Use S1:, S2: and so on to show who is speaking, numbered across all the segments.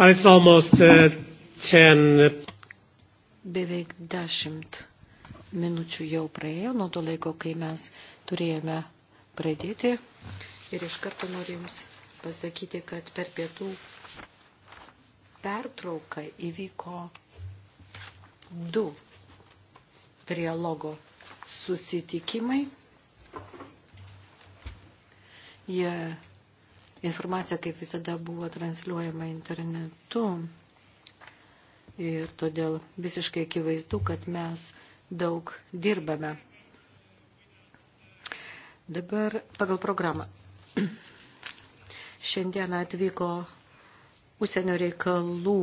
S1: And it's almost uh, 10. Beveik 10 minučių jau praėjo nuo to laiko, kai mes turėjome pradėti. Ir iš karto noriu Jums pasakyti, kad per pietų pertrauką įvyko du trialogo susitikimai. Jie Informacija, kaip visada, buvo transliuojama internetu ir todėl visiškai akivaizdu, kad mes daug dirbame. Dabar pagal programą. Šiandien atvyko užsienio reikalų,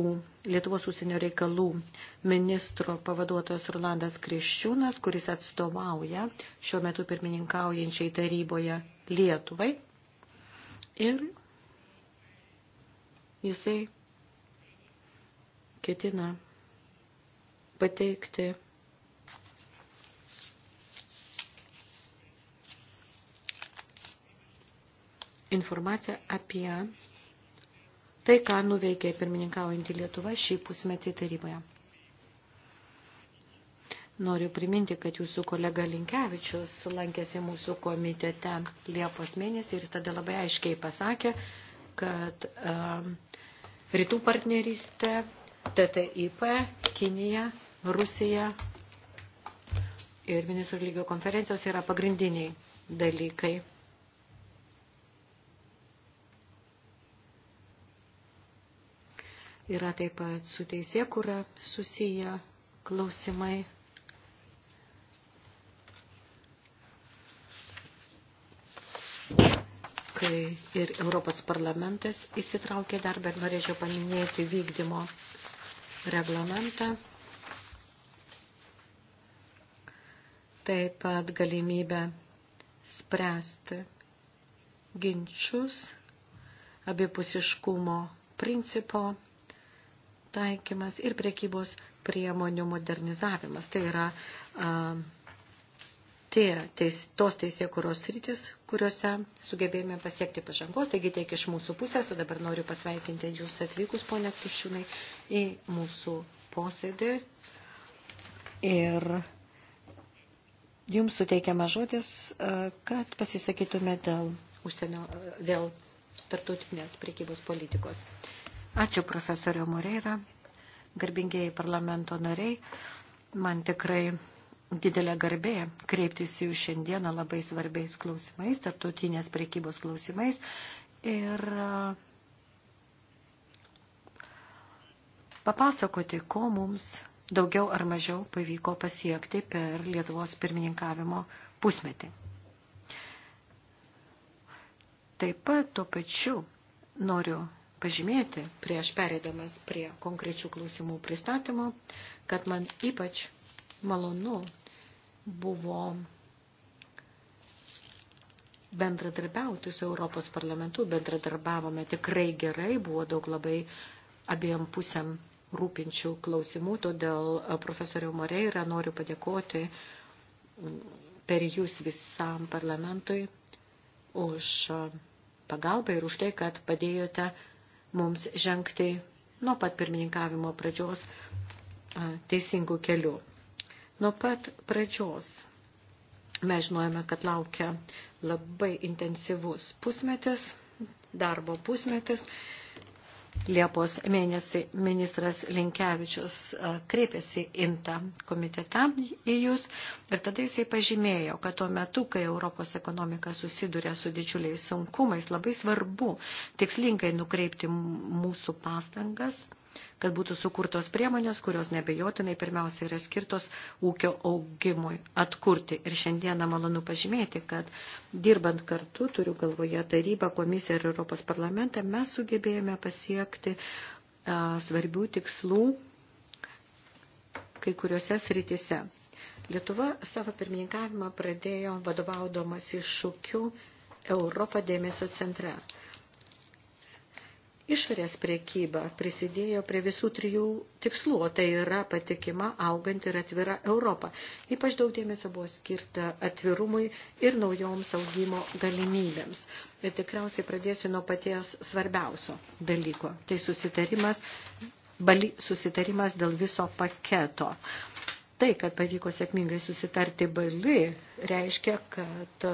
S1: Lietuvos užsienio reikalų ministro pavaduotojas Rolandas Kriščiūnas, kuris atstovauja šiuo metu pirmininkaujančiai taryboje Lietuvai ir jisai ketina pateikti informaciją apie tai, ką nuveikė pirmininkaujantį Lietuvą šį pusmetį taryboje. Noriu priminti, kad jūsų kolega Linkevičius lankėsi mūsų komitete Liepos mėnesį ir jis tada labai aiškiai pasakė, kad um, rytų partnerystė, TTIP, Kinija, Rusija ir ministrų lygio konferencijos yra pagrindiniai dalykai. Yra taip pat su teisėkura susiję klausimai tai ir Europos parlamentas įsitraukė dar, bet norėčiau paminėti vykdymo reglamentą. Taip pat galimybę spręsti ginčius abipusiškumo principo taikymas ir prekybos priemonių modernizavimas. Tai yra uh, tie, teis, tos teisėkuros rytis, kuriuose sugebėjome pasiekti pažangos. Taigi tiek iš mūsų pusės, o dabar noriu pasveikinti jūs atvykus, ponė Tušiūnai, į mūsų posėdį. Ir jums suteikiama žodis, e, kad pasisakytume dėl, užsienio, e, dėl tartutinės priekybos politikos. Ačiū profesorio Moreira, garbingieji parlamento nariai. Man tikrai didelė garbė kreiptis jų šiandieną labai svarbiais klausimais, tarptautinės prekybos klausimais. Ir e, papasakoti, ko mums daugiau ar mažiau pavyko pasiekti per Lietuvos pirmininkavimo pusmetį. Taip pat tuo pačiu noriu pažymėti, prieš pereidamas prie konkrečių klausimų pristatymo, kad man ypač malonu buvo bendradarbiauti su Europos parlamentu, bendradarbiavome tikrai gerai, buvo daug labai abiem pusėm rūpinčių klausimų, todėl e, profesoriau Moreira noriu padėkoti per jūs visam parlamentui už e, pagalbą ir už tai, kad padėjote mums žengti nuo pat pirmininkavimo pradžios e, teisingų kelių. Nuo pat pradžios mes žinojame, kad laukia labai intensyvus pusmetis, darbo pusmetis. Liepos mėnesį ministras Linkevičius kreipėsi intą komitete į jūs ir tada jisai pažymėjo, kad tuo metu, kai Europos ekonomika susiduria su didžiuliais sunkumais, labai svarbu tikslingai nukreipti mūsų pastangas kad būtų sukurtos priemonės, kurios nebejotinai pirmiausia yra skirtos ūkio augimui atkurti. Ir šiandieną malonu pažymėti, kad dirbant kartu, turiu galvoje tarybą, komisiją ir Europos parlamentą, mes sugebėjome pasiekti a, svarbių tikslų kai kuriuose srityse. Lietuva savo pirmininkavimą pradėjo vadovaudomas iššūkių Europą dėmesio centre. Išorės priekyba prisidėjo prie visų trijų tikslų, o tai yra patikima, auganti ir atvira Europa. Ypač daug dėmesio buvo skirta atvirumui ir naujoms augimo galimybėms. Ir tikriausiai pradėsiu nuo paties svarbiausio dalyko. Tai susitarimas, bali, susitarimas dėl viso paketo. Tai, kad pavyko sėkmingai susitarti bali, reiškia, kad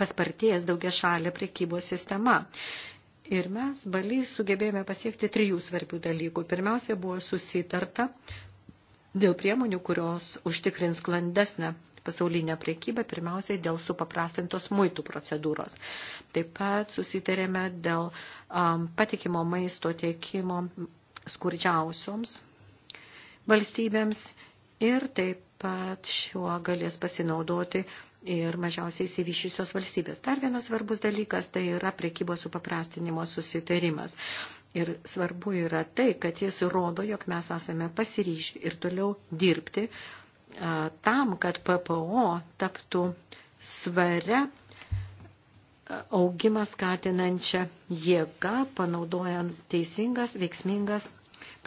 S1: paspartėjęs daugia šalia prekybos sistema. Ir mes Bali sugebėjome pasiekti trijų svarbių dalykų. Pirmiausia, buvo susitarta dėl priemonių, kurios užtikrins klandesnę pasaulinę priekybę, pirmiausiai dėl supaprastintos muitų procedūros. Taip pat susitarėme dėl um, patikimo maisto tiekimo skurdžiausioms valstybėms ir taip pat šiuo galės pasinaudoti ir mažiausiai įsivyšiusios valstybės. Dar vienas svarbus dalykas tai yra prekybos supaprastinimo susitarimas. Ir svarbu yra tai, kad jis rodo, jog mes esame pasiryžę ir toliau dirbti a, tam, kad PPO taptų svaria augimą skatinančią jėgą, panaudojant teisingas, veiksmingas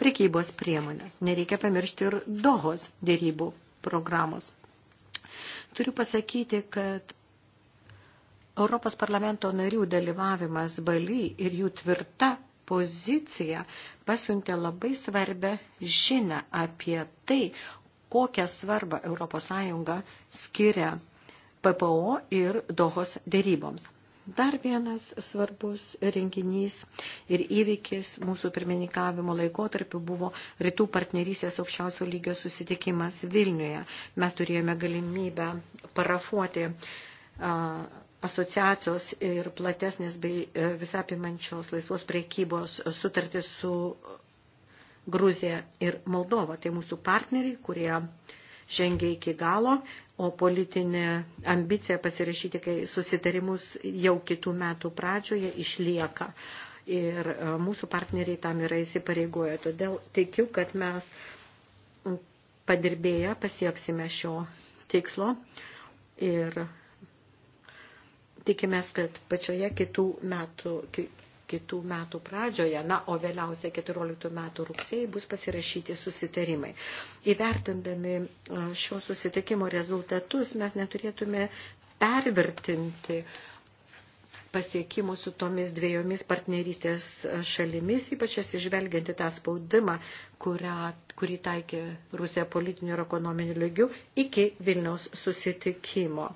S1: prekybos priemonės. Nereikia pamiršti ir dohos dėrybų programos. Turiu pasakyti, kad Europos parlamento narių dalyvavimas Bali ir jų tvirta pozicija pasiuntė labai svarbę žinę apie tai, kokią svarbą ES skiria PPO ir Dohos dėryboms. Dar vienas svarbus renginys ir įvykis mūsų pirmininkavimo laikotarpiu buvo rytų partnerysės aukščiausio lygio susitikimas Vilniuje. Mes turėjome galimybę parafuoti asociacijos ir platesnės bei e, visapimančios laisvos priekybos sutartį su Gruzija ir Moldova. Tai mūsų partneriai, kurie žengia iki galo o politinė ambicija pasirašyti kai susitarimus jau kitų metų pradžioje išlieka. Ir e, mūsų partneriai tam yra įsipareigoję. Todėl tikiu, kad mes padirbėję pasieksime šio tikslo ir tikimės, kad pačioje kitų metų, kitų metų pradžioje, na, o vėliausiai 14 metų rugsėjai bus pasirašyti susitarimai. Įvertindami šio susitikimo rezultatus mes neturėtume pervertinti pasiekimų su tomis dviejomis partnerystės šalimis, ypač atsižvelgianti tą spaudimą, kurią, kurį taikė Rusija politiniu ir ekonominiu lygiu iki Vilniaus susitikimo.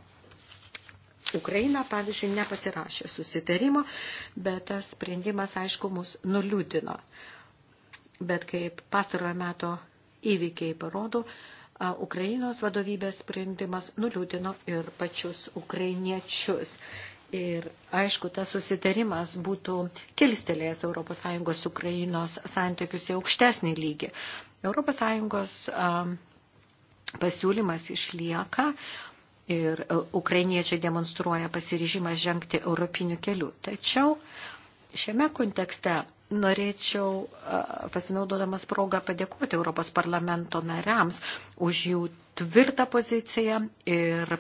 S1: Ukraina, pavyzdžiui, nepasirašė susitarimo, bet tas sprendimas, aišku, mus nuliūdino. Bet kaip pastarojo meto įvykiai parodo, Ukrainos vadovybės sprendimas nuliūdino ir pačius ukrainiečius. Ir aišku, tas susitarimas būtų kilstelėjęs ES Ukrainos santykius į aukštesnį lygį. ES pasiūlymas išlieka, ir e, ukrainiečiai demonstruoja pasiryžimą žengti europiniu keliu. Tačiau šiame kontekste norėčiau e, pasinaudodamas progą padėkoti Europos parlamento nariams už jų tvirtą poziciją ir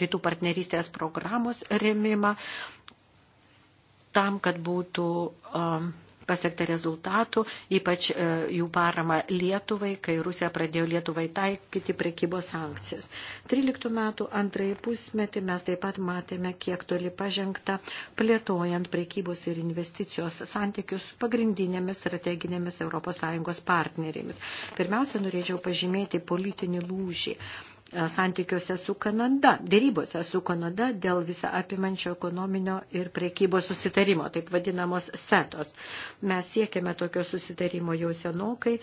S1: rytų partnerystės programos remimą tam, kad būtų um, pasiektą rezultatų, ypač e, jų parama Lietuvai, kai Rusija pradėjo Lietuvai taikyti prekybos sankcijas. 13 metų antrąjį pusmetį mes taip pat matėme, kiek toli pažengta plėtojant prekybos ir investicijos santykius su pagrindinėmis strateginėmis ES partnerėmis. Pirmiausia, norėčiau pažymėti politinį lūžį E, santykiuose su Kanada, dėrybose su Kanada dėl visą apimančio ekonominio ir priekybos susitarimo, taip vadinamos setos. Mes siekiame tokio susitarimo jau senokai,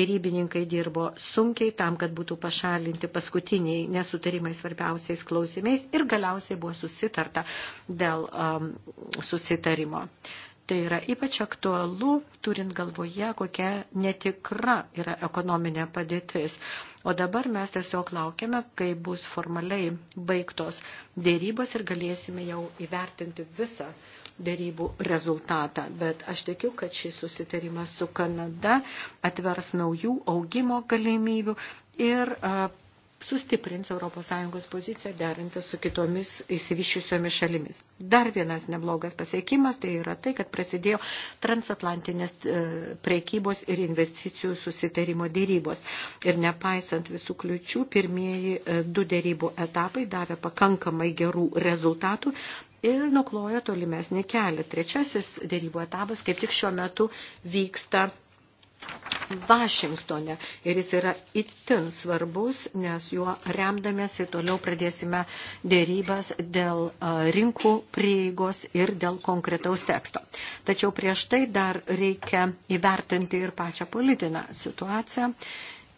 S1: dėrybininkai dirbo sunkiai tam, kad būtų pašalinti paskutiniai nesutarimai svarbiausiais klausimais ir galiausiai buvo susitarta dėl um, susitarimo. Tai yra ypač aktualu, turint galvoje, kokia netikra yra ekonominė padėtis. O dabar mes tiesiog laukiame, kai bus formaliai baigtos dėrybos ir galėsime jau įvertinti visą dėrybų rezultatą. Bet aš tikiu, kad šis susitarimas su Kanada atvers naujų augimo galimybių ir sustiprins ES poziciją derinti su kitomis įsivyščiusiomis šalimis. Dar vienas neblogas pasiekimas tai yra tai, kad prasidėjo transatlantinės e, prekybos ir investicijų susitarimo dėrybos. Ir nepaisant visų kliučių, pirmieji e, du dėrybų etapai davė pakankamai gerų rezultatų. Ir nuklojo tolimesnį kelią. Trečiasis dėrybų etapas kaip tik šiuo metu vyksta Vašingtone ir jis yra itin svarbus, nes juo remdamėsi toliau pradėsime dėrybas dėl rinkų prieigos ir dėl konkretaus teksto. Tačiau prieš tai dar reikia įvertinti ir pačią politinę situaciją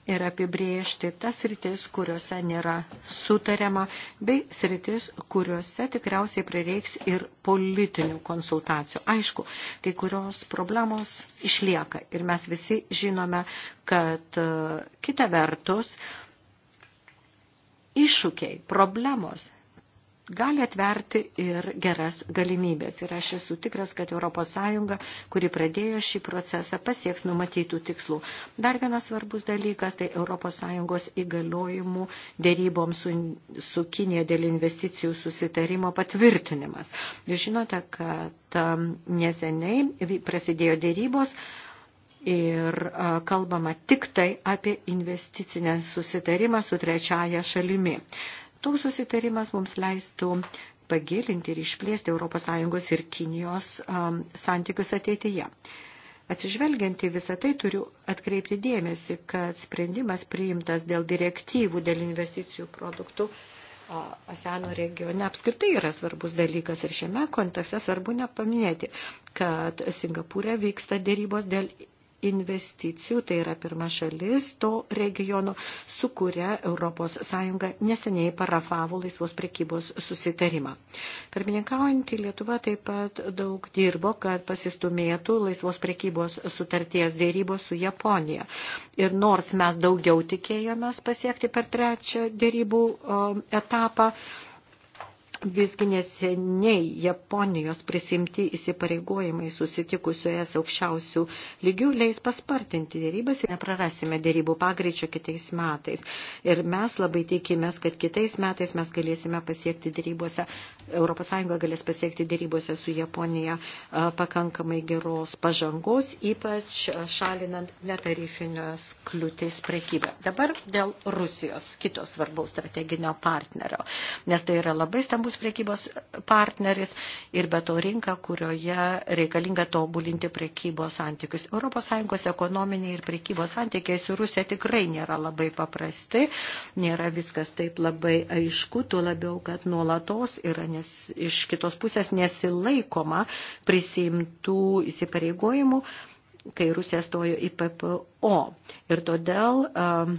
S1: ir apibriežti tas sritis, kuriuose nėra sutariama, bei sritis, kuriuose tikriausiai prireiks ir politinių konsultacijų. Aišku, kai kurios problemos išlieka ir mes visi žinome, kad e, kita vertus iššūkiai, problemos gali atverti ir geras galimybės. Ir aš esu tikras, kad ES, kuri pradėjo šį procesą, pasieks numatytų tikslų. Dar vienas svarbus dalykas - tai ES įgaliojimų dėryboms su, su Kinė dėl investicijų susitarimo patvirtinimas. Jūs žinote, kad um, neseniai prasidėjo dėrybos ir kalbama tik tai apie investicinę susitarimą su trečiaja šalimi. Toks susitarimas mums leistų pagilinti ir išplėsti ES ir Kinijos um, santykius ateityje. Atsižvelgiant į visą tai, turiu atkreipti dėmesį, kad sprendimas priimtas dėl direktyvų, dėl investicijų produktų ASEANO regione apskritai yra svarbus dalykas ir šiame kontekste svarbu nepaminėti, kad Singapūre vyksta dėrybos dėl investicijų, tai yra pirma šalis to regiono, su kuria ES neseniai parafavo laisvos prekybos susitarimą. Pirmininkaujantį Lietuva taip pat daug dirbo, kad pasistumėtų laisvos prekybos sutarties dėrybos su Japonija. Ir nors mes daugiau tikėjomės pasiekti per trečią dėrybų etapą, Visgi neseniai Japonijos prisimti įsipareigojimai susitikusioje aukščiausių lygių leis paspartinti dėrybas ir neprarasime dėrybų pagreičio kitais metais. Ir mes labai tikimės, kad kitais metais mes galėsime pasiekti dėrybose, ES galės pasiekti dėrybose su Japonija pakankamai geros pažangos, ypač šalinant netarifinės kliūtis prekybę. Dabar dėl Rusijos, kito svarbaus strateginio partnerio, nes tai yra labai stambus svarbus prekybos partneris ir be to rinka, kurioje reikalinga tobulinti prekybos santykius. ES ekonominiai ir prekybos santykiai su Rusija tikrai nėra labai paprasti, nėra viskas taip labai aišku, tuo labiau, kad nuolatos yra nes, iš kitos pusės nesilaikoma prisimtų įsipareigojimų, kai Rusija stojo į PPO. Ir todėl um,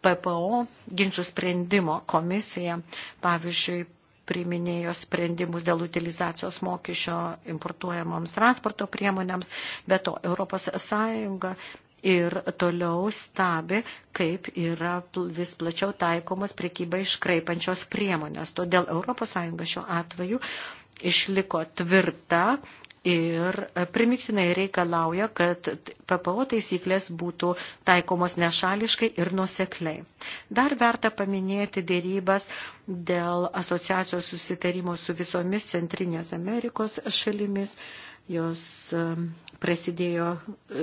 S1: PPO ginčių sprendimo komisija, pavyzdžiui, priminėjo sprendimus dėl utilizacijos mokesčio importuojamoms transporto priemonėms, bet to Europos Sąjunga ir toliau stabi, kaip yra vis plačiau taikomos prekybai iškraipančios priemonės. Todėl ES šiuo atveju išliko tvirta ir e, primiktinai reikalauja, kad PPO taisyklės būtų taikomos nešališkai ir nusekliai. Dar verta paminėti dėrybas dėl asociacijos susitarimo su visomis Centrinės Amerikos šalimis Jos prasidėjo e,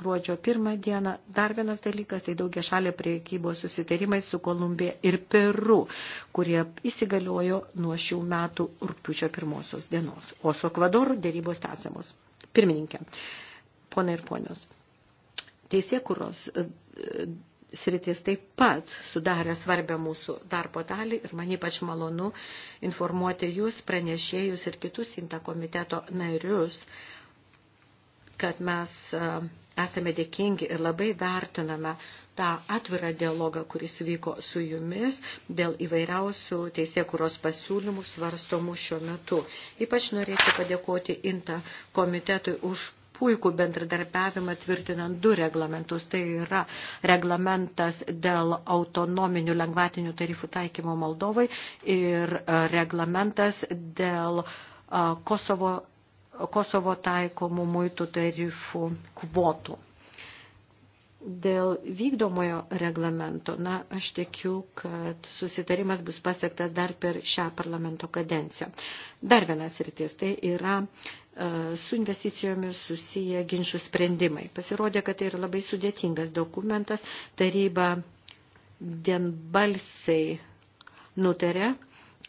S1: gruodžio pirmą dieną. Dar vienas dalykas, tai daugia šalia priekybos susitarimai su Kolumbija ir Peru, kurie įsigaliojo nuo šių metų rūpiučio pirmosios dienos. O su Ekvadoru dėrybos tęsiamos. Pirmininkė, ponai ir ponios, teisėkuros e, sritis taip pat sudarė svarbę mūsų darbo dalį ir man ypač malonu informuoti jūs, pranešėjus ir kitus inta komiteto narius, kad mes e, esame dėkingi ir labai vertiname tą atvirą dialogą, kuris vyko su jumis dėl įvairiausių teisėkuros pasiūlymų svarstomų šiuo metu. Ypač norėčiau padėkoti INTA komitetui už puikų bendradarbiavimą tvirtinant du reglamentus. Tai yra reglamentas dėl autonominių lengvatinių tarifų taikymo Moldovai ir e, reglamentas dėl e, Kosovo, Kosovo taikomų muitų tarifų kvotų. Dėl vykdomojo reglamento, na, aš tikiu, kad susitarimas bus pasiektas dar per šią parlamento kadenciją. Dar vienas rytis, tai yra E, su investicijomis susiję ginčių sprendimai. Pasirodė, kad tai yra labai sudėtingas dokumentas. Taryba vienbalsiai nutarė,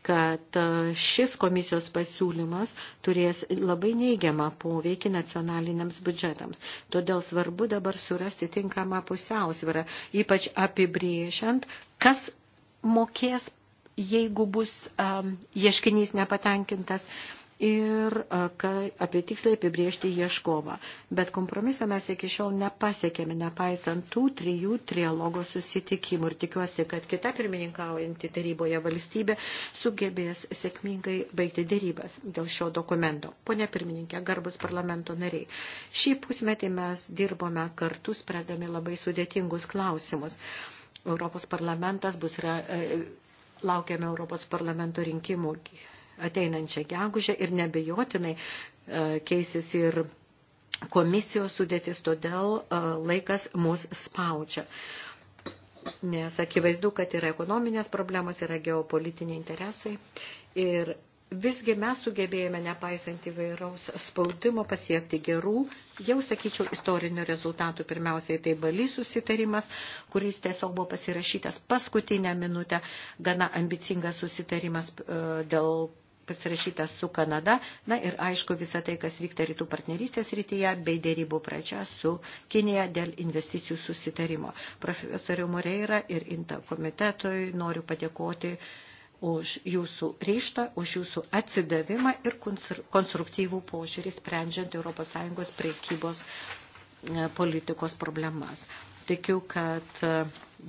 S1: kad šis komisijos pasiūlymas turės labai neigiamą poveikį nacionaliniams biudžetams. Todėl svarbu dabar surasti tinkamą pusiausvyrą, ypač apibriešiant, kas mokės, jeigu bus um, ieškinys nepatenkintas, ir kai, apie tiksliai apibriežti ieškovą. Bet kompromiso mes iki šiol nepasiekėme, nepaisant tų trijų trialogo susitikimų. Ir tikiuosi, kad kita pirmininkaujanti taryboje valstybė sugebės sėkmingai baigti dėrybas dėl šio dokumento. Pone pirmininkė, garbus parlamento nariai, šį pusmetį mes dirbome kartu, spręsdami labai sudėtingus klausimus. Europos parlamentas bus, re, laukiame Europos parlamento rinkimų ateinančią gegužę ir nebejotinai e, keisis ir komisijos sudėtis, todėl e, laikas mus spaudžia. Nes akivaizdu, kad yra ekonominės problemos, yra geopolitiniai interesai ir visgi mes sugebėjome, nepaisant įvairaus spaudimo, pasiekti gerų, jau sakyčiau, istorinių rezultatų. Pirmiausiai tai balys susitarimas, kuris tiesiog buvo pasirašytas paskutinę minutę, gana ambicingas susitarimas, e, dėl pasirašytas su Kanada, na ir aišku visą tai, kas vyksta rytų partnerystės rytyje, bei dėrybų pradžia su Kinėje dėl investicijų susitarimo. Profesoriu Moreira ir INTA komitetui noriu padėkoti už jūsų ryštą, už jūsų atsidavimą ir konstruktyvų požiūrį sprendžiant ES prekybos e, politikos problemas. Tikiu, kad e,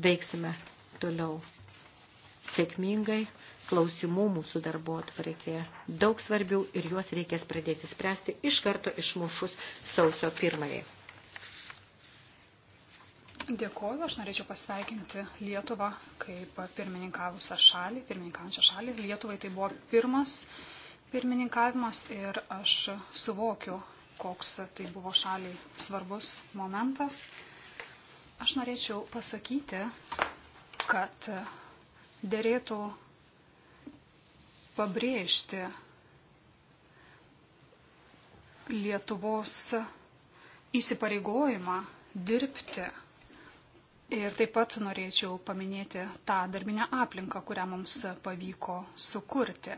S1: veiksime toliau sėkmingai klausimų mūsų darbo atvarkėje. Daug svarbių ir juos reikės pradėti spręsti iš karto išmušus sausio pirmąjį.
S2: Dėkuoju, aš norėčiau pasveikinti Lietuvą kaip pirmininkavusią šalį, pirmininkavusią šalį. Lietuvai tai buvo pirmas pirmininkavimas ir aš suvokiu, koks tai buvo šaliai svarbus momentas. Aš norėčiau pasakyti, kad dėrėtų pabrėžti Lietuvos įsipareigojimą dirbti. Ir taip pat norėčiau paminėti tą darbinę aplinką, kurią mums pavyko sukurti.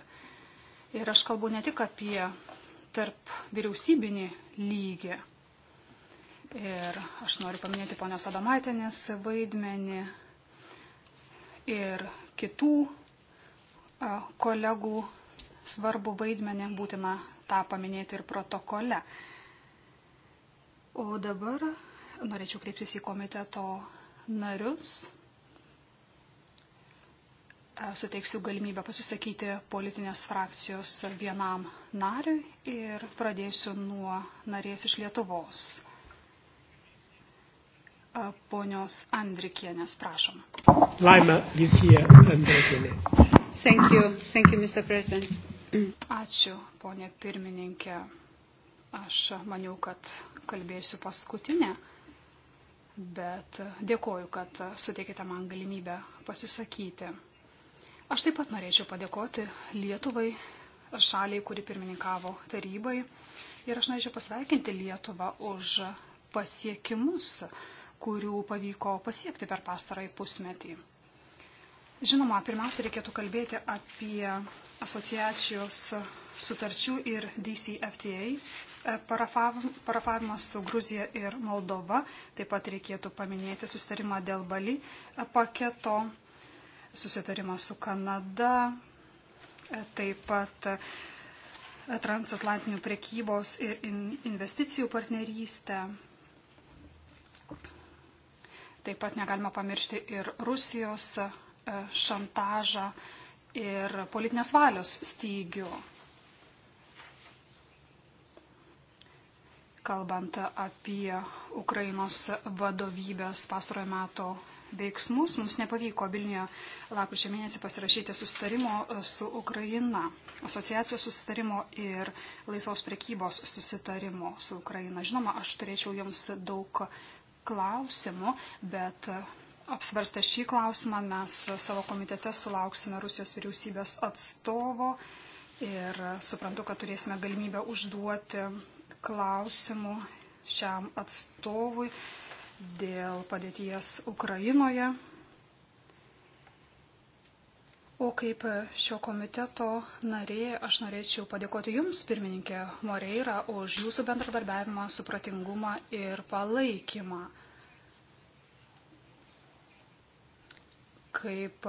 S2: Ir aš kalbu ne tik apie tarp vyriausybinį lygį. Ir aš noriu paminėti ponios Adomaitinės vaidmenį ir kitų kolegų svarbu vaidmenį būtina tą paminėti ir protokole. O dabar norėčiau kreiptis į komiteto narius. Suteiksiu galimybę pasisakyti politinės frakcijos vienam nariui ir pradėsiu nuo narės iš Lietuvos. Ponios Andrikienės, prašom.
S3: Laima Lisija Andrikienė.
S2: Thank you. Thank you, Mr. President. Ačiū, ponė pirmininkė. Aš maniau, kad kalbėsiu paskutinę, bet dėkoju, kad suteikite man galimybę pasisakyti. Aš taip pat norėčiau padėkoti Lietuvai, šaliai, kuri pirmininkavo tarybai. Ir aš norėčiau pasveikinti Lietuvą už pasiekimus, kurių pavyko pasiekti per pastarąjį pusmetį. Žinoma, pirmiausia, reikėtų kalbėti apie asociacijos sutarčių ir DCFTA e, parafavimas su Gruzija ir Moldova. Taip pat reikėtų paminėti susitarimą dėl Bali e, paketo, susitarimą su Kanada, e, taip pat transatlantinių prekybos ir investicijų partnerystę. Taip pat negalima pamiršti ir Rusijos E, šantažą ir politinės valios stygių. Kalbant apie Ukrainos vadovybės pastarojo meto veiksmus, mums nepavyko Vilniuje lapkričio mėnesį pasirašyti sustarimo su Ukraina, asociacijos sustarimo ir laisvos prekybos susitarimo su Ukraina. Žinoma, aš turėčiau jums daug klausimų, bet apsvarstę šį klausimą mes savo komitete sulauksime Rusijos vyriausybės atstovo ir suprantu, kad turėsime galimybę užduoti klausimų šiam atstovui dėl padėties Ukrainoje. O kaip šio komiteto narė, aš norėčiau padėkoti Jums, pirmininkė Moreira, už Jūsų bendradarbiavimą, supratingumą ir palaikymą. kaip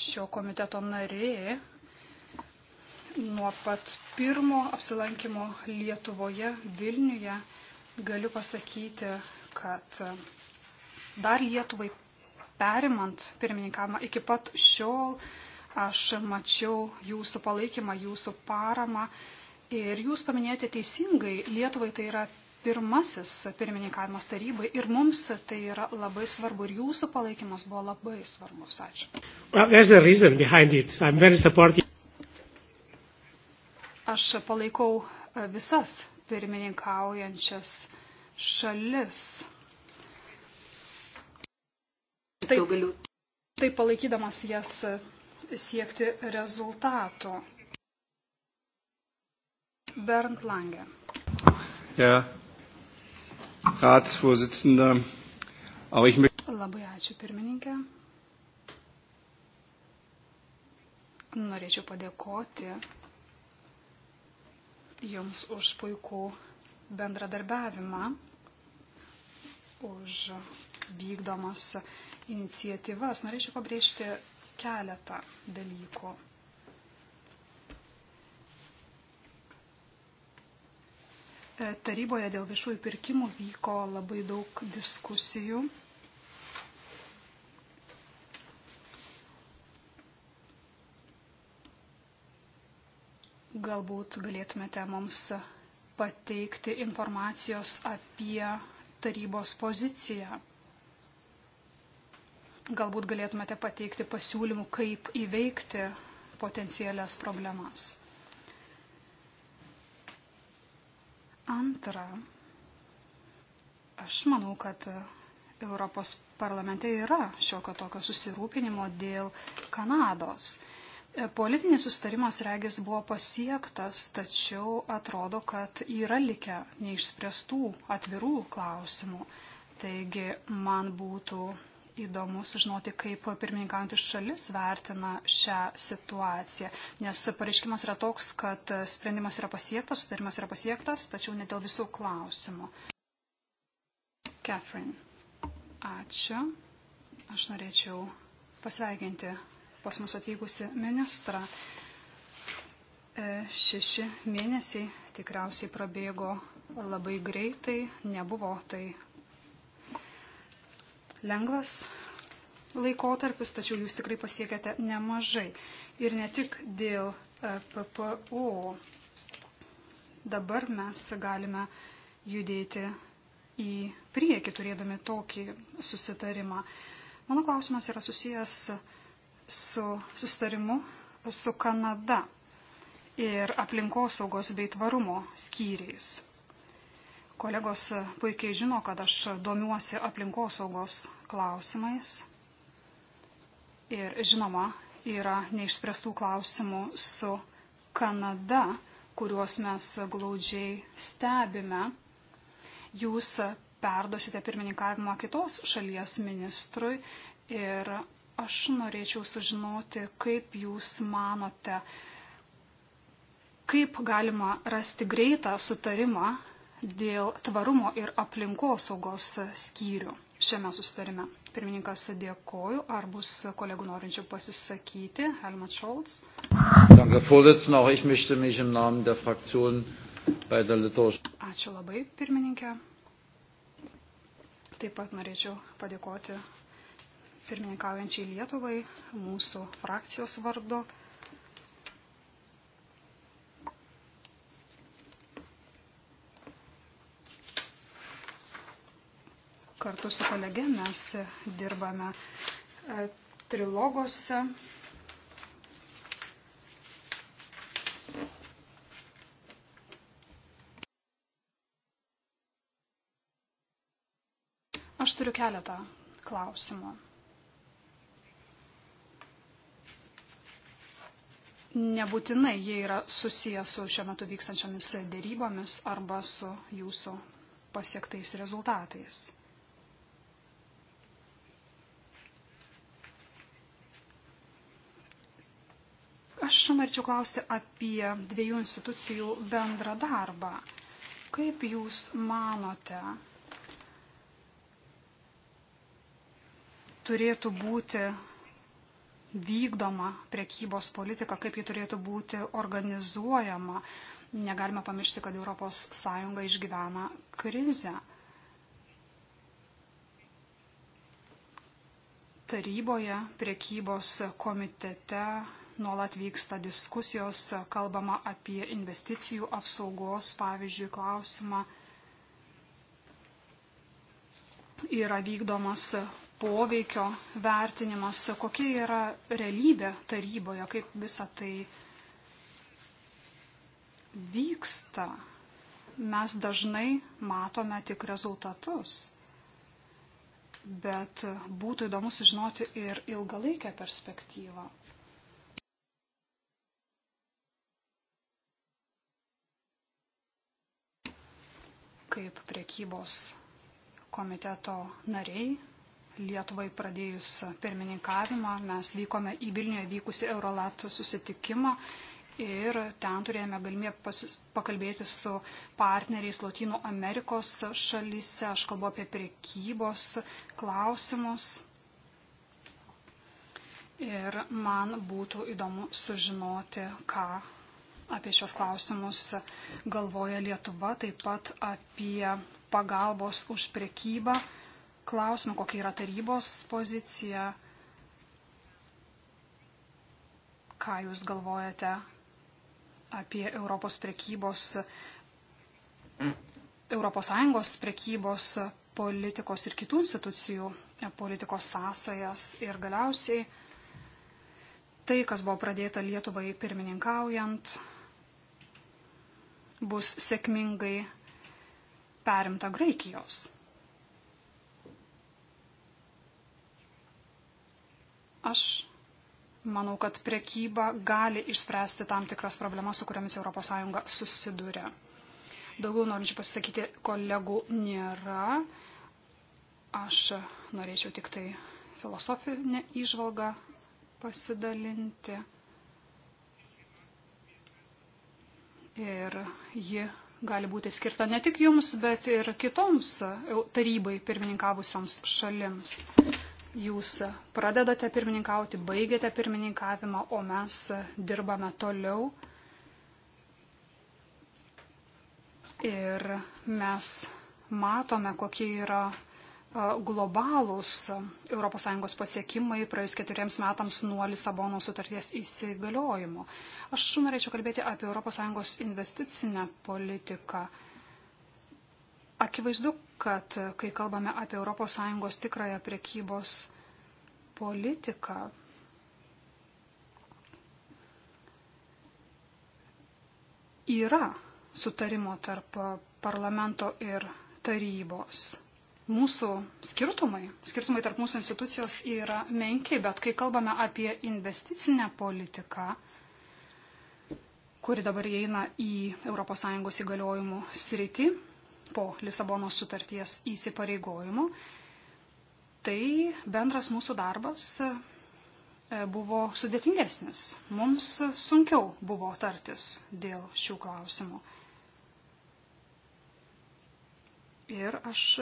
S2: šio komiteto narė nuo pat pirmo apsilankimo Lietuvoje, Vilniuje, galiu pasakyti, kad dar Lietuvai perimant pirmininkamą iki pat šiol aš mačiau jūsų palaikymą, jūsų paramą. Ir jūs paminėjote teisingai, Lietuvai tai yra pirmasis pirmininkavimas tarybai ir mums tai yra labai svarbu ir jūsų palaikymas buvo labai svarbus. Ačiū. Well, Aš palaikau e, visas pirmininkaujančias šalis. Taip, taip palaikydamas jas e, siekti rezultato. Bernd Lange.
S1: Yeah. Ratsvorsitzender. Aber ich möchte.
S2: Labai ačiū, pirmininkė. Norėčiau padėkoti Jums už puikų bendradarbiavimą, už vykdomas iniciatyvas. Norėčiau pabrėžti keletą dalykų. E, taryboje dėl viešųjų pirkimų vyko labai daug diskusijų. Galbūt galėtumėte mums pateikti informacijos apie tarybos poziciją. Galbūt galėtumėte pateikti pasiūlymų, kaip įveikti potencialias problemas. Antra, aš manau, kad Europos parlamente yra šiokio tokio susirūpinimo dėl Kanados. Politinis sustarimas regis buvo pasiektas, tačiau atrodo, kad yra likę neišspręstų atvirų klausimų. Taigi man būtų įdomu sužinoti, kaip pirmininkaujantis šalis vertina šią situaciją, nes pareiškimas yra toks, kad sprendimas yra pasiektas, sutarimas yra pasiektas, tačiau ne dėl visų klausimų. Catherine, ačiū. Aš norėčiau pasveikinti pas mus atvykusi ministrą. E, šeši mėnesiai tikriausiai prabėgo labai greitai, nebuvo tai lengvas laikotarpis, tačiau jūs tikrai pasiekėte nemažai. Ir ne tik dėl e, PPO. Dabar mes galime judėti į priekį, turėdami tokį susitarimą. Mano klausimas yra susijęs su susitarimu su Kanada ir aplinkosaugos bei tvarumo skyriais. Kolegos puikiai žino, kad aš domiuosi aplinkosaugos klausimais. Ir žinoma, yra neišspręstų klausimų su Kanada, kuriuos mes glaudžiai stebime. Jūs perdosite pirmininkavimą kitos šalies ministrui ir aš norėčiau sužinoti, kaip jūs manote, kaip galima rasti greitą sutarimą dėl tvarumo ir aplinkosaugos skyrių šiame sustarime. Pirmininkas dėkoju. Ar bus kolegų norinčių pasisakyti? Helmut Scholz. Danke,
S1: Vorsitzender. Auch ich möchte mich im Namen der Fraktion bei der Liturgischen.
S2: Ačiū labai, pirmininkė. Taip pat norėčiau padėkoti pirmininkaujančiai Lietuvai mūsų frakcijos vardu. Kartu su kolege mes dirbame e, trilogose. Aš turiu keletą klausimų. nebūtinai jie yra susiję su šiuo metu vykstančiomis dėrybomis arba su jūsų pasiektais rezultatais. Aš norėčiau klausti apie dviejų institucijų bendrą darbą. Kaip Jūs manote, turėtų būti vykdoma priekybos politika, kaip ji turėtų būti organizuojama. Negalime pamiršti, kad ES išgyvena krizę. Taryboje, priekybos komitete nuolat vyksta diskusijos, kalbama apie investicijų apsaugos, pavyzdžiui, klausimą. Yra vykdomas poveikio vertinimas, kokia yra realybė taryboje, kaip visa tai vyksta. Mes dažnai matome tik rezultatus, bet būtų įdomu sužinoti ir ilgalaikę perspektyvą. kaip priekybos komiteto nariai. Lietuvai pradėjus pirmininkavimą mes vykome į Vilniuje vykusi Eurolat susitikimą ir ten turėjome galimybę pakalbėti su partneriais Latino Amerikos šalyse. Aš kalbu apie priekybos klausimus. Ir man būtų įdomu sužinoti, ką apie šios klausimus galvoja Lietuva, taip pat apie pagalbos už priekybą. Klausimą, kokia yra tarybos pozicija, ką jūs galvojate apie Europos priekybos, Europos Sąjungos priekybos politikos ir kitų institucijų politikos sąsajas ir galiausiai tai, kas buvo pradėta Lietuvai pirmininkaujant, bus sėkmingai perimta Graikijos. Aš manau, kad prekyba gali išspręsti tam tikras problemas, su kuriamis ES susiduria. Daugiau norinčių pasisakyti kolegų nėra. Aš norėčiau tik tai filosofinę įžvalgą pasidalinti. Ir ji gali būti skirta ne tik jums, bet ir kitoms tarybai pirmininkavusioms šalims. Jūs pradedate pirmininkauti, baigiate pirmininkavimą, o mes dirbame toliau. Ir mes matome, kokie yra globalūs ES pasiekimai praėjus keturiems metams nuo Lisabono sutarties įsigaliojimo. Aš norėčiau kalbėti apie ES investicinę politiką. Akivaizdu, kad kai kalbame apie ES tikrąją priekybos politiką, yra sutarimo tarp parlamento ir tarybos mūsų skirtumai, skirtumai tarp mūsų institucijos yra menki, bet kai kalbame apie investicinę politiką, kuri dabar įeina į ES įgaliojimų sritį po Lisabonos sutarties įsipareigojimų, tai bendras mūsų darbas e, buvo sudėtingesnis. Mums sunkiau buvo tartis dėl šių klausimų. Ir aš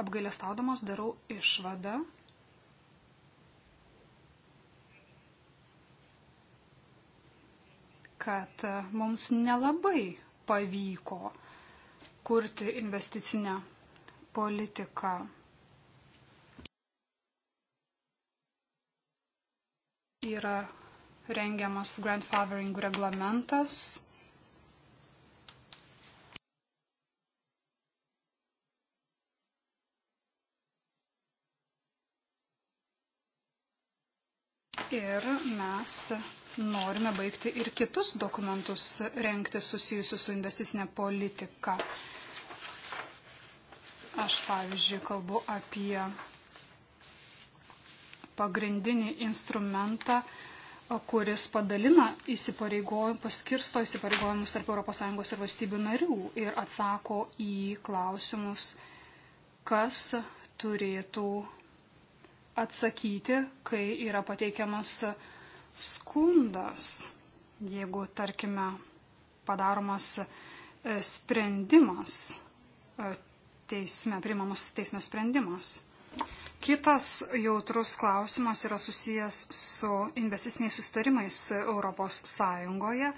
S2: apgailestaudamas darau išvadą, kad e, mums nelabai pavyko kurti investicinę politiką. Yra rengiamas grandfathering reglamentas, ir mes norime baigti ir kitus dokumentus renkti susijusius su investicinė politika. Aš, pavyzdžiui, kalbu apie pagrindinį instrumentą, kuris padalina įsipareigojimus, paskirsto įsipareigojimus tarp ES ir valstybių narių ir atsako į klausimus, kas turėtų atsakyti, kai yra pateikiamas skundas, jeigu, tarkime, padaromas e, sprendimas, e, teisme, primamas teisme sprendimas. Kitas jautrus klausimas yra susijęs su investiciniais sustarimais Europos Sąjungoje.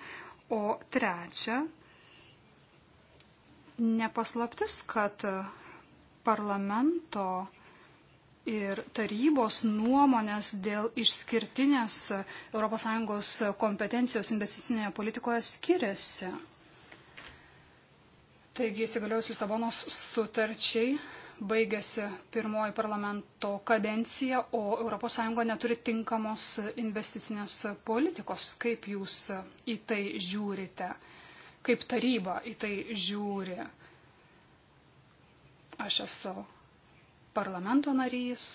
S2: O trečia, nepaslaptis, kad parlamento ir tarybos nuomonės dėl išskirtinės ES kompetencijos investicinėje politikoje skiriasi. Taigi įsigaliojus Lisabonos sutarčiai baigėsi pirmoji parlamento kadencija, o ES neturi tinkamos investicinės politikos. Kaip jūs į tai žiūrite? Kaip taryba į tai žiūri? Aš esu parlamento narys,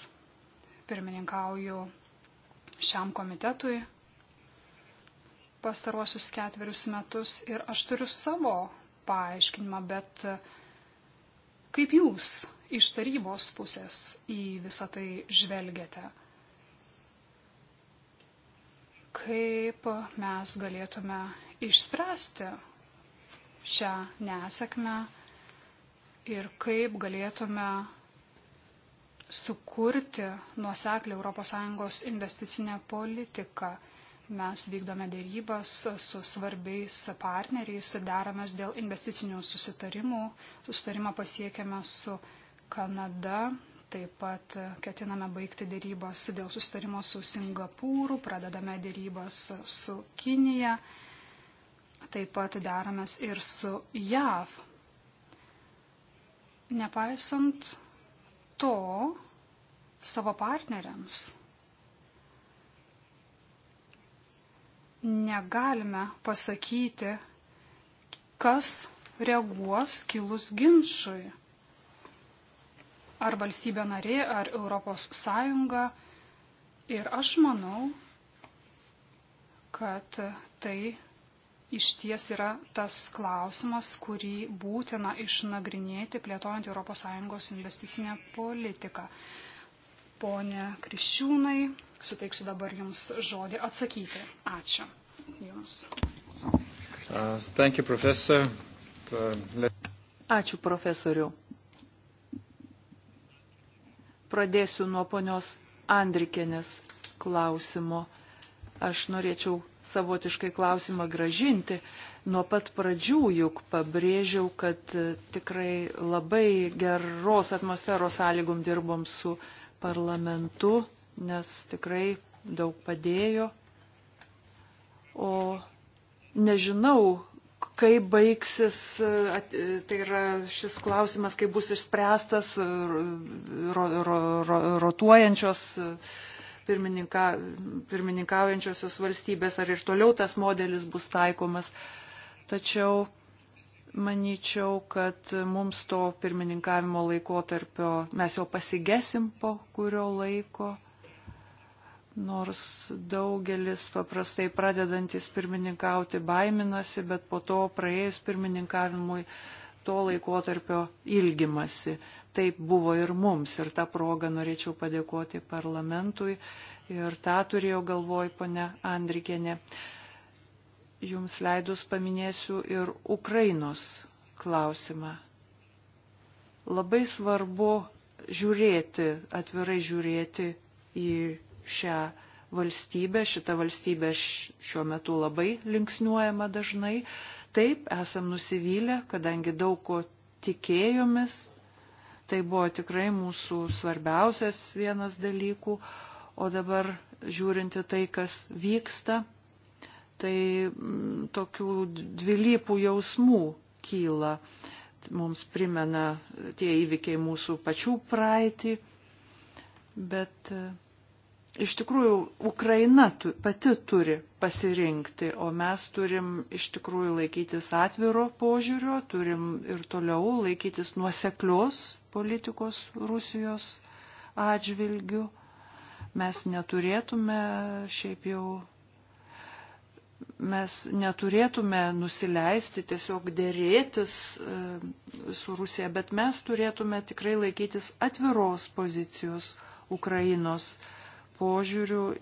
S2: pirmininkauju šiam komitetui pastaruosius ketverius metus ir aš turiu savo paaiškinimą, bet kaip jūs iš tarybos pusės į visą tai žvelgiate? Kaip mes galėtume išspręsti šią nesėkmę ir kaip galėtume sukurti nuoseklį ES investicinę politiką. Mes vykdome dėrybas su svarbiais partneriais, deramės dėl investicinių susitarimų, susitarimą pasiekėme su Kanada, taip pat ketiname baigti dėrybas dėl susitarimo su Singapūru, pradedame dėrybas su Kinija, taip pat deramės ir su JAV. Nepaisant to savo partneriams negalime pasakyti, kas reaguos kilus ginčui. Ar valstybė narė, ar Europos Sąjunga. Ir aš manau, kad tai iš ties yra tas klausimas, kurį būtina išnagrinėti plėtojant ES investicinę politiką. Pone Krišiūnai, suteiksiu dabar Jums žodį atsakyti. Ačiū Jums.
S3: Uh, thank you, professor. Uh, Ačiū profesoriu. Pradėsiu nuo ponios Andrikenės klausimo. Aš norėčiau savotiškai klausimą gražinti. Nuo pat pradžių juk pabrėžiau, kad e, tikrai labai geros atmosferos sąlygom dirbom su parlamentu, nes tikrai daug padėjo. O nežinau, kaip baigsis, e, e, tai yra šis klausimas, kaip bus išspręstas rotuojančios. Ro, ro, ro, pirmininka, pirmininkaujančiosios valstybės, ar ir toliau tas modelis bus taikomas. Tačiau manyčiau, kad mums to pirmininkavimo laikotarpio mes jau pasigesim po kurio laiko. Nors daugelis paprastai pradedantis pirmininkauti baiminasi, bet po to praėjus pirmininkavimui to laikotarpio ilgimasi. Taip buvo ir mums ir tą progą norėčiau padėkoti parlamentui ir tą turėjo galvoj ponia Andrikienė. Jums leidus paminėsiu ir Ukrainos klausimą. Labai svarbu žiūrėti, atvirai žiūrėti į šią valstybę. Šita valstybė šiuo metu labai linksniuojama dažnai, Taip, esam nusivylę, kadangi daug ko tikėjomės. Tai buvo tikrai mūsų svarbiausias vienas dalykų. O dabar žiūrinti tai, kas vyksta, tai mm, tokių dvilypų jausmų kyla. Mums primena tie įvykiai mūsų pačių praeitį. Bet uh, iš tikrųjų Ukraina tu, pati turi pasirinkti, o mes turim iš tikrųjų laikytis atviro požiūrio, turim ir toliau laikytis nuoseklios politikos Rusijos atžvilgių. Mes neturėtume šiaip jau. Mes neturėtume nusileisti tiesiog dėrėtis e, su Rusija, bet mes turėtume tikrai laikytis atviros pozicijos Ukrainos e, požiūrių e,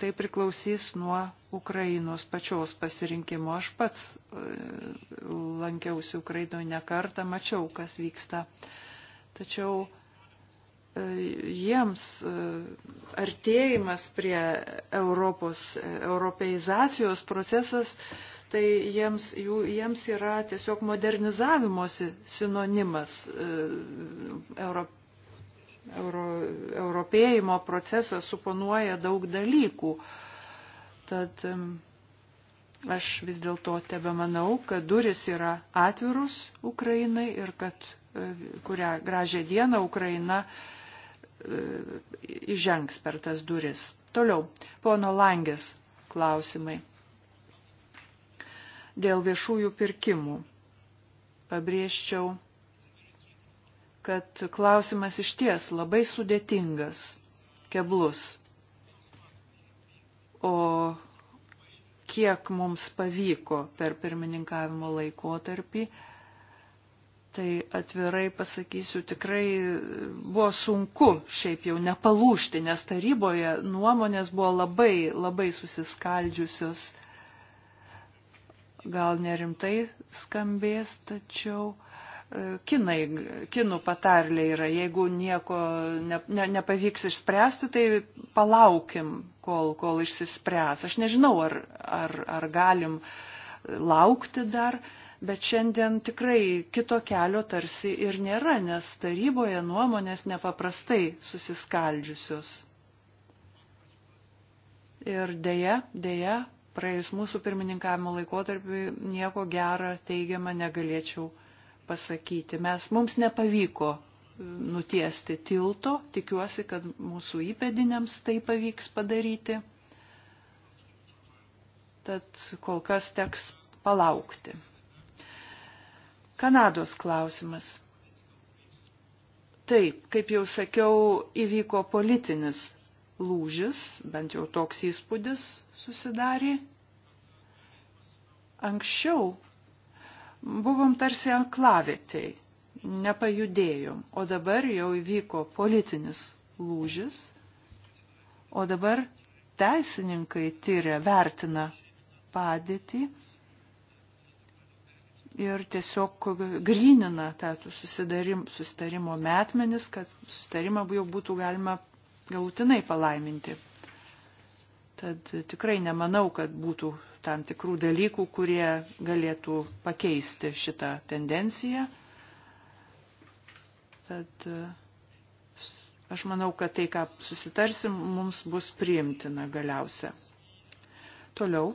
S3: tai priklausys nuo Ukrainos pačios pasirinkimo. Aš pats e, lankiausi Ukrainoje ne kartą, mačiau, kas vyksta. Tačiau e, jiems artėjimas prie Europos, europeizacijos procesas, tai jiems, jų, jiems yra tiesiog modernizavimosi sinonimas. Europ, euro, europėjimo procesas suponuoja daug dalykų. Tad aš vis dėlto tebe manau, kad duris yra atvirus Ukrainai ir kad e, kurią gražią dieną Ukraina e, įžengs per tas duris. Toliau, pono Langės klausimai. Dėl viešųjų pirkimų pabrėžčiau kad klausimas iš ties labai sudėtingas, keblus. O kiek mums pavyko per pirmininkavimo laikotarpį, tai atvirai pasakysiu, tikrai buvo sunku šiaip jau nepalūšti, nes taryboje nuomonės buvo labai, labai susiskaldžiusios. Gal nerimtai skambės, tačiau kinai, kinų patarlė yra, jeigu nieko ne, ne, nepavyks išspręsti, tai palaukim, kol, kol išsispręs. Aš nežinau, ar, ar, ar galim laukti dar, bet šiandien tikrai kito kelio tarsi ir nėra, nes taryboje nuomonės nepaprastai susiskaldžiusios. Ir dėja, dėja, praėjus mūsų pirmininkavimo laikotarpiu nieko gerą teigiamą negalėčiau pasakyti. Mes, mums nepavyko nutiesti tilto, tikiuosi, kad mūsų įpėdiniams tai pavyks padaryti. Tad kol kas teks palaukti. Kanados klausimas. Taip, kaip jau sakiau, įvyko politinis lūžis, bent jau toks įspūdis susidarė. Anksčiau buvom tarsi anklavėtėj, nepajudėjom, o dabar jau įvyko politinis lūžis, o dabar teisininkai tyria, vertina padėtį ir tiesiog grinina tą susitarimo metmenis, kad susitarimą jau būtų galima galutinai palaiminti. Tad tikrai nemanau, kad būtų tam tikrų dalykų, kurie galėtų pakeisti šitą tendenciją. Tad e, aš manau, kad tai, ką susitarsim, mums bus priimtina galiausia. Toliau,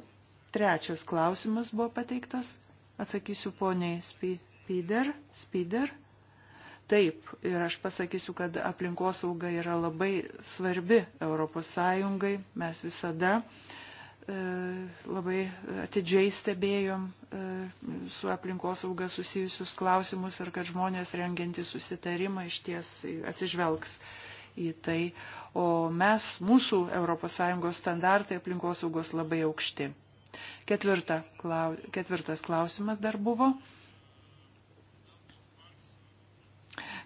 S3: trečias klausimas buvo pateiktas, atsakysiu poniai Spider. Spider. Taip, ir aš pasakysiu, kad aplinkosauga yra labai svarbi ES, mes visada uh, E, labai atidžiai stebėjom e, su aplinkosauga susijusius klausimus ir kad žmonės rengianti susitarimą iš ties atsižvelgs į tai. O mes, mūsų ES standartai aplinkosaugos labai aukšti. Ketvirta, klau, ketvirtas klausimas dar buvo.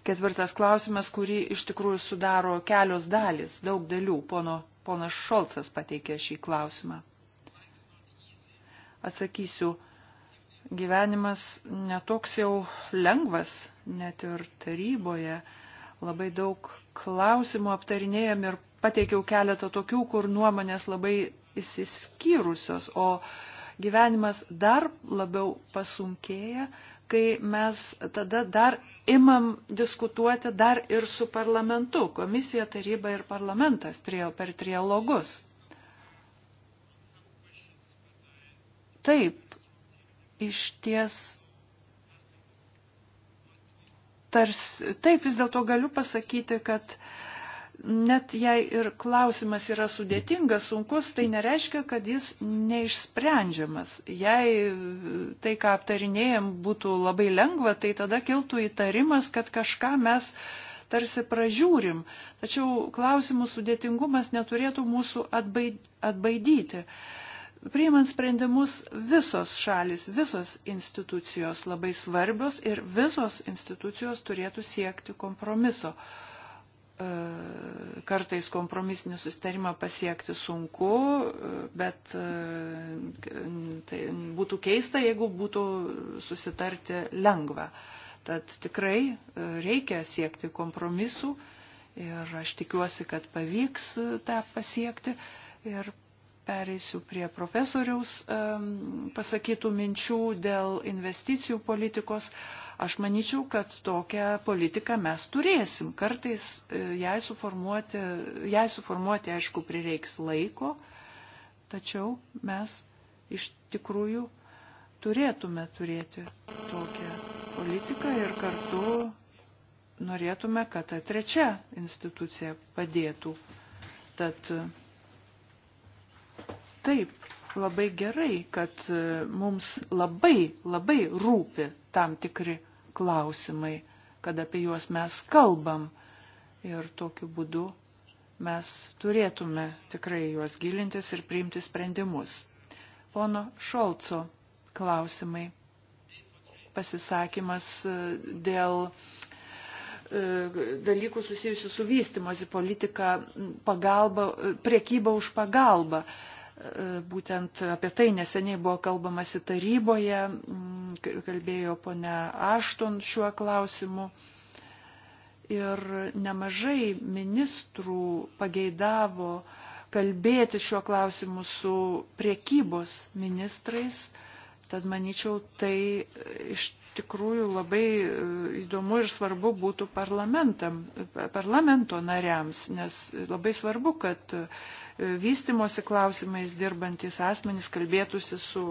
S3: Ketvirtas klausimas, kurį iš tikrųjų sudaro kelios dalis, daug dalių, pono Ponas Šolcas pateikė šį klausimą. Atsakysiu, gyvenimas netoks jau lengvas, net ir taryboje. Labai daug klausimų aptarinėjom ir pateikiau keletą tokių, kur nuomonės labai įsiskyrusios, o gyvenimas dar labiau pasunkėja, kai mes tada dar imam diskutuoti dar ir su parlamentu. Komisija, taryba ir parlamentas trio, per trialogus. Taip, iš ties. Tarsi, taip, vis dėlto galiu pasakyti, kad uh, net jei ir klausimas yra sudėtingas, sunkus, tai nereiškia, kad jis neišsprendžiamas. Jei tai, ką aptarinėjom, būtų labai lengva, tai tada kiltų įtarimas, kad kažką mes tarsi pražiūrim. Tačiau klausimų sudėtingumas neturėtų mūsų atbaidyti. Priimant sprendimus visos šalis, visos institucijos labai svarbios ir visos institucijos turėtų siekti kompromiso E, kartais kompromisinį sustarimą pasiekti sunku, e, bet e, tai būtų keista, jeigu būtų susitarti lengva. Tad tikrai reikia siekti kompromisų ir aš tikiuosi, kad pavyks tą pasiekti. Ir pereisiu prie profesoriaus pasakytų minčių dėl investicijų politikos. Aš manyčiau, kad tokią politiką mes turėsim. Kartais e, jai suformuoti, jai suformuoti aišku, prireiks laiko, tačiau mes iš tikrųjų turėtume turėti tokią politiką ir kartu norėtume, kad ta trečia institucija padėtų. Tad Taip, labai gerai, kad e, mums labai, labai rūpi tam tikri klausimai, kad apie juos mes kalbam ir tokiu būdu mes turėtume tikrai juos gilintis ir priimti sprendimus. Pono Šolco klausimai, pasisakymas e, dėl e, dalykų susijusių su vystimosi politika, pagalba, priekyba už pagalbą būtent apie tai neseniai buvo kalbamasi taryboje, mm, kalbėjo ponia Ašton šiuo klausimu. Ir nemažai ministrų pageidavo kalbėti šiuo klausimu su priekybos ministrais, tad manyčiau, tai iš tikrųjų labai e, įdomu ir svarbu būtų parlamento nariams, nes labai svarbu, kad e, vystimosi klausimais dirbantis asmenys kalbėtųsi su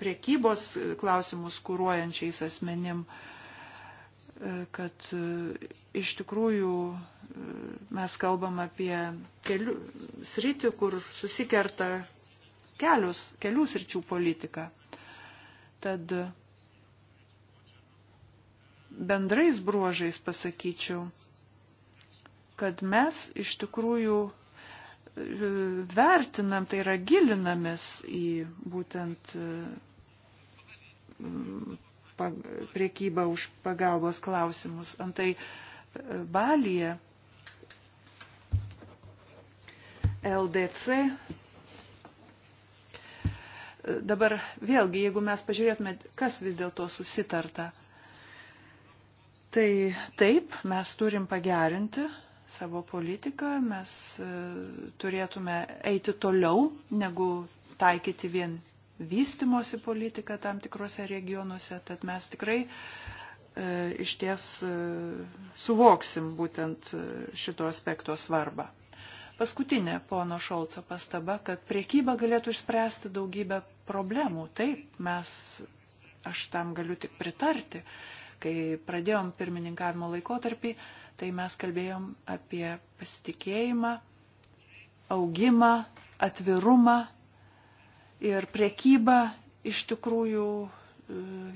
S3: priekybos klausimus kūruojančiais asmenim e, kad iš tikrųjų mes kalbam apie kelių sritį, kur susikerta kelius, kelių sričių politika. Tad bendrais bruožais pasakyčiau, kad mes iš tikrųjų e, vertinam, tai yra gilinamės į būtent e, priekybą už pagalbos klausimus. Antai e, Balyje LDC. Dabar vėlgi, jeigu mes pažiūrėtume, kas vis dėlto susitarta, Tai taip, mes turim pagerinti savo politiką, mes e, turėtume eiti toliau, negu taikyti vien vystimosi politiką tam tikrose regionuose, tad mes tikrai e, iš ties e, suvoksim būtent šito aspekto svarbą. Paskutinė pono Šolco pastaba, kad priekyba galėtų išspręsti daugybę problemų. Taip, mes, aš tam galiu tik pritarti, Kai pradėjom pirmininkavimo laikotarpį, tai mes kalbėjom apie pasitikėjimą, augimą, atvirumą ir priekybą iš tikrųjų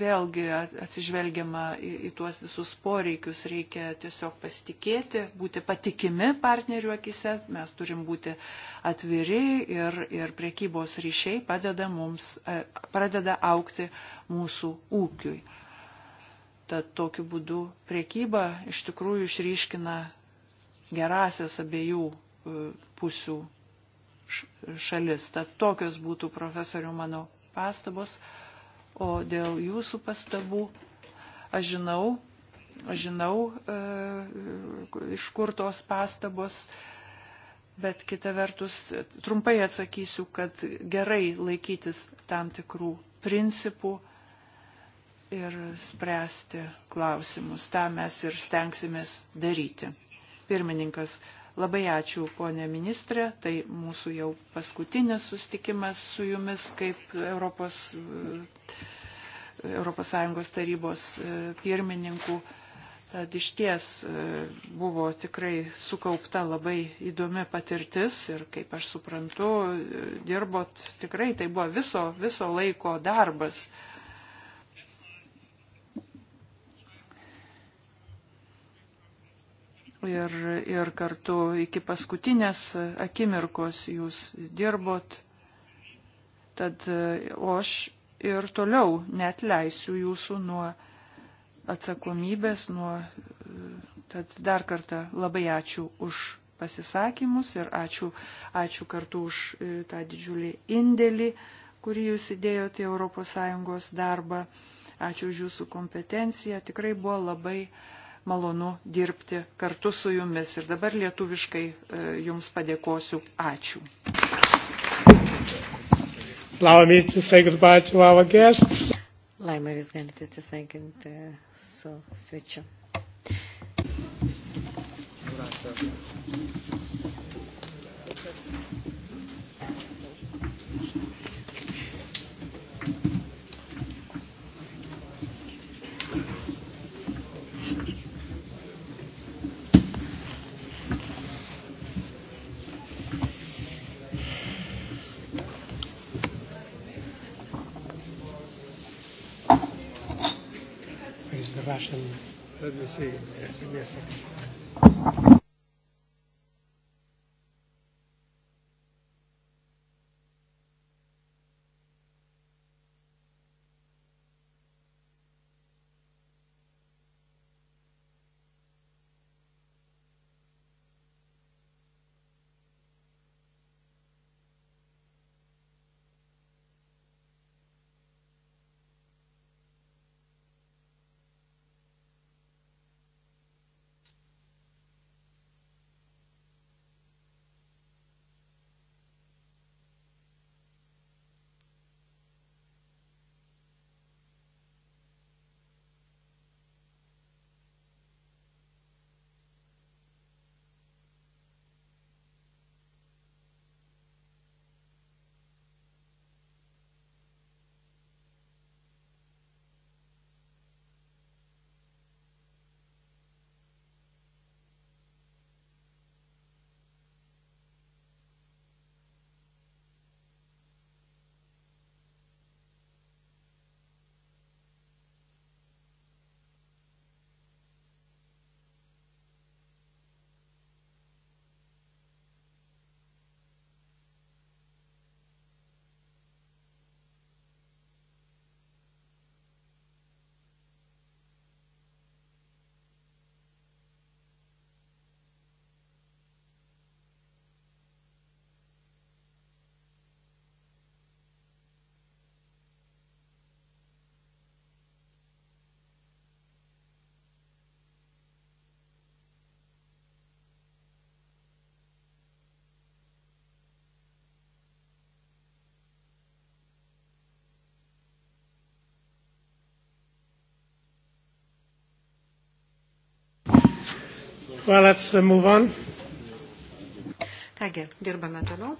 S3: vėlgi atsižvelgiama į, į tuos visus poreikius, reikia tiesiog pasitikėti, būti patikimi partnerių akise, mes turim būti atviri ir, ir priekybos ryšiai padeda mums, e, pradeda aukti mūsų ūkiui. Tad tokiu būdu priekyba iš tikrųjų išryškina gerasias abiejų e, pusių šalis. Tad tokios būtų profesorių mano pastabos. O dėl jūsų pastabų aš žinau, aš žinau e, iš kur tos pastabos, bet kita vertus trumpai atsakysiu, kad gerai laikytis tam tikrų principų ir spręsti klausimus. Ta mes ir stengsimės daryti. Pirmininkas, labai ačiū, ponė ministrė. Tai mūsų jau paskutinis sustikimas su jumis kaip Europos, Europos Sąjungos tarybos e, pirmininkų. Tad iš ties e, buvo tikrai sukaupta labai įdomi patirtis ir, kaip aš suprantu, e, dirbot tikrai, tai buvo viso, viso laiko darbas. ir, ir kartu iki paskutinės akimirkos jūs dirbot. Tad o aš ir toliau net leisiu jūsų nuo atsakomybės, nuo. Tad dar kartą labai ačiū už pasisakymus ir ačiū, ačiū kartu už e, tą didžiulį indėlį, kurį jūs įdėjote į ES darbą. Ačiū už jūsų kompetenciją. Tikrai buvo labai malonu dirbti kartu su jumis. Ir dabar lietuviškai e, jums padėkosiu. Ačiū.
S1: Laimė jūs galite atsisveikinti su svečiu. Gracias.
S3: Sí, give eh, me a second.
S1: Well, let's uh, move on. Kągi, dirbame toliau.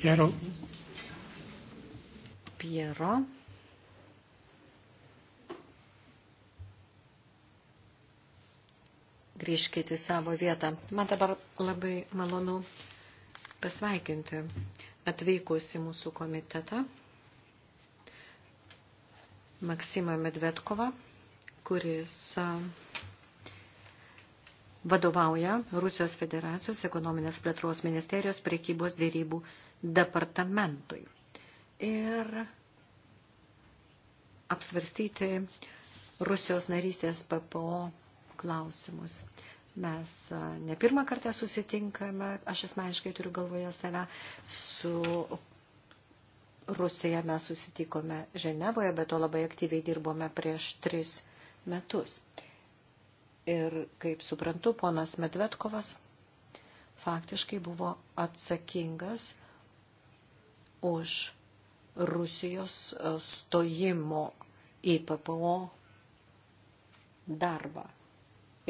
S1: Piero. Piero. Grįžkite į savo vietą. Man dabar labai malonu pasveikinti atvykus į mūsų komitetą Maksimą Medvedkovą, kuris uh, vadovauja Rusijos federacijos ekonominės plėtros ministerijos priekybos dėrybų departamentui. Ir apsvarstyti Rusijos narystės PPO klausimus. Mes ne pirmą kartą susitinkame, aš asmeniškai turiu galvoje save, su Rusija mes susitikome Ženevoje, bet to labai aktyviai dirbome prieš tris metus. Ir, kaip suprantu, ponas Medvedkovas faktiškai buvo atsakingas už Rusijos e, stojimo į PPO darbą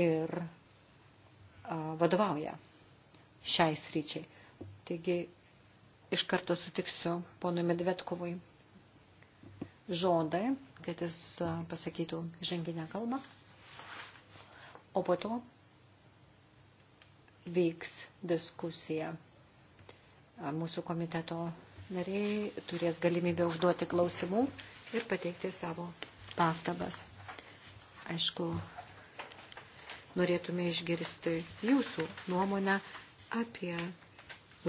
S1: ir e, vadovauja šiai sryčiai. Taigi iš karto sutiksiu ponui Medvedkovui žodai, kad jis e, pasakytų žanginę kalbą o po to vyks diskusija. Mūsų komiteto nariai turės galimybę užduoti klausimų ir pateikti savo pastabas. Aišku, norėtume išgirsti jūsų nuomonę apie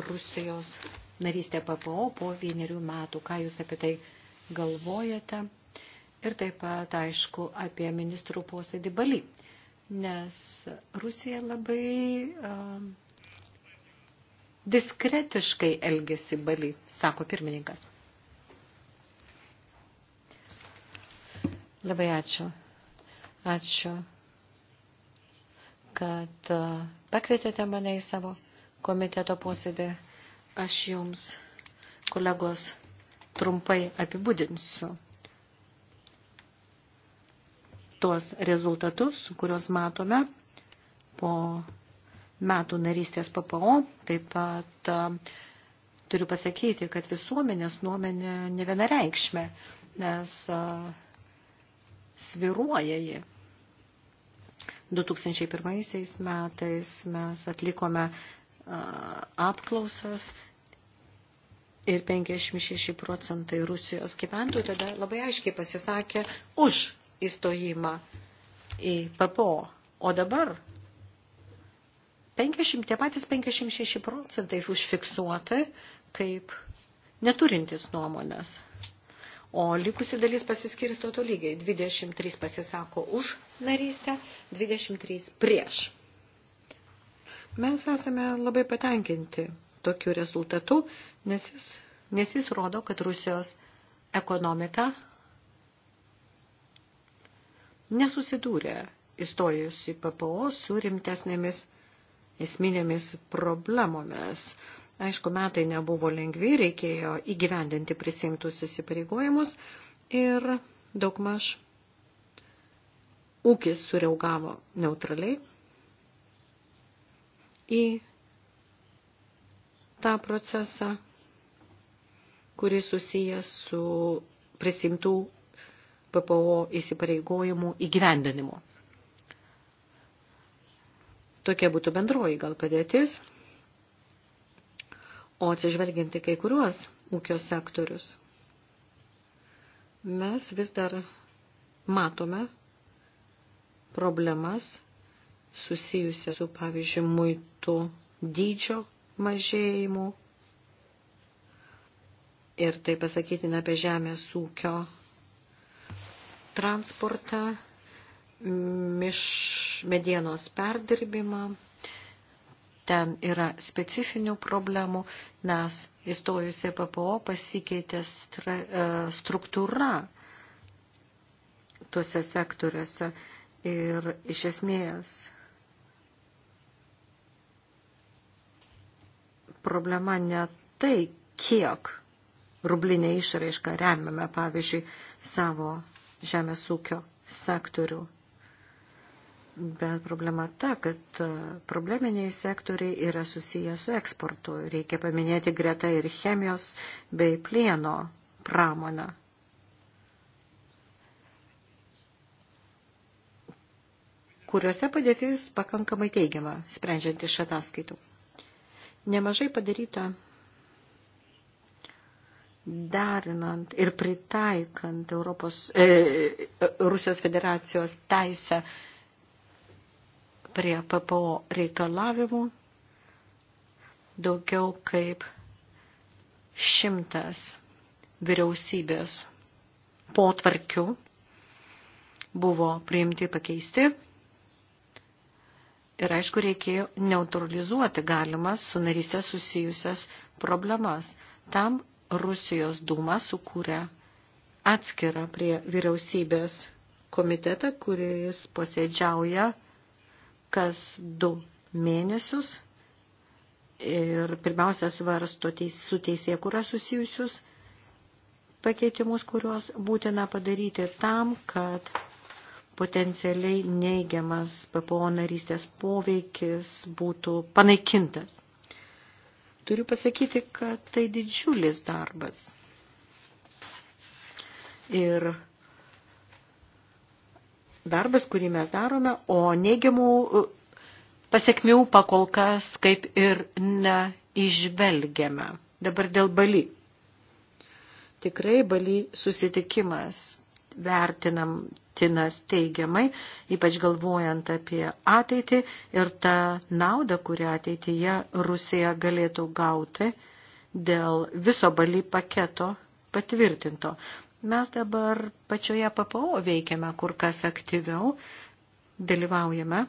S1: Rusijos narystę PPO po vienerių metų. Ką jūs apie tai galvojate? Ir taip pat, aišku, apie ministrų posėdį Bali, nes Rusija labai um, diskretiškai elgesi Bali, sako pirmininkas. Labai ačiū. Ačiū, kad pakvietėte mane į savo komiteto posėdį. Aš jums, kolegos, trumpai apibūdinsiu tuos rezultatus, kuriuos matome po metų narystės PPO. Taip pat turiu pasakyti, kad visuomenės nuomenė ne vienareikšmė, nes sviruoja jį. 2001 metais mes atlikome apklausas ir 56 procentai Rusijos gyventojų tada labai aiškiai pasisakė už įstojimą į PPO. O dabar 50, tie patys 56 procentai užfiksuoti kaip neturintis nuomonės. O likusi dalis pasiskirsto tolygiai. 23 pasisako už narystę, 23 prieš. Mes esame labai patenkinti tokiu rezultatu, nes jis, nes jis rodo, kad Rusijos ekonomika nesusidūrė įstojus į PPO su rimtesnėmis esminėmis problemomis. Aišku, metai nebuvo lengvi, reikėjo įgyvendinti prisimtus įsipareigojimus ir daugmaž ūkis sureaugavo neutraliai į tą procesą, kuris susijęs su prisimtų PPO įsipareigojimų įgyvendinimo. Tokia būtų bendroji gal padėtis, o atsižvelginti kai kuriuos ūkio sektorius, mes vis dar matome problemas susijusia su, pavyzdžiui, muitų dydžio mažėjimu. Ir tai pasakytina apie žemės ūkio transportą, miš medienos perdirbimą. Ten yra specifinių problemų, nes įstojusiai PPO pasikeitė e, struktūra tuose sektoriuose ir iš esmės problema ne tai, kiek rublinė išraiška remiame, pavyzdžiui, savo žemės ūkio sektorių. Bet problema ta, kad e, probleminiai sektoriai yra susiję su eksportu. Reikia paminėti greta ir chemijos bei plieno pramoną. kuriuose padėtis pakankamai teigiama, sprendžiant iš ataskaitų. Nemažai padaryta darinant ir pritaikant Europos, e, e, Rusijos federacijos teisę prie PPO reikalavimų daugiau kaip šimtas vyriausybės potvarkių buvo priimti pakeisti. Ir aišku, reikėjo neutralizuoti galimas su narystė susijusias problemas. Tam Rusijos Duma sukūrė atskirą prie vyriausybės komitetą, kuris posėdžiauja kas du mėnesius ir pirmiausia svarsto teis, su teisė, kuria susijusius pakeitimus, kuriuos būtina padaryti tam, kad potencialiai neigiamas PPO narystės poveikis būtų panaikintas. Turiu pasakyti, kad tai didžiulis darbas. Ir darbas, kurį mes darome, o neigiamų e, pasiekmių pakol kas kaip ir neižvelgiame. Dabar dėl Bali. Tikrai Bali susitikimas vertinam tinas teigiamai, ypač galvojant apie ateitį ir tą naudą, kurią ateityje Rusija galėtų gauti dėl viso baly paketo patvirtinto. Mes dabar pačioje PPO veikiame kur kas aktyviau, dalyvaujame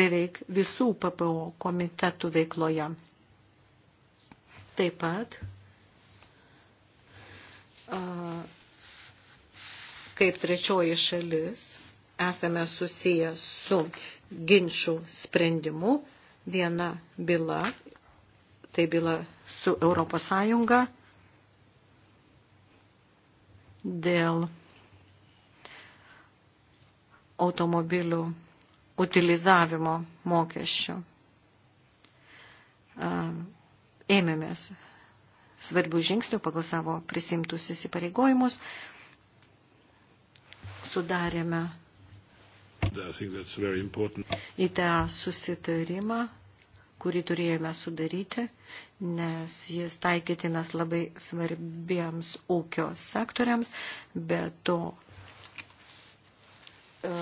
S1: beveik visų PPO komitetų veikloje. Taip pat kaip trečioji šalis esame susiję su ginčių sprendimu. Viena byla, tai byla su Europos Sąjunga dėl automobilių utilizavimo mokesčių. Ėmėmės svarbių žingsnių pagal savo prisimtus įsipareigojimus sudarėme į tą susitarimą, kurį turėjome sudaryti, nes jis taikytinas labai svarbiems ūkio sektoriams, bet to e,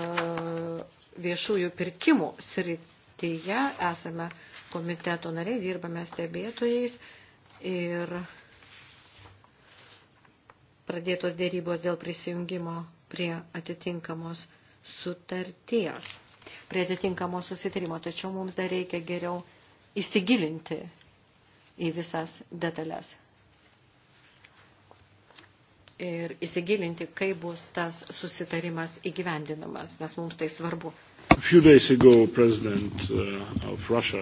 S1: viešųjų pirkimų srityje esame komiteto nariai, dirbame stebėtojais ir pradėtos dėrybos dėl prisijungimo prie atitinkamos sutarties, prie atitinkamos susitarimo, tačiau mums dar reikia geriau įsigilinti į visas detalės. Ir įsigilinti, kaip bus tas susitarimas įgyvendinamas, nes mums tai svarbu. Ago, uh, Russia...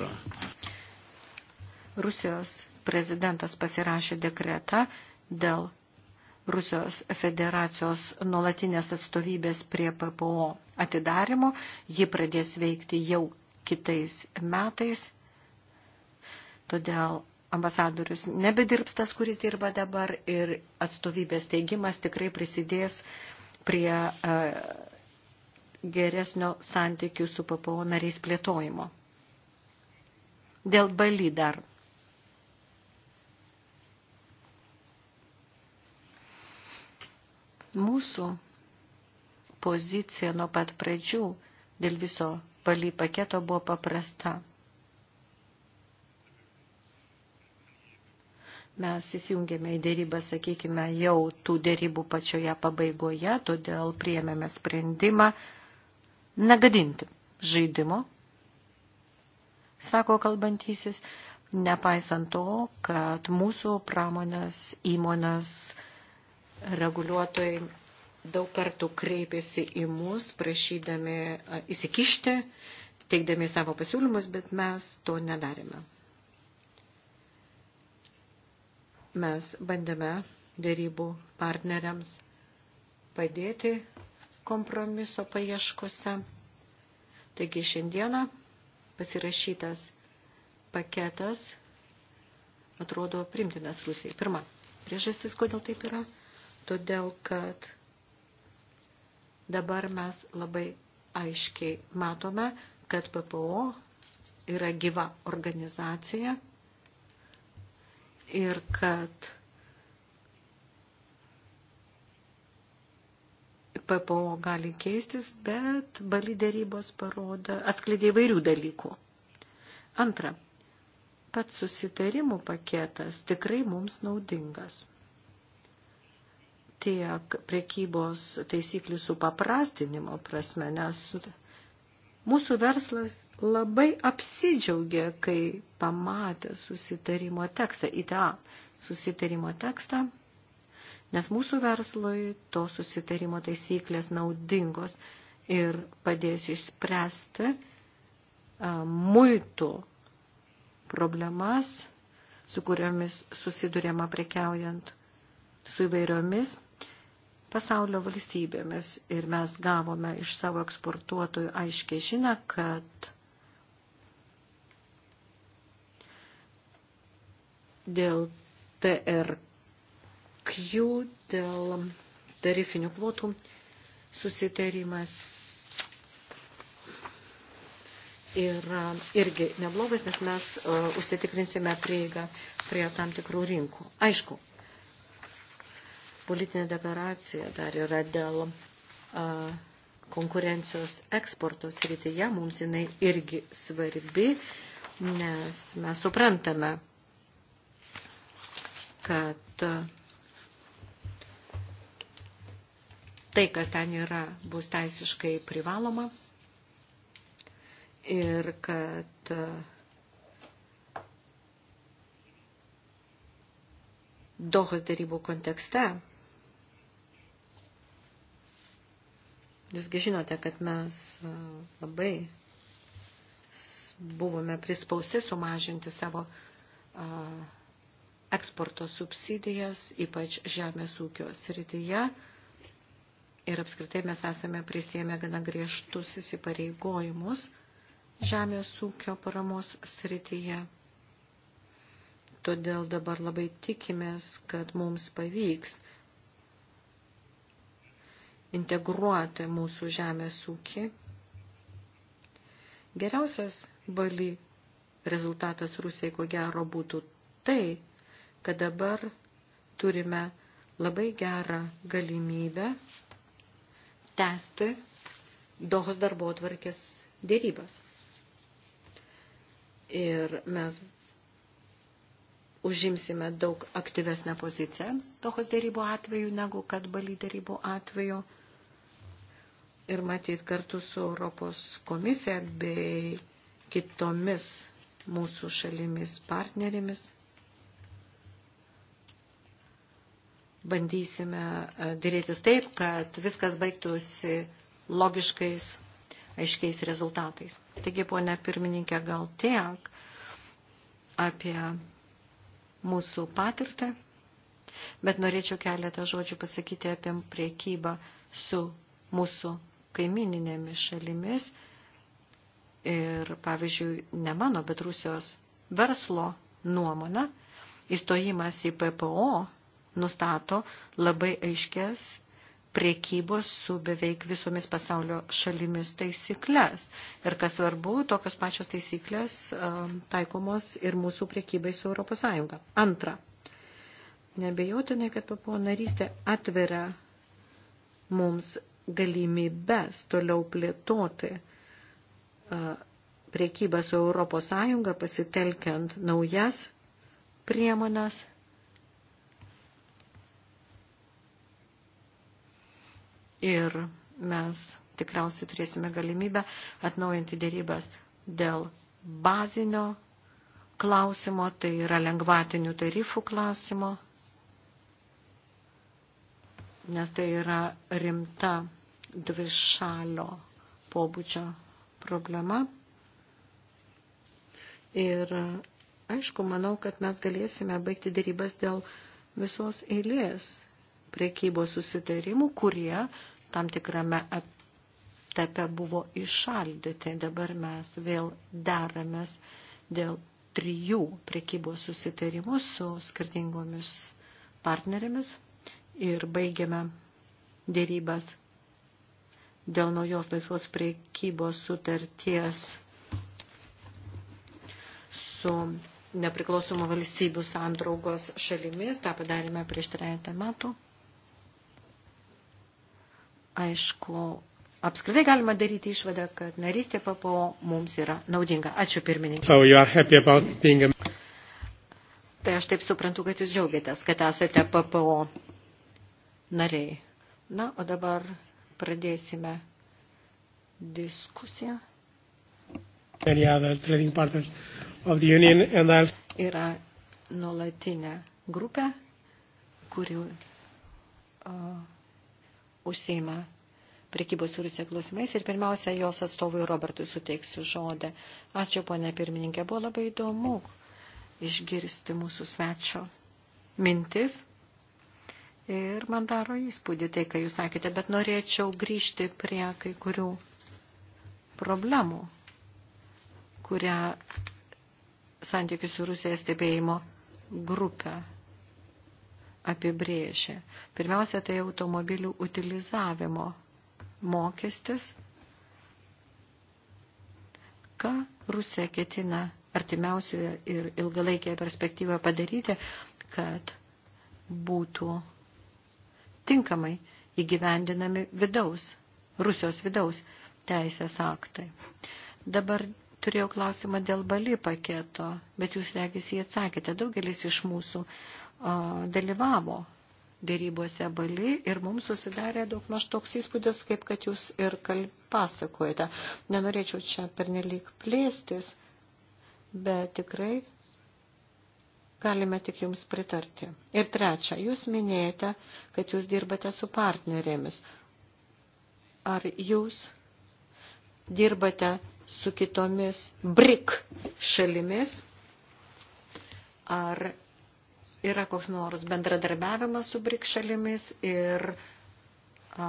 S1: Rusijos prezidentas pasirašė dekretą dėl Rusijos federacijos nuolatinės atstovybės prie PPO atidarimo. Ji pradės veikti jau kitais metais. Todėl ambasadorius nebedirbs tas, kuris dirba dabar ir atstovybės teigimas tikrai prisidės prie e, geresnio santykių su PPO nariais plėtojimo. Dėl Bali dar Mūsų pozicija nuo pat pradžių dėl viso paly paketo buvo paprasta. Mes įsijungėme į dėrybą, sakykime, jau tų dėrybų pačioje pabaigoje, todėl priėmėme sprendimą negadinti žaidimo, sako kalbantysis, nepaisant to, kad mūsų pramonės įmonės reguliuotojai daug kartų kreipėsi į mus, prašydami įsikišti, teikdami savo pasiūlymus, bet mes to nedarėme. Mes bandėme dėrybų partneriams padėti kompromiso paieškose. Taigi šiandieną pasirašytas paketas atrodo primtinas Rusijai. Pirma, priežastis, kodėl taip yra – todėl kad dabar mes labai aiškiai matome, kad PPO yra gyva organizacija ir kad PPO gali keistis, bet bali dėrybos parodo, atskleidė įvairių dalykų. Antra, pats susitarimų paketas tikrai mums naudingas – tiek prekybos taisyklių supaprastinimo prasme, nes mūsų verslas labai apsidžiaugė, kai pamatė susitarimo tekstą, ITA susitarimo tekstą, nes mūsų verslui to susitarimo taisyklės naudingos ir padės išspręsti muitų problemas, su kuriomis susidurėma prekiaujant su įvairiomis pasaulio valstybėmis ir mes gavome iš savo eksportuotojų aiškiai žinę, kad dėl TRQ, dėl tarifinių kvotų susitarimas yra irgi neblogas, nes mes uh, užsitikrinsime prieigą prie tam tikrų rinkų. Aišku, politinė deklaracija dar yra dėl a, konkurencijos eksporto srityje, mums jinai irgi svarbi, nes mes suprantame, kad tai, kas ten yra, bus teisiškai privaloma ir kad Dohos darybų kontekste Jūsgi žinote, kad mes e, labai buvome prispausti sumažinti savo eksporto subsidijas, ypač žemės ūkio srityje. Ir apskritai mes esame prisėmę gana griežtus įsipareigojimus žemės ūkio paramos srityje. Todėl dabar labai tikimės, kad mums pavyks integruoti mūsų žemės ūkį. Geriausias bali rezultatas Rusijai ko gero būtų tai, kad dabar turime labai gerą galimybę tęsti Dohos darbo atvarkės dėrybas. Ir mes užimsime daug aktyvesnę poziciją Dohos dėrybų atveju negu kad Bali dėrybų atveju ir matyt kartu su Europos komisija bei kitomis mūsų šalimis partnerėmis bandysime e, dėrėtis taip, kad viskas baigtųsi logiškais, aiškiais rezultatais. Taigi, ponia pirmininkė, gal tiek apie mūsų patirtą, bet norėčiau keletą žodžių pasakyti apie priekybą su mūsų kaimininėmis šalimis ir, pavyzdžiui, ne mano, bet Rusijos verslo nuomona, įstojimas į PPO nustato labai aiškės priekybos su beveik visomis pasaulio šalimis taisyklės. Ir kas svarbu, tokios pačios taisyklės um, taikomos ir mūsų priekybai su Europos Sąjunga. Antra, nebejotinai, kad papo narystė atveria mums galimybes toliau plėtoti priekybą su Europos Sąjunga pasitelkiant naujas priemonės. Ir mes tikriausiai turėsime galimybę atnaujinti dėrybas dėl bazinio klausimo, tai yra lengvatinių tarifų klausimo nes tai yra rimta dvišalio pobūdžio problema. Ir aišku, manau, kad mes galėsime baigti darybas dėl visos eilės priekybos susitarimų, kurie tam tikrame etape buvo išaldyti. Dabar mes vėl deramės dėl trijų priekybos susitarimų su skirtingomis partnerėmis ir baigiame dėrybas dėl naujos laisvos priekybos sutarties su nepriklausomų valstybių sandraugos šalimis. Ta padarėme prieš trejata metų. Aišku, apskritai galima daryti išvadą, kad narystė PPO mums yra naudinga. Ačiū pirmininkai. So you are happy about being a... Tai aš taip suprantu, kad jūs džiaugiatės, kad esate PPO nariai. Na, o dabar pradėsime diskusiją. Yra nuolatinė grupė, kuri uh, užseima prekybos ir Rusija klausimais ir pirmiausia jos atstovui Robertui suteiksiu žodę. Ačiū, ponė pirmininkė, buvo labai įdomu išgirsti mūsų svečio mintis ir man daro įspūdį tai, ką jūs sakėte, bet norėčiau grįžti prie kai kurių problemų, kurią santykių su Rusija stebėjimo grupė apibrėžė. Pirmiausia, tai automobilių utilizavimo mokestis, ką Rusija ketina artimiausioje ir ilgalaikėje perspektyvoje padaryti, kad būtų tinkamai įgyvendinami vidaus, Rusijos vidaus teisės aktai. Dabar turėjau klausimą dėl bali paketo, bet jūs regis jį atsakėte. Daugelis iš mūsų a, dalyvavo dėrybose bali ir mums susidarė daug maž toks įspūdis, kaip kad jūs ir pasakojate. Nenorėčiau čia pernelyg plėstis, bet tikrai Galime tik jums pritarti. Ir trečia, jūs minėjate, kad jūs dirbate su partnerėmis. Ar jūs dirbate su kitomis BRIC šalimis? Ar yra koks nors bendradarbiavimas su BRIC šalimis ir a,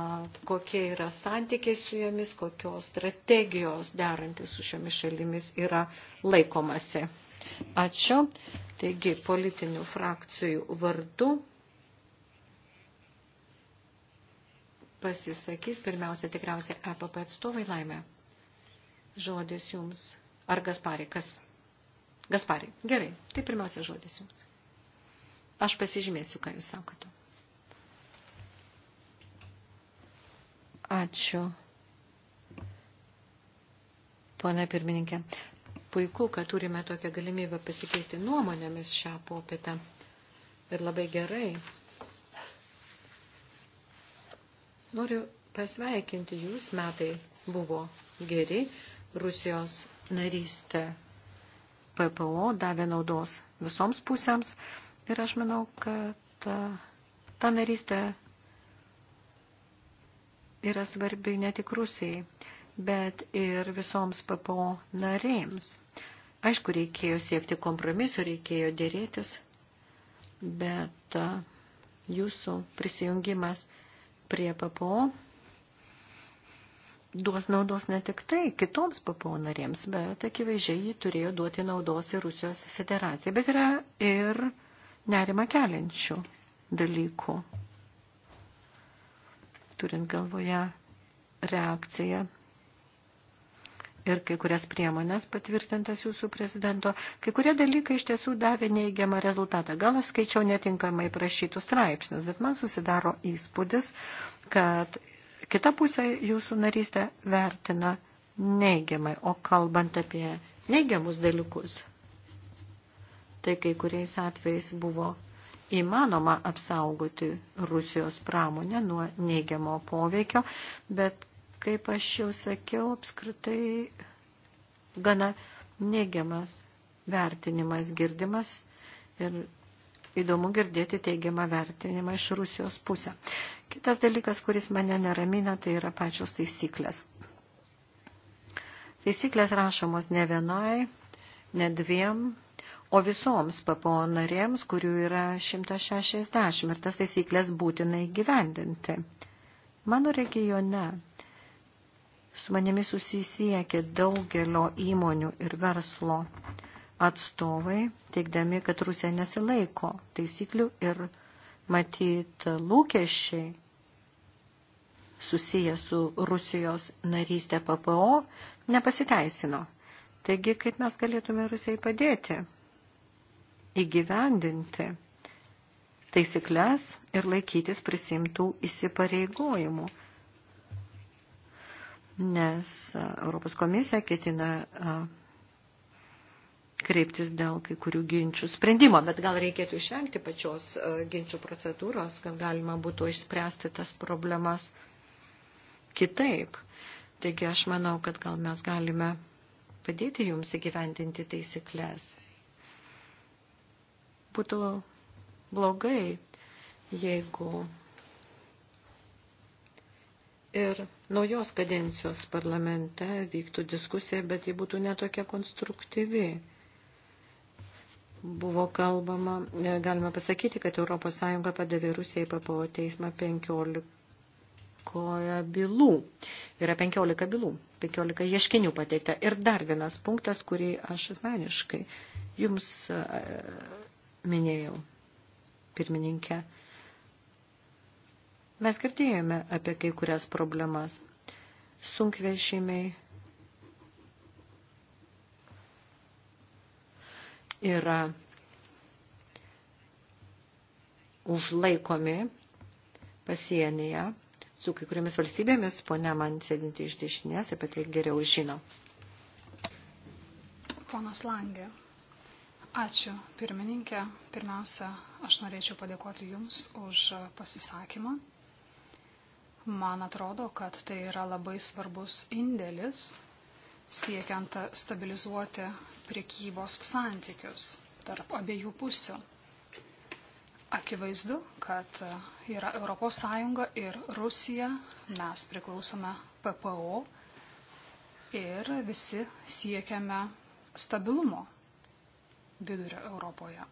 S1: kokie yra santykiai su jomis, kokios strategijos derantis su šiomis šalimis yra laikomasi? Ačiū. Taigi, politinių frakcijų vardu pasisakys pirmiausia tikriausiai EPP atstovai laimę. Žodis jums. Ar Gasparė? Kas? Gasparė. Gerai. Tai pirmiausia žodis jums. Aš pasižymėsiu, ką jūs sakote. Ačiū. Pone pirmininkė, Puiku, kad turime tokią galimybę pasikeisti nuomonėmis šią popietę. Ir labai gerai. Noriu pasveikinti jūs, metai buvo geri, Rusijos narystė PPO davė naudos visoms pusėms ir aš manau, kad ta, e, ta narystė yra svarbi ne tik Rusijai, bet ir visoms PPO narėms. Aišku, reikėjo siekti kompromiso, reikėjo dėrėtis, bet jūsų prisijungimas prie PPO duos naudos ne tik tai kitoms PPO narėms, bet akivaizdžiai jį turėjo duoti naudos ir Rusijos federacija. Bet yra ir nerima keliančių dalykų, turint galvoje reakciją ir kai kurias priemonės patvirtintas jūsų prezidento, kai kurie dalykai iš tiesų davė neįgiamą rezultatą. Gal aš skaičiau netinkamai prašytų straipsnius, bet man susidaro įspūdis, kad kita pusė jūsų narystę vertina neigiamai, o kalbant apie neigiamus dalykus, tai kai kuriais atvejais buvo įmanoma apsaugoti Rusijos pramonę nuo neigiamo poveikio, bet kaip aš jau sakiau, apskritai gana neigiamas vertinimas girdimas ir įdomu girdėti teigiamą vertinimą iš Rusijos pusę. Kitas dalykas, kuris mane neramina, tai yra pačios taisyklės. Taisyklės rašomos ne vienai, ne dviem, o visoms PPO narėms, kurių yra 160 ir tas taisyklės būtinai gyvendinti. Mano regione Su manimi susisiekė daugelio įmonių ir verslo atstovai, teikdami, kad Rusija nesilaiko taisyklių ir matyt lūkesčiai susiję su Rusijos narystė PPO nepasiteisino. Taigi, kaip mes galėtume Rusijai padėti įgyvendinti taisyklės ir laikytis prisimtų įsipareigojimų nes Europos komisija ketina kreiptis dėl kai kurių ginčių sprendimo, bet gal reikėtų išvengti pačios ginčių procedūros, kad galima būtų išspręsti tas problemas kitaip. Taigi aš manau, kad gal mes galime padėti jums įgyvendinti taisyklės. Būtų blogai, jeigu ir naujos kadencijos parlamente vyktų diskusija, bet ji būtų netokia konstruktyvi buvo kalbama, e, galima pasakyti, kad ES padavė Rusijai PPO teismą 15 bylų. Yra 15 bylų, 15 ieškinių pateikta. Ir dar vienas punktas, kurį aš asmeniškai jums e, minėjau, pirmininkė. Mes girdėjome apie kai kurias problemas. Sunkvežimiai yra užlaikomi pasienyje su kai kuriamis valstybėmis, ponia man sėdinti iš dešinės, apie tai geriau žino.
S2: Ponas Langė, ačiū pirmininkė. Pirmiausia, aš norėčiau padėkoti Jums už pasisakymą. Man atrodo, kad tai yra labai svarbus indėlis siekiant stabilizuoti priekybos santykius tarp abiejų pusių. Akivaizdu, kad yra ES ir Rusija, mes priklausome PPO ir visi siekiame stabilumo vidurio Europoje.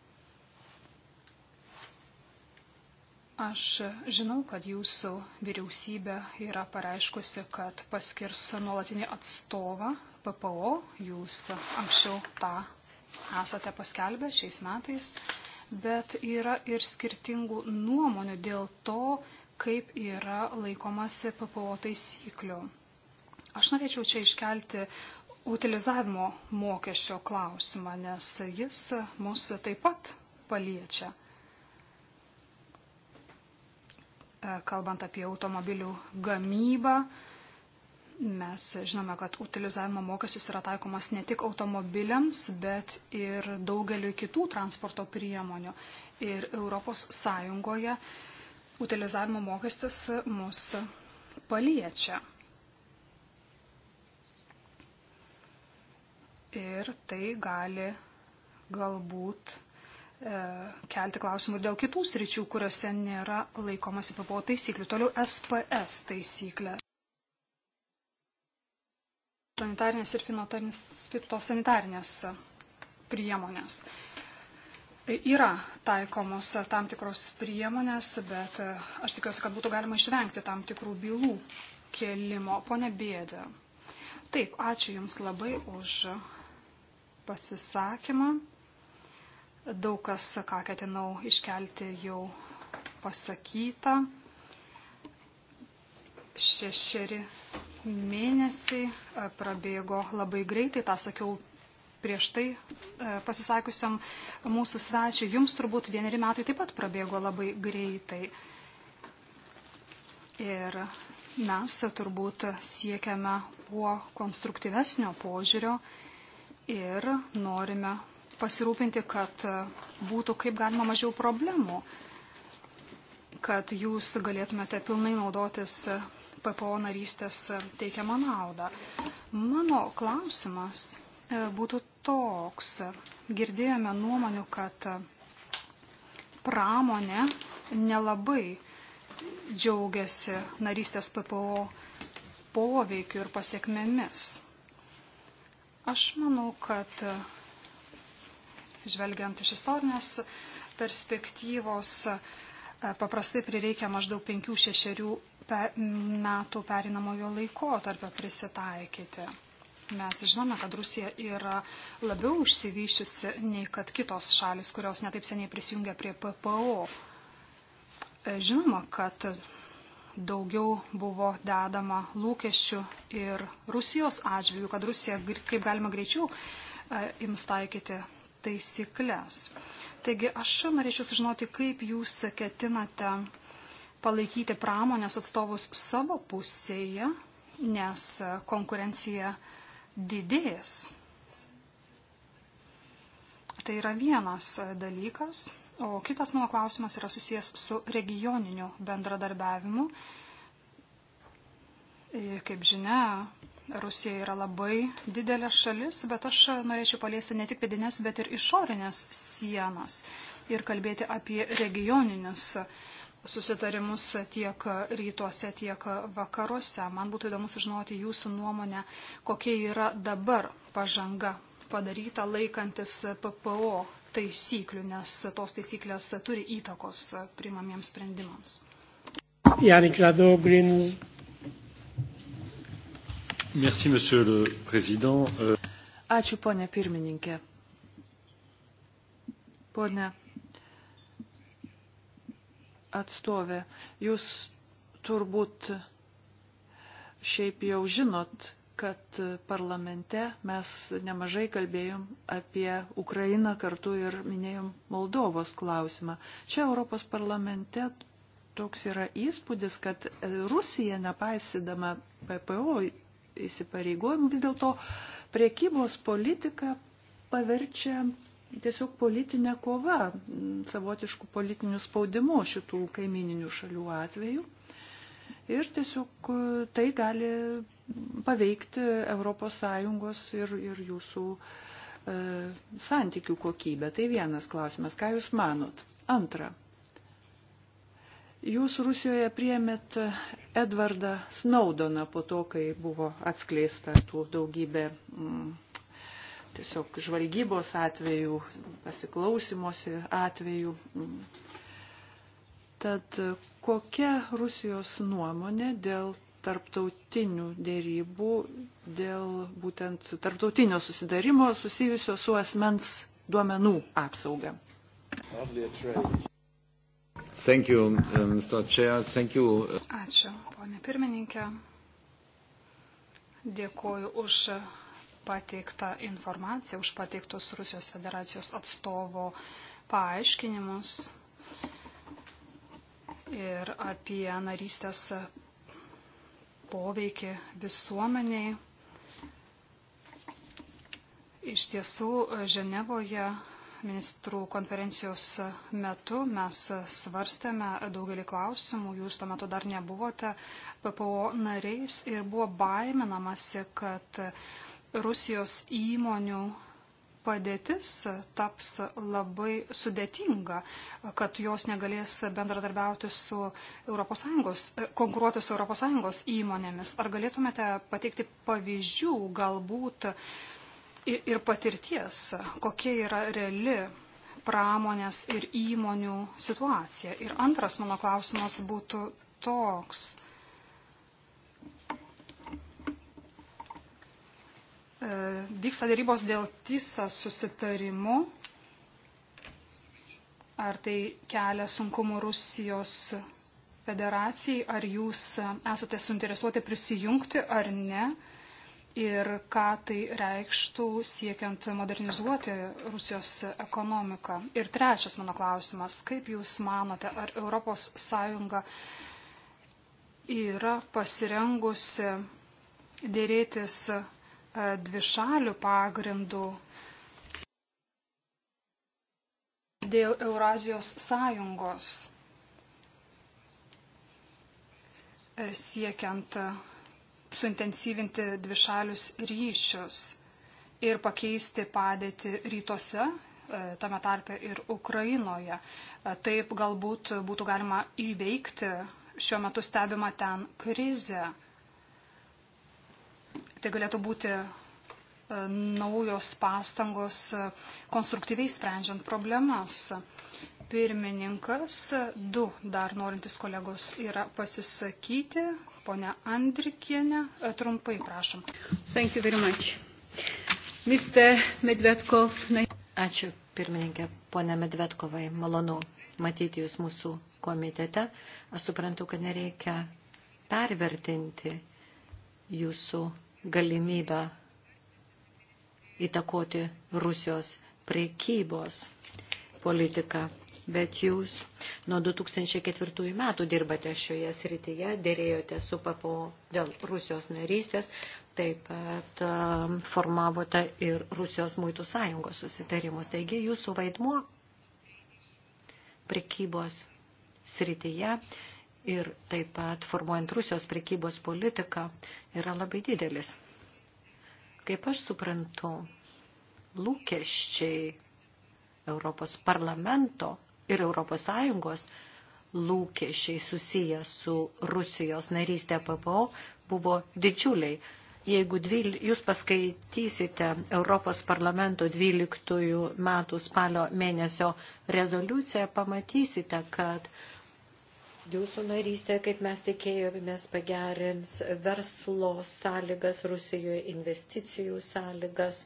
S2: Aš žinau, kad jūsų vyriausybė yra pareiškusi, kad paskirs nuolatinį atstovą PPO. Jūs anksčiau tą esate paskelbę šiais metais, bet yra ir skirtingų nuomonių dėl to, kaip yra laikomasi PPO taisyklių. Aš norėčiau čia iškelti utilizavimo mokesčio klausimą, nes jis mus taip pat paliečia. E, kalbant apie automobilių gamybą. Mes žinome, kad utilizavimo mokestis yra taikomas ne tik automobiliams, bet ir daugeliu kitų transporto priemonių. Ir ES utilizavimo mokestis mus paliečia. Ir tai gali galbūt E, kelti klausimų ir dėl kitų sričių, kuriuose nėra laikomasi PPO taisyklių. Toliau SPS taisyklė. Sanitarinės ir fitosanitarinės priemonės. E, yra taikomos tam tikros priemonės, bet e, aš tikiuosi, kad būtų galima išvengti tam tikrų bylų kelimo. Pone Bėdė. Taip, ačiū Jums labai už pasisakymą. Daug kas, ką ketinau iškelti, jau pasakyta. Šešeri mėnesiai e, prabėgo labai greitai, tą sakiau prieš tai e, pasisakiusiam mūsų svečiu. Jums turbūt vieneri metai taip pat prabėgo labai greitai. Ir mes turbūt siekiame kuo konstruktyvesnio požiūrio ir norime pasirūpinti, kad e, būtų kaip galima mažiau problemų, kad jūs galėtumėte pilnai naudotis e, PPO narystės e, teikiamą naudą. Mano klausimas būtų toks. Girdėjome nuomonių, kad pramonė nelabai džiaugiasi narystės PPO poveikiu ir pasiekmėmis. Aš manau, kad žvelgiant iš istorinės perspektyvos, e, paprastai prireikia maždaug 5-6 metų perinamojo laiko tarp prisitaikyti. Mes žinome, kad Rusija yra labiau užsivyšiusi nei kad kitos šalis, kurios netaip seniai prisijungia prie PPO. E, žinoma, kad daugiau buvo dedama lūkesčių ir Rusijos atžvilgių, kad Rusija kaip galima greičiau e, ims taikyti taisyklės. Taigi aš norėčiau sužinoti, kaip jūs ketinate palaikyti pramonės atstovus savo pusėje, nes konkurencija didės. Tai yra vienas dalykas, o kitas mano klausimas yra susijęs su regioniniu bendradarbiavimu. Kaip žinia, Rusija yra labai didelė šalis, bet aš norėčiau paliesti ne tik vidinės, bet ir išorinės sienas ir kalbėti apie regioninius susitarimus tiek rytuose, tiek vakaruose. Man būtų įdomu sužinoti jūsų nuomonę, kokia yra dabar pažanga padaryta laikantis PPO taisyklių, nes tos taisyklės turi įtakos primamiems sprendimams.
S3: Janik Rado Grins
S1: Merci, monsieur le président. Euh,
S2: Ačiū, ponė
S3: pirmininkė. Pone atstovė, jūs turbūt šiaip jau žinot, kad parlamente mes nemažai kalbėjom apie Ukrainą kartu ir minėjom Moldovos klausimą. Čia Europos parlamente toks yra įspūdis, kad Rusija, nepaisydama PPO įsipareigojimų, vis dėlto priekybos politika paverčia tiesiog politinę kovą, savotiškų politinių spaudimų šitų kaimininių šalių atveju. Ir tiesiog tai gali paveikti ES ir, ir jūsų e, santykių kokybę. Tai vienas klausimas. Ką Jūs manot? Antra, Jūs Rusijoje priemėt Edvardą Snaudoną po to, kai buvo atskleista tų daugybė mm, tiesiog žvalgybos atvejų, pasiklausimosi atvejų. Tad kokia Rusijos nuomonė dėl tarptautinių dėrybų, dėl būtent tarptautinio susidarimo susijusio su asmens duomenų apsauga?
S1: Thank you, Mr. Um, Chair. Thank you. Uh,
S2: Ačiū, ponė pirmininkė. Dėkuoju už pateiktą informaciją, už pateiktus Rusijos federacijos atstovo paaiškinimus ir apie narystės poveikį visuomeniai. Iš tiesų, Ženevoje ministrų konferencijos metu mes svarstėme daugelį klausimų, jūs tuo metu dar nebuvote PPO nariais ir buvo baiminamasi, kad Rusijos įmonių padėtis taps labai sudėtinga, kad jos negalės bendradarbiauti su ES, konkuruoti su ES įmonėmis. Ar galėtumėte pateikti pavyzdžių, galbūt ir patirties, kokia yra reali pramonės ir įmonių situacija. Ir antras mano klausimas būtų toks. E, vyksta dėrybos dėl TISA susitarimu. Ar tai kelia sunkumų Rusijos federacijai, ar jūs esate suinteresuoti prisijungti ar ne? ir ką tai reikštų siekiant modernizuoti Rusijos ekonomiką. Ir trečias mano klausimas, kaip Jūs manote, ar ES yra pasirengusi dėrėtis e, dvišalių pagrindų dėl Eurazijos sąjungos e, siekiant suintensyvinti dvišalius ryšius ir pakeisti padėtį rytuose, e, tame tarpe ir Ukrainoje. E, taip galbūt būtų galima įveikti šiuo metu stebimą ten krizę. Tai galėtų būti e, naujos pastangos konstruktyviai sprendžiant problemas pirmininkas. Du dar norintys kolegos yra pasisakyti. Pone Andrikienė, trumpai prašom. Thank you very much.
S1: Mr. Medvedkov. Ačiū, pirmininkė. Pone Medvedkovai, malonu matyti Jūs mūsų komitete. Aš suprantu, kad nereikia pervertinti Jūsų galimybę įtakoti Rusijos priekybos politiką bet jūs nuo 2004 metų dirbate šioje srityje, dėrėjote su PPO dėl Rusijos narystės, taip pat um, formavote ir Rusijos muitų sąjungos susitarimus. Taigi jūsų vaidmuo prekybos srityje ir taip pat formuojant Rusijos prekybos politiką yra labai didelis. Kaip aš suprantu, lūkesčiai Europos parlamento ir ES lūkesčiai susiję su Rusijos narystė PPO buvo didžiuliai. Jeigu dvyl, jūs paskaitysite Europos parlamento 12 metų spalio mėnesio rezoliuciją, pamatysite, kad jūsų narystė, kaip mes tikėjomės, pagerins verslo sąlygas Rusijoje, investicijų sąlygas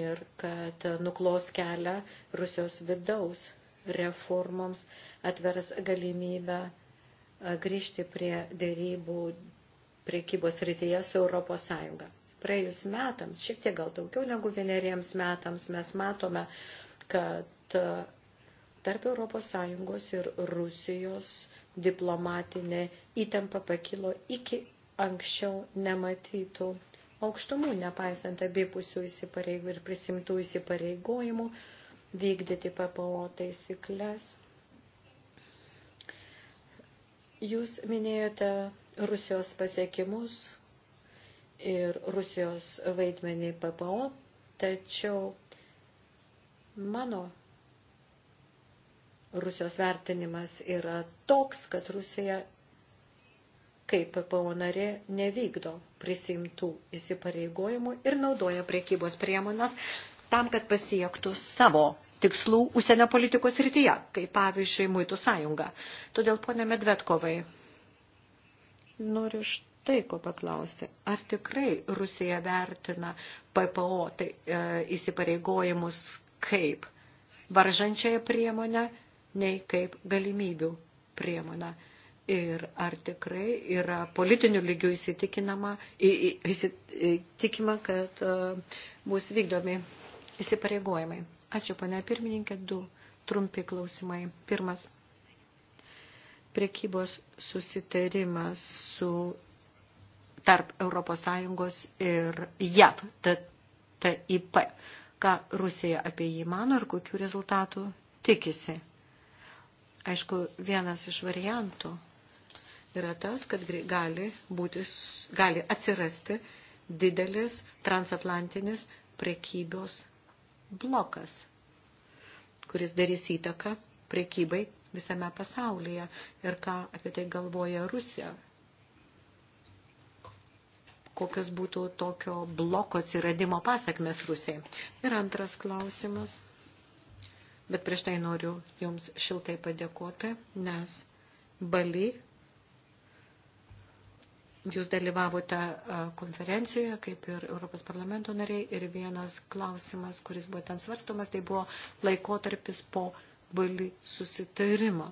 S1: ir kad nuklos kelią Rusijos vidaus reformoms atvers galimybę e, grįžti prie dėrybų priekybos rytyje su Europos Sąjunga. Praėjus metams, šiek tiek gal daugiau negu vieneriems metams, mes matome, kad e, tarp Europos Sąjungos ir Rusijos diplomatinė įtampa pakilo iki anksčiau nematytų aukštumų, nepaisant abipusių įsipareigų ir prisimtų įsipareigojimų vykdyti PPO taisyklės. Jūs minėjote Rusijos pasiekimus ir Rusijos vaidmenį PPO, tačiau mano Rusijos vertinimas yra toks, kad Rusija kaip PPO narė nevykdo prisimtų įsipareigojimų ir naudoja priekybos priemonas tam, kad pasiektų savo tikslų užsienio politikos rytyje, kaip pavyzdžiui Muitų sąjunga. Todėl, ponė Medvedkovai, noriu štai ko paklausti. Ar tikrai Rusija vertina PPO tai, e, įsipareigojimus kaip varžančiąją priemonę, nei kaip galimybių priemonę? Ir ar tikrai yra politinių lygių įsitikinama, į, į, įsitikima, kad uh, bus vykdomi įsipareigojimai. Ačiū, pane pirmininkė, du trumpi klausimai. Pirmas. Prekybos susitarimas su tarp ES ir JAV, TIP. Ką Rusija apie jį mano ir kokių rezultatų tikisi? Aišku, vienas iš variantų yra tas, kad gali, būti, gali atsirasti didelis transatlantinis prekybos blokas, kuris darys įtaką prekybai visame pasaulyje ir ką apie tai galvoja Rusija. Kokios būtų tokio bloko atsiradimo pasakmes Rusijai. Ir antras klausimas. Bet prieš tai noriu Jums šiltai padėkoti, nes Bali Jūs dalyvavote konferencijoje, kaip ir Europos parlamento nariai, ir vienas klausimas, kuris buvo ten svarstomas, tai buvo laikotarpis po bali susitarimo.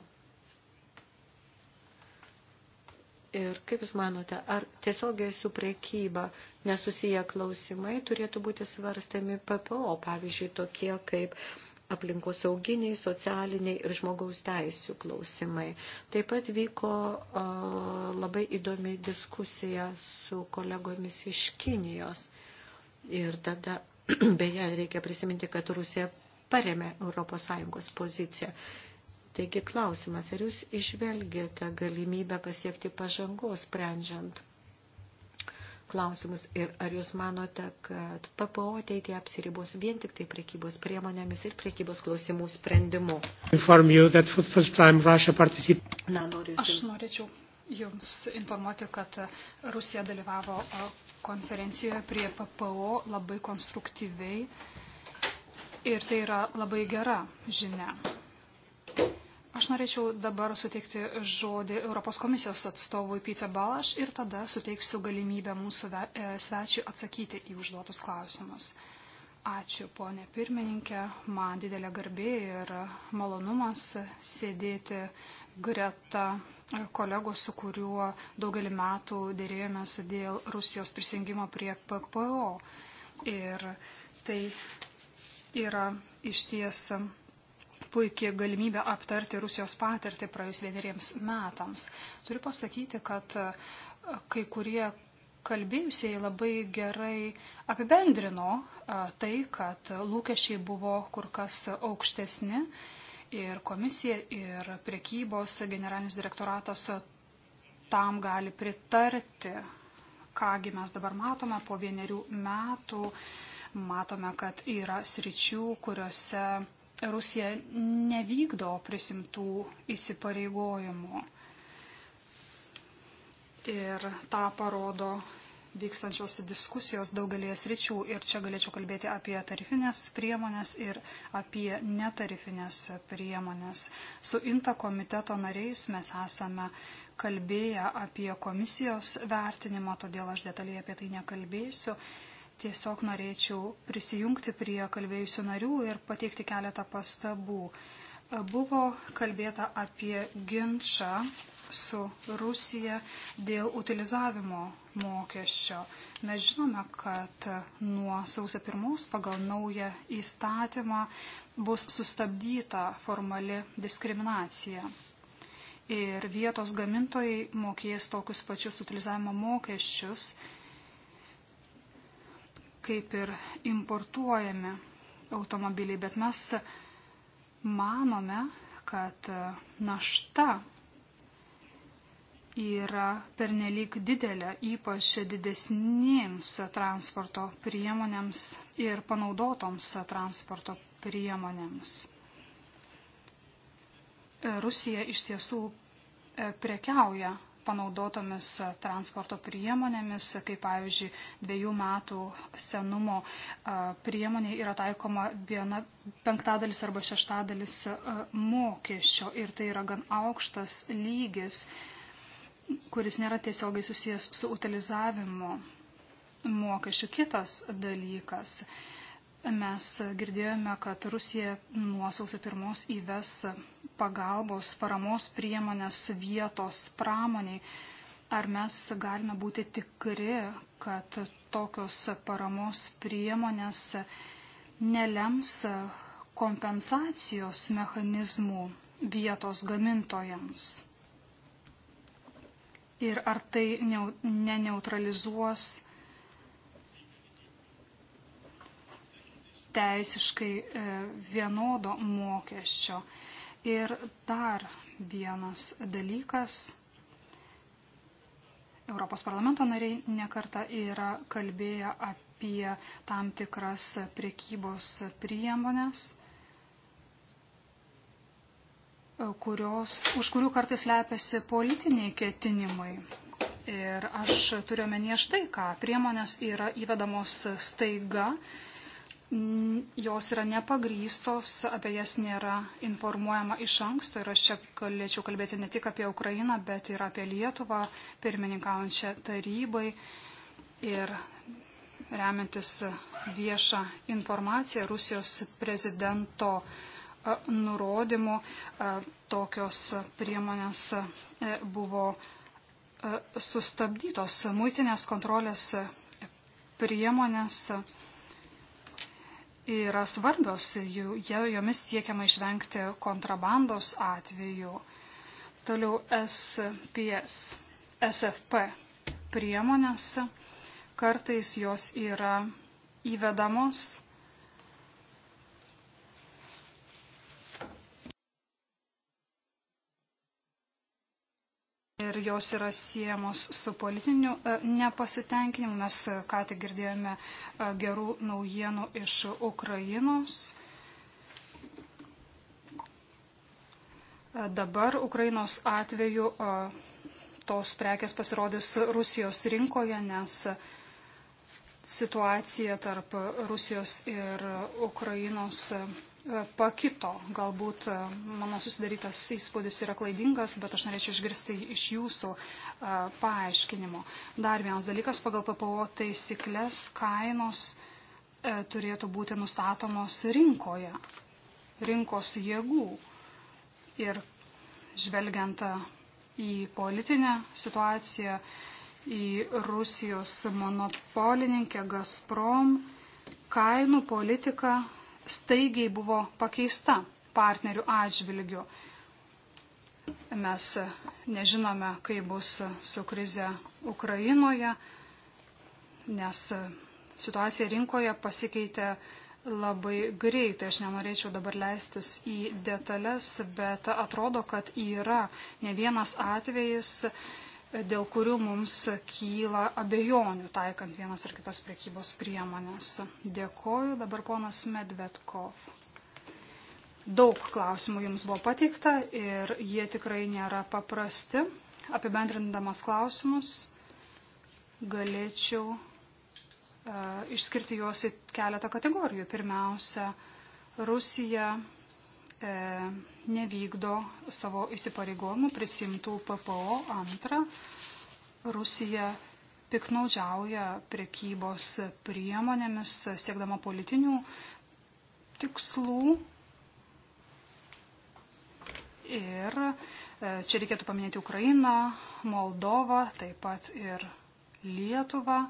S1: Ir kaip Jūs manote, ar tiesiogiai su priekyba nesusiję klausimai turėtų būti svarstami PPO, pavyzdžiui, tokie kaip uh, aplinkosauginiai, socialiniai ir žmogaus teisų klausimai. Taip pat vyko a, labai įdomi diskusija su kolegomis iš Kinijos. Ir tada, beje, reikia prisiminti, kad Rusija paremė ES poziciją. Taigi klausimas, ar jūs išvelgėte galimybę pasiekti pažangos, sprendžiant klausimus ir ar jūs manote, kad PPO ateityje apsiribos vien tik tai prekybos priemonėmis ir prekybos klausimų sprendimu? Na, noriu Aš
S2: norėčiau Jums informuoti, kad Rusija dalyvavo konferencijoje prie PPO labai konstruktyviai ir tai yra labai gera žinia. Aš norėčiau dabar suteikti žodį Europos komisijos atstovui Pite Balaš ir tada suteiksiu galimybę mūsų e, svečiui atsakyti į užduotus klausimus. Ačiū, ponė pirmininkė, man didelė garbė ir malonumas sėdėti greta e, kolegos, su kuriuo daugelį metų dėrėjomės dėl Rusijos prisijungimo prie PPO. Ir tai yra išties puikia galimybė aptarti Rusijos patirtį praėjus vieneriems metams. Turiu pasakyti, kad e, kai kurie kalbėjusieji labai gerai apibendrino e, tai, kad lūkesčiai buvo kur kas aukštesni ir komisija ir priekybos generalinis direktoratas tam gali pritarti. Kągi mes dabar matome po vienerių metų, matome, kad yra sričių, kuriuose Rusija nevykdo prisimtų įsipareigojimų. Ir tą parodo vykstančios diskusijos daugelės ryčių. Ir čia galėčiau kalbėti apie tarifinės priemonės ir apie netarifinės priemonės. Su INTA komiteto nariais mes esame kalbėję apie komisijos vertinimą, todėl aš detaliai apie tai nekalbėsiu tiesiog norėčiau prisijungti prie kalbėjusių narių ir pateikti keletą pastabų. E, buvo kalbėta apie ginčą su Rusija dėl utilizavimo mokesčio. Mes žinome, kad nuo sausio pirmos pagal naują įstatymą bus sustabdyta formali diskriminacija. Ir vietos gamintojai mokės tokius pačius utilizavimo mokesčius kaip ir importuojami automobiliai, bet mes manome, kad e, našta yra pernelyg didelė, ypač didesnėms transporto priemonėms ir panaudotoms transporto priemonėms. E, Rusija iš tiesų e, prekiauja panaudotomis e, transporto priemonėmis, kaip pavyzdžiui, dviejų metų senumo e, priemonė yra taikoma viena penktadalis arba šeštadalis e, mokesčio ir tai yra gan aukštas lygis, kuris nėra tiesiogiai susijęs su utilizavimu mokesčių. Kitas dalykas Mes girdėjome, kad Rusija nuo sausio pirmos įves pagalbos, paramos priemonės vietos pramoniai. Ar mes galime būti tikri, kad tokios paramos priemonės nelems kompensacijos mechanizmų vietos gamintojams? Ir ar tai neneutralizuos teisiškai e, vienodo mokesčio. Ir dar vienas dalykas. Europos parlamento nariai nekarta yra kalbėję apie tam tikras priekybos priemonės, e, kurios, už kurių kartais lepiasi politiniai ketinimai. Ir aš turiu menyje štai ką. Priemonės yra įvedamos staiga, Mm, jos yra nepagrystos, apie jas nėra informuojama iš anksto ir aš čia galėčiau kalbėti ne tik apie Ukrainą, bet ir apie Lietuvą, pirmininkaujančią tarybai ir remiantis viešą informaciją Rusijos prezidento e, nurodymų e, tokios priemonės e, buvo sustabdytos. Muitinės kontrolės priemonės yra svarbios, jomis siekiama išvengti kontrabandos atvejų. Toliau SPS, SFP priemonės, kartais jos yra įvedamos ir jos yra siejamos su politiniu e, nepasitenkinimu. Mes e, ką tik girdėjome e, gerų naujienų iš Ukrainos. Dabar Ukrainos atveju tos prekės pasirodys Rusijos rinkoje, nes situacija tarp Rusijos ir Ukrainos E, pakito. Galbūt e, mano susidarytas įspūdis yra klaidingas, bet aš norėčiau išgirsti iš jūsų e, paaiškinimo. Dar vienas dalykas, pagal PPO taisyklės kainos turėtų būti nustatomos rinkoje, rinkos jėgų. Ir žvelgiant į politinę situaciją, į Rusijos monopolininkę Gazprom, kainų politika staigiai buvo pakeista partnerių atžvilgių. Mes e, nežinome, kaip bus su krize Ukrainoje, nes e, situacija rinkoje pasikeitė labai greitai. Aš nenorėčiau dabar leistis į detalės, bet atrodo, kad yra ne vienas atvejis dėl kurių mums kyla abejonių taikant vienas ar kitas priekybos priemonės. Dėkoju dabar ponas Medvedkov. Daug klausimų jums buvo pateikta ir jie tikrai nėra paprasti. Apibendrindamas klausimus galėčiau e, išskirti juos į keletą kategorijų. Pirmiausia, Rusija E, nevykdo savo įsipareigojimų prisimtų PPO. Antra, Rusija piknaudžiauja prekybos priemonėmis, siekdama politinių tikslų. Ir e, čia reikėtų paminėti Ukrainą, Moldovą, taip pat ir Lietuvą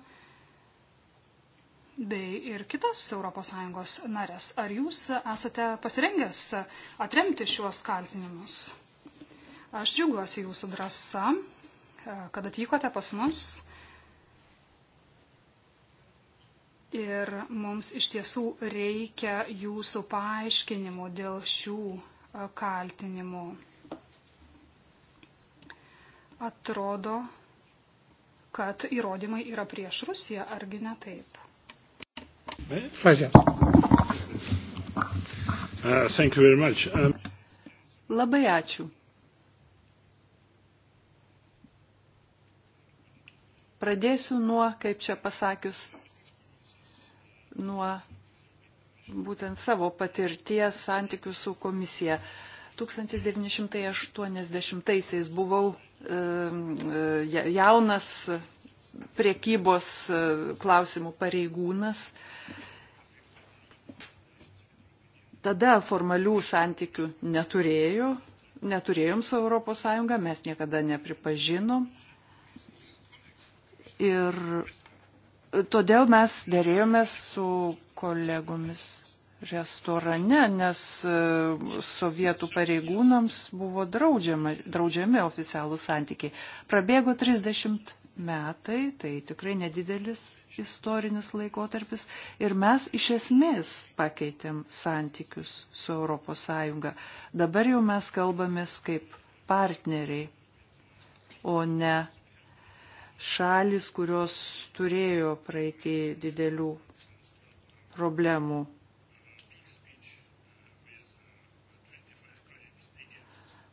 S2: bei ir kitas ES narės. Ar jūs esate pasirengęs atremti šiuos kaltinimus? Aš džiaugiuosi jūsų drąsa, e, kad atvykote pas mus. Ir mums iš tiesų reikia jūsų paaiškinimų dėl šių e, kaltinimų. Atrodo, kad įrodymai yra prieš Rusiją, argi ne taip?
S1: Pleasure. Uh, thank you very much. Um...
S2: Labai ačiū.
S3: Pradėsiu nuo, kaip čia pasakius, nuo būtent savo patirties santykių su komisija. 1980-aisiais buvau e, jaunas priekybos e, klausimų pareigūnas. Tada formalių santykių neturėjo, neturėjom su ES, mes niekada nepripažinom. Ir todėl mes dėrėjomės su kolegomis restorane, nes e, sovietų pareigūnams buvo draudžiama, draudžiami oficialūs santykiai. Prabėgo 30 metai, tai tikrai nedidelis istorinis laikotarpis ir mes iš esmės pakeitėm santykius su ES. Dabar jau mes kalbamės kaip partneriai, o ne šalis, kurios turėjo praeitį didelių problemų.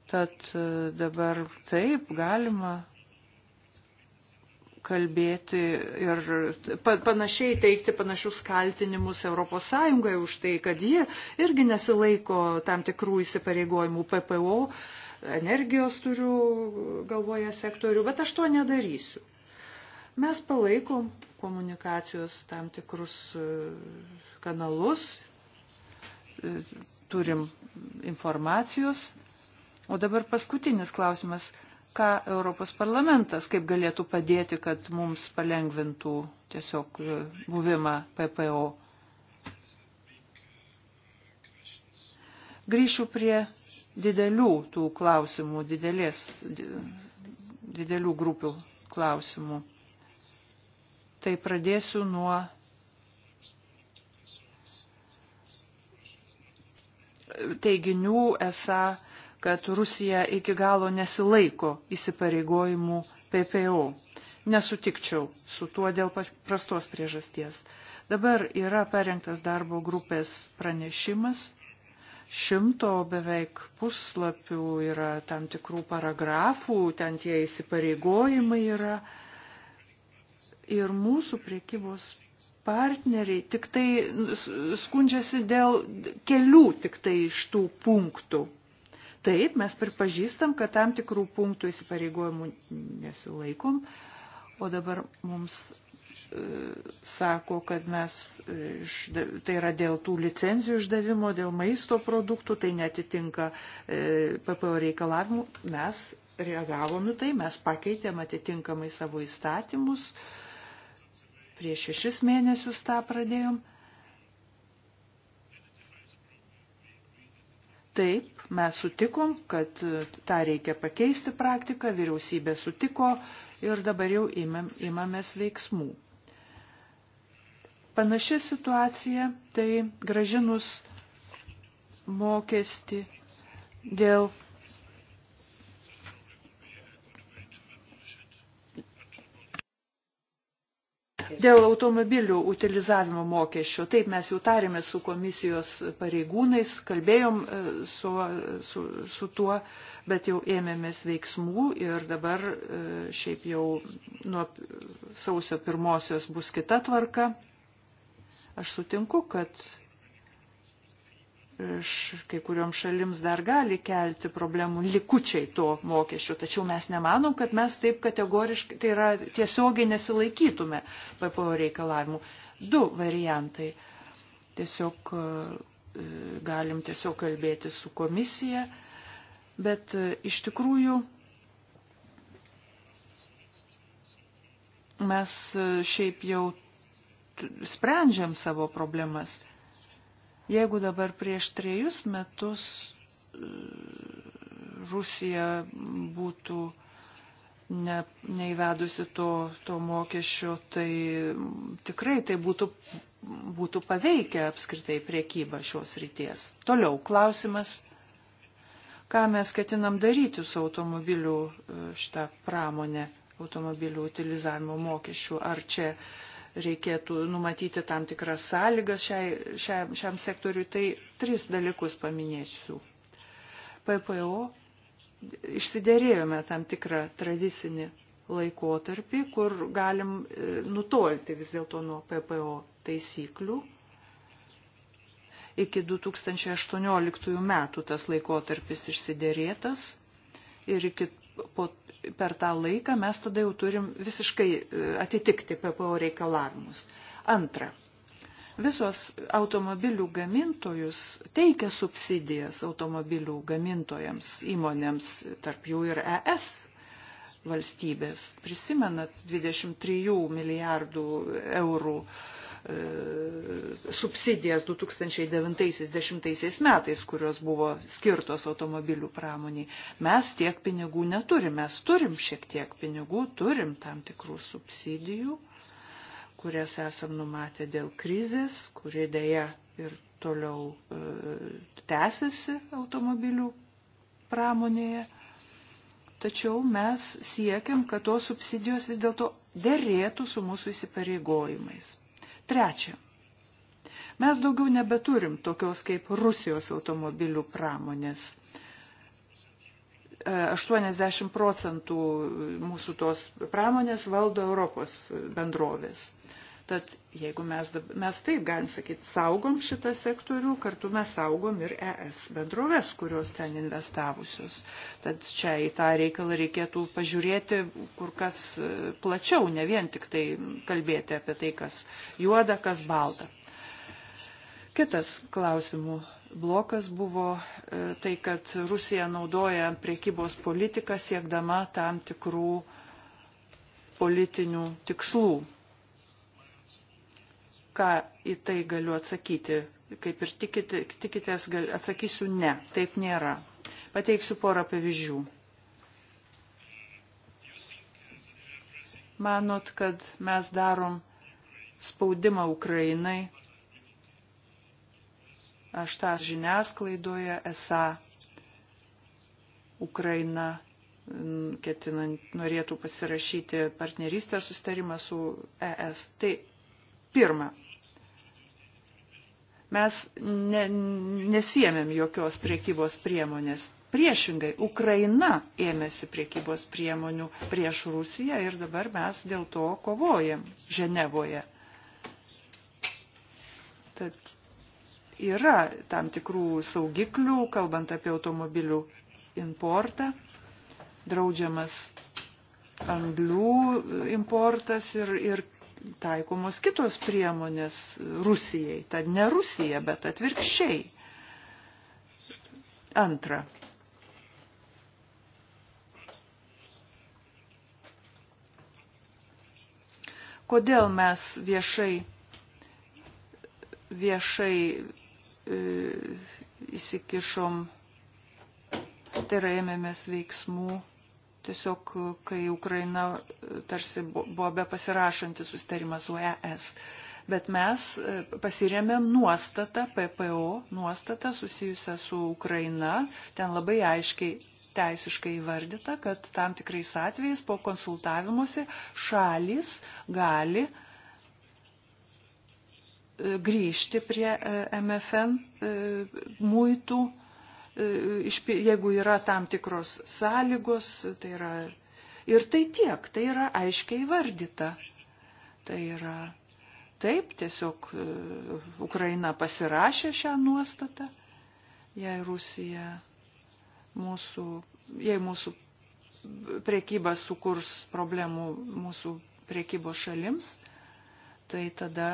S3: Tad e, dabar taip galima kalbėti ir panašiai teikti panašius kaltinimus ES už tai, kad ji irgi nesilaiko tam tikrų įsipareigojimų PPO, energijos turiu galvoje sektorių, bet aš to nedarysiu. Mes palaikom komunikacijos tam tikrus e, kanalus, e, turim informacijos. O dabar paskutinis klausimas ką Europos parlamentas kaip galėtų padėti, kad mums palengvintų tiesiog e, buvimą PPO. Grįšiu prie didelių tų klausimų, didelės, didelių grupių klausimų. Tai pradėsiu nuo teiginių esą kad Rusija iki galo nesilaiko įsipareigojimų PPO. Nesutikčiau su tuo dėl prastos priežasties. Dabar yra parengtas darbo grupės pranešimas. Šimto beveik puslapių yra tam tikrų paragrafų, ten tie įsipareigojimai yra. Ir mūsų priekybos partneriai tik tai skundžiasi dėl kelių tik tai iš tų punktų. Taip, mes pripažįstam, kad tam tikrų punktų įsipareigojimų nesilaikom, o dabar mums e, sako, kad mes, e, tai yra dėl tų licenzijų išdavimo, dėl maisto produktų, tai netitinka e, PPO reikalavimų, mes reagavome tai, mes pakeitėm atitinkamai savo įstatymus, prieš šešis mėnesius tą pradėjom. Taip, mes sutikom, kad e, tą reikia pakeisti praktiką, vyriausybė sutiko ir dabar jau imam, imamės veiksmų. Panaši situacija, tai gražinus mokestį dėl Dėl automobilių utilizavimo mokesčio, taip mes jau tarėme su komisijos pareigūnais, kalbėjom e, su, su, su tuo, bet jau ėmėmės veiksmų ir dabar e, šiaip jau nuo sausio pirmosios bus kita tvarka. Aš sutinku, kad kai kuriuom šalims dar gali kelti problemų likučiai to mokesčio, tačiau mes nemanom, kad mes taip kategoriškai, tai yra tiesiogiai nesilaikytume PPO reikalavimų. Du variantai. Tiesiog e, galim tiesiog kalbėti su komisija, bet e, iš tikrųjų mes e, šiaip jau sprendžiam savo problemas Jeigu dabar prieš trejus metus e, Rusija būtų ne, neįvedusi to, to mokesčio, tai tikrai tai būtų, būtų paveikę apskritai priekybą šios ryties. Toliau klausimas, ką mes ketinam daryti su automobilių e, šitą pramonę, automobilių utilizavimo mokesčių, ar čia uh, reikėtų numatyti tam tikras sąlygas šiai, šiam, šiam sektoriui, tai tris dalykus paminėsiu. PPO išsiderėjome tam tikrą tradicinį laikotarpį, kur galim e, nutolti vis dėlto nuo PPO taisyklių. Iki 2018 metų tas laikotarpis išsiderėtas ir iki po, per tą laiką mes tada jau turim visiškai e, atitikti PPO reikalavimus. Antra, visos automobilių gamintojus teikia subsidijas automobilių gamintojams, įmonėms, tarp jų ir ES valstybės. Prisimenat 23 milijardų eurų uh, E, subsidijas 2009-2010 metais, kurios buvo skirtos automobilių pramoniai. Mes tiek pinigų neturim, mes turim šiek tiek pinigų, turim tam tikrų subsidijų, kurias esam numatę dėl krizės, kuri dėja ir toliau e, tęsiasi automobilių pramonėje. Tačiau mes siekiam, kad tos subsidijos vis dėlto dėrėtų su mūsų įsipareigojimais. Trečia. Mes daugiau nebeturim tokios kaip Rusijos automobilių pramonės. 80 e, procentų mūsų tos pramonės valdo Europos bendrovės. Tad jeigu mes, mes taip galim sakyti, saugom šitą sektorių, kartu mes saugom ir ES bendrovės, kurios ten investavusios. Tad čia į tą reikalą reikėtų pažiūrėti kur kas e, plačiau, ne vien tik tai kalbėti apie tai, kas juoda, kas balta. Kitas klausimų blokas buvo e, tai, kad Rusija naudoja priekybos politiką siekdama tam tikrų politinių tikslų ką į tai galiu atsakyti. Kaip ir tikite, tikitės, gal, atsakysiu ne, taip nėra. Pateiksiu porą pavyzdžių. Manot, kad mes darom spaudimą Ukrainai, aš tą žiniasklaidoje esą Ukraina ketinant norėtų pasirašyti partnerystės sustarimą su ES. Tai pirma, Mes ne, nesijėmėm jokios priekybos priemonės. Priešingai, Ukraina ėmėsi priekybos priemonių prieš Rusiją ir dabar mes dėl to kovojam Ženevoje. Tad yra tam tikrų saugiklių, kalbant apie automobilių importą, draudžiamas anglių importas ir, ir taikomos kitos priemonės Rusijai. Tad ne Rusija, bet atvirkščiai. Antra. Kodėl mes viešai, viešai e, įsikišom, tai yra ėmėmės veiksmų tiesiog kai Ukraina tarsi buvo be pasirašanti sustarimas su ES. Bet mes e, pasiremėm nuostatą, PPO nuostatą susijusią su Ukraina. Ten labai aiškiai teisiškai įvardyta, kad tam tikrais atvejais po konsultavimuose šalis gali e, grįžti prie e, MFN muitų E, jeigu yra tam tikros sąlygos, tai yra ir tai tiek, tai yra aiškiai vardyta. Tai yra taip, tiesiog e, Ukraina pasirašė šią nuostatą, jei Rusija mūsų, jei mūsų priekyba sukurs problemų mūsų priekybos šalims, tai tada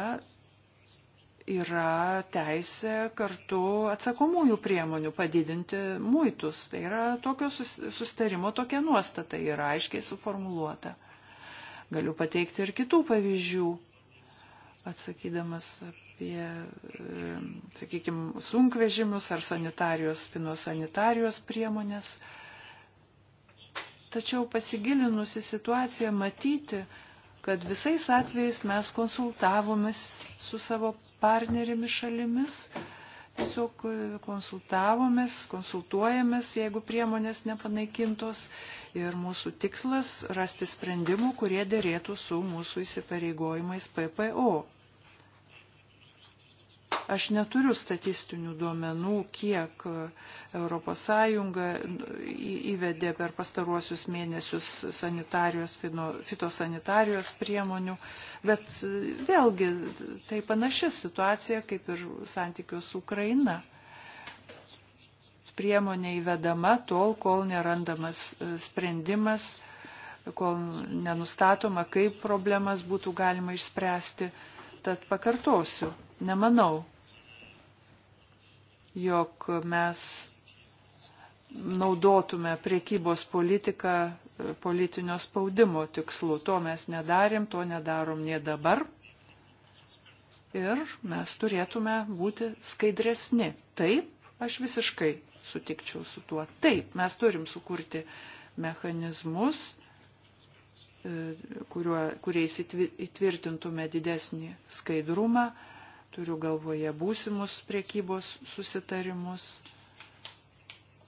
S3: yra teisė kartu atsakomųjų priemonių padidinti muitus. Tai yra tokio sustarimo tokia nuostata, yra aiškiai suformuluota. Galiu pateikti ir kitų pavyzdžių, atsakydamas apie, e, sakykime, sunkvežimius ar sanitarijos, finosanitarijos priemonės. Tačiau pasigilinusi situaciją matyti, kad visais atvejais mes konsultavomės su savo partnerėmis šalimis, tiesiog e, konsultavomės, konsultuojamės, jeigu priemonės nepanaikintos ir mūsų tikslas rasti sprendimų, kurie dėrėtų su mūsų įsipareigojimais PPO. Aš neturiu statistinių duomenų, kiek ES įvedė per pastaruosius mėnesius sanitarijos, fitosanitarijos priemonių, bet e, vėlgi tai panaši situacija kaip ir santykios su Ukraina priemonė įvedama tol, kol nerandamas e, sprendimas, kol nenustatoma, kaip problemas būtų galima išspręsti. Tad pakartosiu, nemanau, jog mes naudotume priekybos politiką e, politinio spaudimo tikslu. To mes nedarėm, to nedarom nie dabar. Ir mes turėtume būti skaidresni. Taip, aš visiškai sutikčiau su tuo. Taip, mes turim sukurti mechanizmus, e, kuriuo, kuriais įtvirtintume didesnį skaidrumą turiu galvoje būsimus priekybos susitarimus.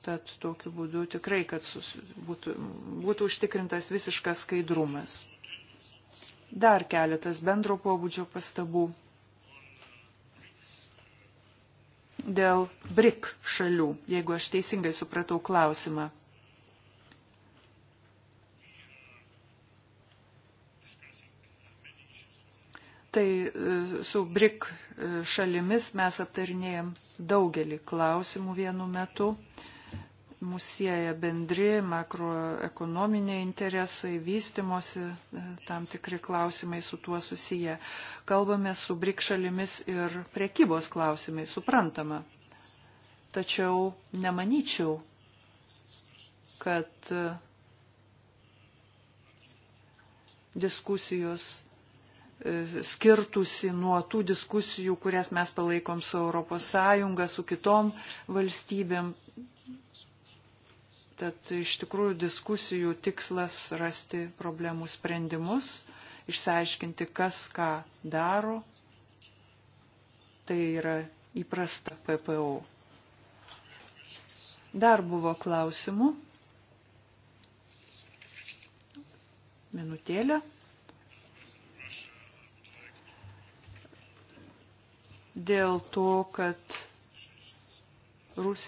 S3: Tad tokiu būdu tikrai, kad sus, būtų, būtų užtikrintas visiškas skaidrumas. Dar keletas bendro pobūdžio pastabų dėl BRIC šalių, jeigu aš teisingai supratau klausimą. tai e, su BRIC e, šalimis mes aptarinėjom daugelį klausimų vienu metu. Mūsų sieja bendri makroekonominiai interesai, vystimosi, e, tam tikri klausimai su tuo susiję. Kalbame su BRIC šalimis ir prekybos klausimai, suprantama. Tačiau nemanyčiau, kad diskusijos skirtusi nuo tų diskusijų, kurias mes palaikom su ES, su kitom valstybėm. Tad iš tikrųjų diskusijų tikslas rasti problemų sprendimus, išsiaiškinti, kas ką daro. Tai yra įprasta PPO. Dar buvo klausimų. Minutėlė. dėl to, kad Rus...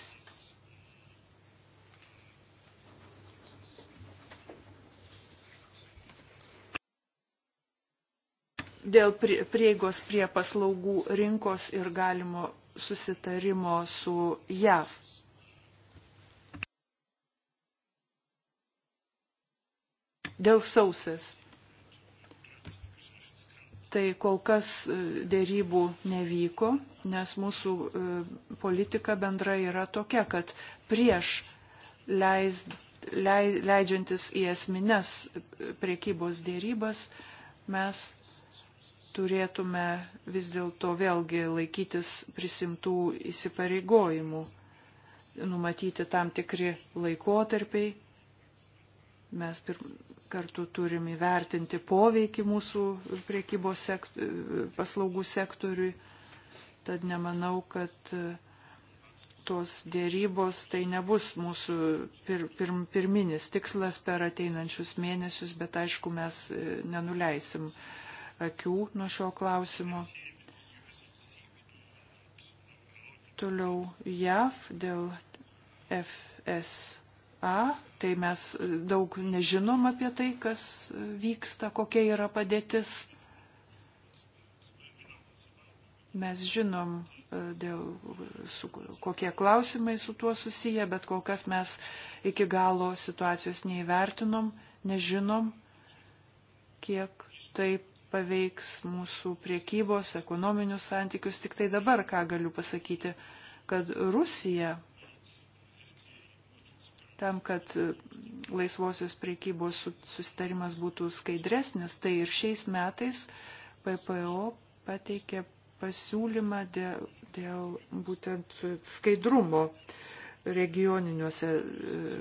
S3: dėl prieigos prie paslaugų rinkos ir galimo susitarimo su JAV. Dėl sausės Tai kol kas e, dėrybų nevyko, nes mūsų e, politika bendra yra tokia, kad prieš leis, leidžiantis į esmines priekybos dėrybas mes turėtume vis dėlto vėlgi laikytis prisimtų įsipareigojimų, numatyti tam tikri laikotarpiai, Mes kartu turim įvertinti poveikį mūsų priekybos sektu, paslaugų sektoriui. Tad nemanau, kad e, tos dėrybos tai nebus mūsų pir, pir, pirminis tikslas per ateinančius mėnesius, bet aišku, mes e, nenuleisim akių nuo šio klausimo. Toliau JAV dėl FS A, tai mes daug nežinom apie tai, kas vyksta, kokia yra padėtis. Mes žinom, e, dėl, su, kokie klausimai su tuo susiję, bet kol kas mes iki galo situacijos neįvertinom, nežinom, kiek tai paveiks mūsų priekybos, ekonominius santykius. Tik tai dabar, ką galiu pasakyti, kad Rusija tam, kad e, laisvosios priekybos susitarimas būtų skaidresnis, tai ir šiais metais PPO pateikė pasiūlymą dėl, dėl būtent skaidrumo regioniniuose e,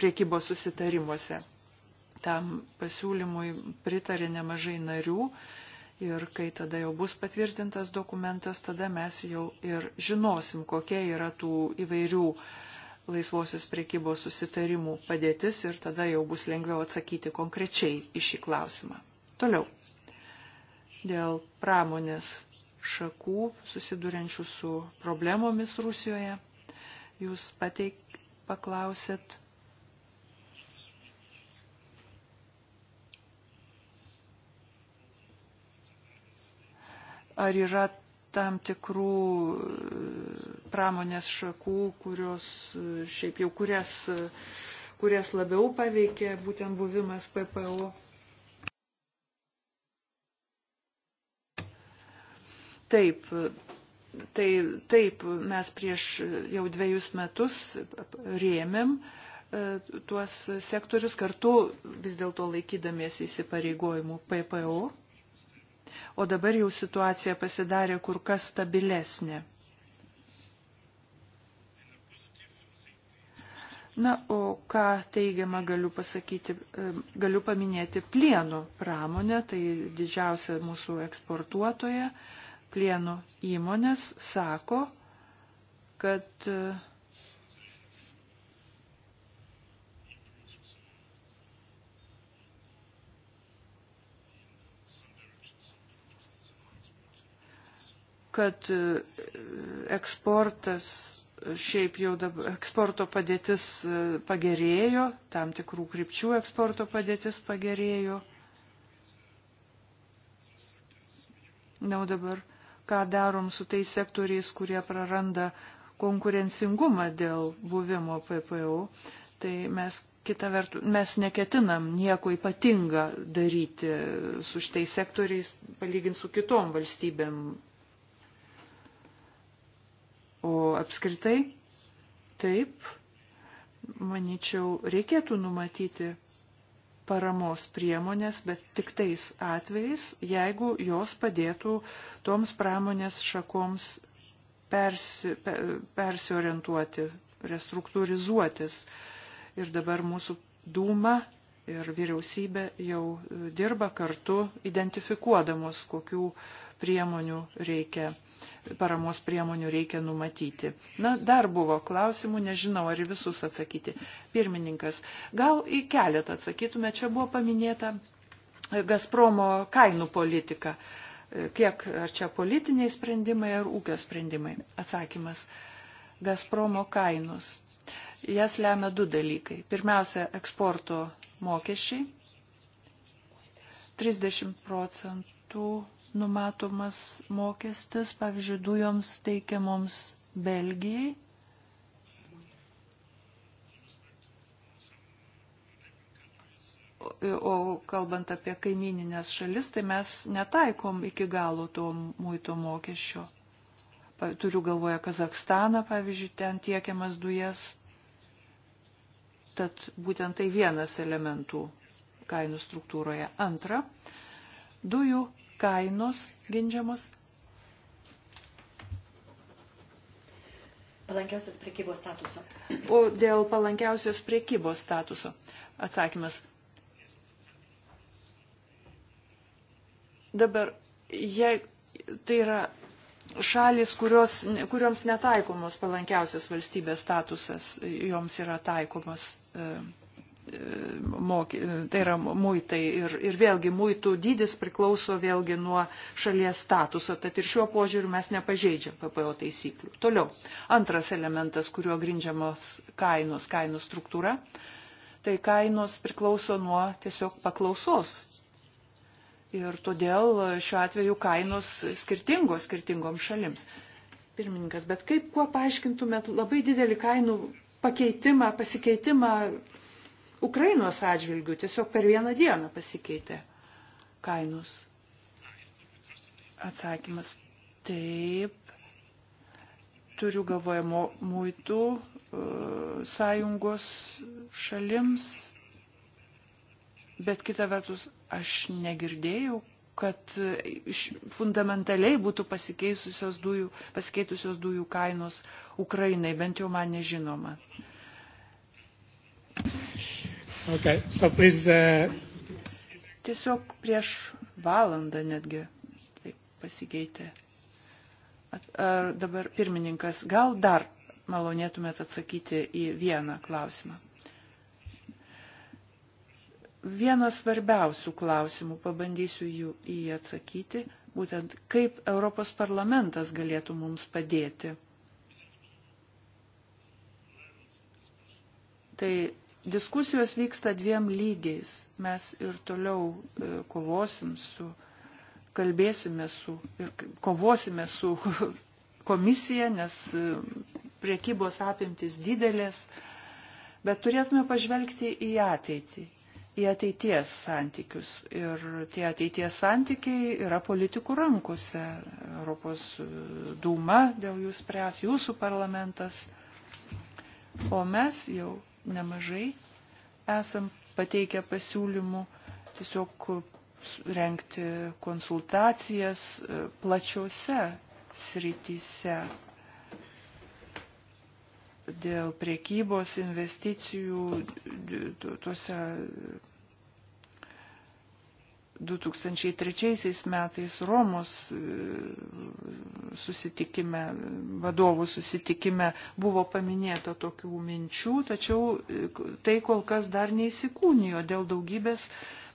S3: priekybos susitarimuose. Tam pasiūlymui pritarė nemažai narių ir kai tada jau bus patvirtintas dokumentas, tada mes jau ir žinosim, kokia yra tų įvairių uh, laisvosios priekybos susitarimų padėtis ir tada jau bus lengviau atsakyti konkrečiai į šį klausimą. Toliau. Dėl pramonės šakų susiduriančių su problemomis Rusijoje, jūs pateik, paklausėt ar yra tam tikrų e, pramonės šakų, kurios e, šiaip jau kurias, e, kurias labiau paveikė būtent buvimas PPO. Taip, tai, taip mes prieš jau dviejus metus rėmėm tuos sektorius kartu vis dėlto laikydamiesi įsipareigojimų PPO o dabar jau situacija pasidarė kur kas stabilesnė. Na, o ką teigiamą galiu pasakyti, galiu paminėti plienų pramonę, tai didžiausia mūsų eksportuotoja, plienų įmonės sako, kad uh, kad e, eksportas šiaip jau dabar eksporto padėtis e, pagerėjo, tam tikrų krypčių eksporto padėtis pagerėjo. Na, o dabar ką darom su tais sektoriais, kurie praranda konkurencingumą dėl buvimo PPO, tai mes kita vertus, mes neketinam nieko ypatinga daryti su šitais sektoriais, palyginti su kitom valstybėm O apskritai, taip, manyčiau, reikėtų numatyti paramos priemonės, bet tik tais atvejais, jeigu jos padėtų toms pramonės šakoms persi, persiorientuoti, restruktūrizuotis. Ir dabar mūsų Dūma ir vyriausybė jau dirba kartu, identifikuodamos, kokių priemonių reikia paramos priemonių reikia numatyti. Na, dar buvo klausimų, nežinau, ar visus atsakyti. Pirmininkas, gal į keletą atsakytume, čia buvo paminėta Gazpromo kainų politika. Kiek ar čia politiniai sprendimai ar ūkio sprendimai? Atsakymas. Gazpromo kainos. Jas lemia du dalykai. Pirmiausia, eksporto mokesčiai. 30 procentų numatomas mokestis, pavyzdžiui, dujoms teikiamoms Belgijai. O kalbant apie kaimininės šalis, tai mes netaikom iki galo to muito mokesčio. Turiu galvoje Kazakstaną, pavyzdžiui, ten tiekiamas dujas. Tad būtent tai vienas elementų kainų struktūroje. Antra, dujų kainos ginčiamos.
S1: Palankiausios priekybos statuso.
S3: O dėl palankiausios priekybos statuso atsakymas. Dabar, jei tai yra šalis, kurios, kurioms netaikomos palankiausios valstybės statusas, joms yra taikomos. E, moky, tai yra muitai ir, ir vėlgi muitų dydis priklauso vėlgi nuo šalies statuso, tad ir šiuo požiūriu mes nepažeidžiam PPO taisyklių. Toliau, antras elementas, kuriuo grindžiamos kainos, kainų struktūra, tai kainos priklauso nuo tiesiog paklausos. Ir todėl šiuo atveju kainos skirtingos skirtingoms šalims. Pirmininkas, bet kaip kuo paaiškintumėt labai didelį kainų pakeitimą, pasikeitimą Ukrainos atžvilgių tiesiog per vieną dieną pasikeitė kainos. Atsakymas taip. Turiu galvoje muitų e, sąjungos šalims, bet kita vertus aš negirdėjau, kad fundamentaliai būtų pasikeitusios dujų, pasikeitusios dujų kainos Ukrainai, bent jau man nežinoma. Uh, Okay. So please, uh... Tiesiog prieš valandą netgi taip pasikeitė. Ar dabar pirmininkas, gal dar malonėtumėt atsakyti į vieną klausimą? Vienas svarbiausių klausimų, pabandysiu jų į jį atsakyti, būtent kaip Europos parlamentas galėtų mums padėti. Tai diskusijos vyksta dviem lygiais. Mes ir toliau e, kovosim su, kalbėsime su ir kovosime su komisija, nes e, priekybos apimtis didelės, bet turėtume pažvelgti į ateitį, į ateities santykius. Ir tie ateities santykiai yra politikų rankose. Europos Dūma dėl jų spręs, jūsų parlamentas. O mes jau nemažai esam pateikę pasiūlymų tiesiog renkti konsultacijas e, plačiose srityse dėl priekybos, investicijų, tuose 2003 metais Romos e, susitikime, vadovų susitikime buvo paminėta tokių minčių, tačiau e, tai kol kas dar neįsikūnijo dėl daugybės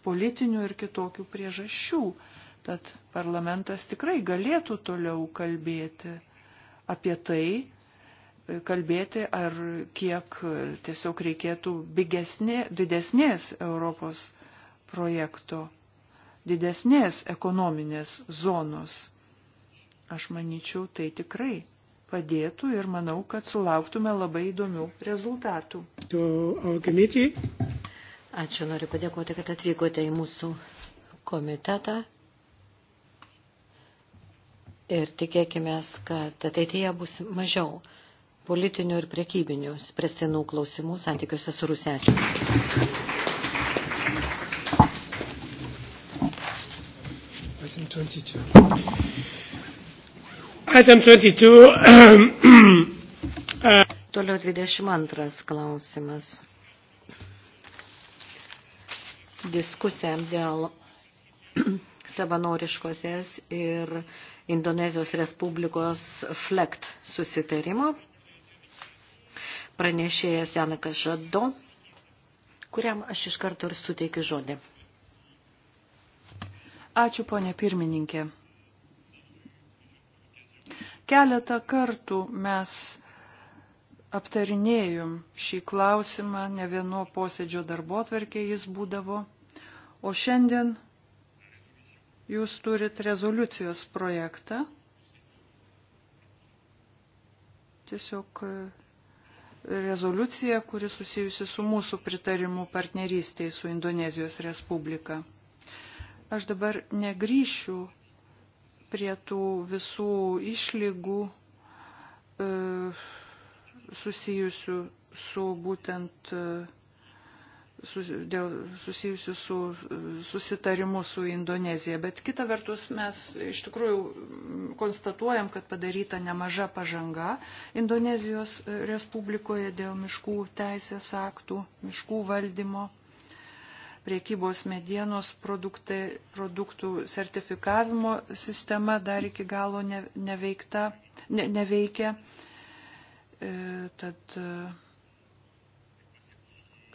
S3: politinių ir kitokių priežasčių. Tad parlamentas tikrai galėtų toliau kalbėti apie tai, e, kalbėti, ar kiek tiesiog reikėtų bigesnė, didesnės Europos projekto didesnės ekonominės zonos. Aš manyčiau, tai tikrai padėtų ir
S1: manau, kad sulauktume labai įdomių rezultatų. Ačiū, noriu padėkoti, kad atvykote į mūsų komitetą. Ir tikėkime, kad ateityje bus mažiau politinių ir prekybinių spręstinų klausimų santykiuose su Rusiečiu. Item 22. Item 22. Uh, Toliau 22 klausimas. Diskusija dėl savanoriškosios ir Indonezijos Respublikos FLECT susitarimo. Pranešėjas Janakas Žado, kuriam aš iš karto ir suteikiu žodį.
S3: Ačiū, ponė pirmininkė. Keletą kartų mes aptarinėjom šį klausimą, ne vieno posėdžio darbo atverkė jis būdavo, o šiandien jūs turit rezoliucijos projektą. Tiesiog e, rezoliucija, kuri susijusi su mūsų pritarimu partnerystėje su Indonezijos Respublika. Aš dabar negryšiu prie tų visų išlygų e, susijusių su būtent e, su, dėl, susijusių su e, susitarimu su Indonezija. Bet kita vertus mes iš tikrųjų konstatuojam, kad padaryta nemaža pažanga Indonezijos e, Respublikoje dėl miškų teisės aktų, miškų valdymo priekybos medienos produktai, produktų sertifikavimo sistema dar iki galo ne, neveikta, ne, neveikia. E, tad e,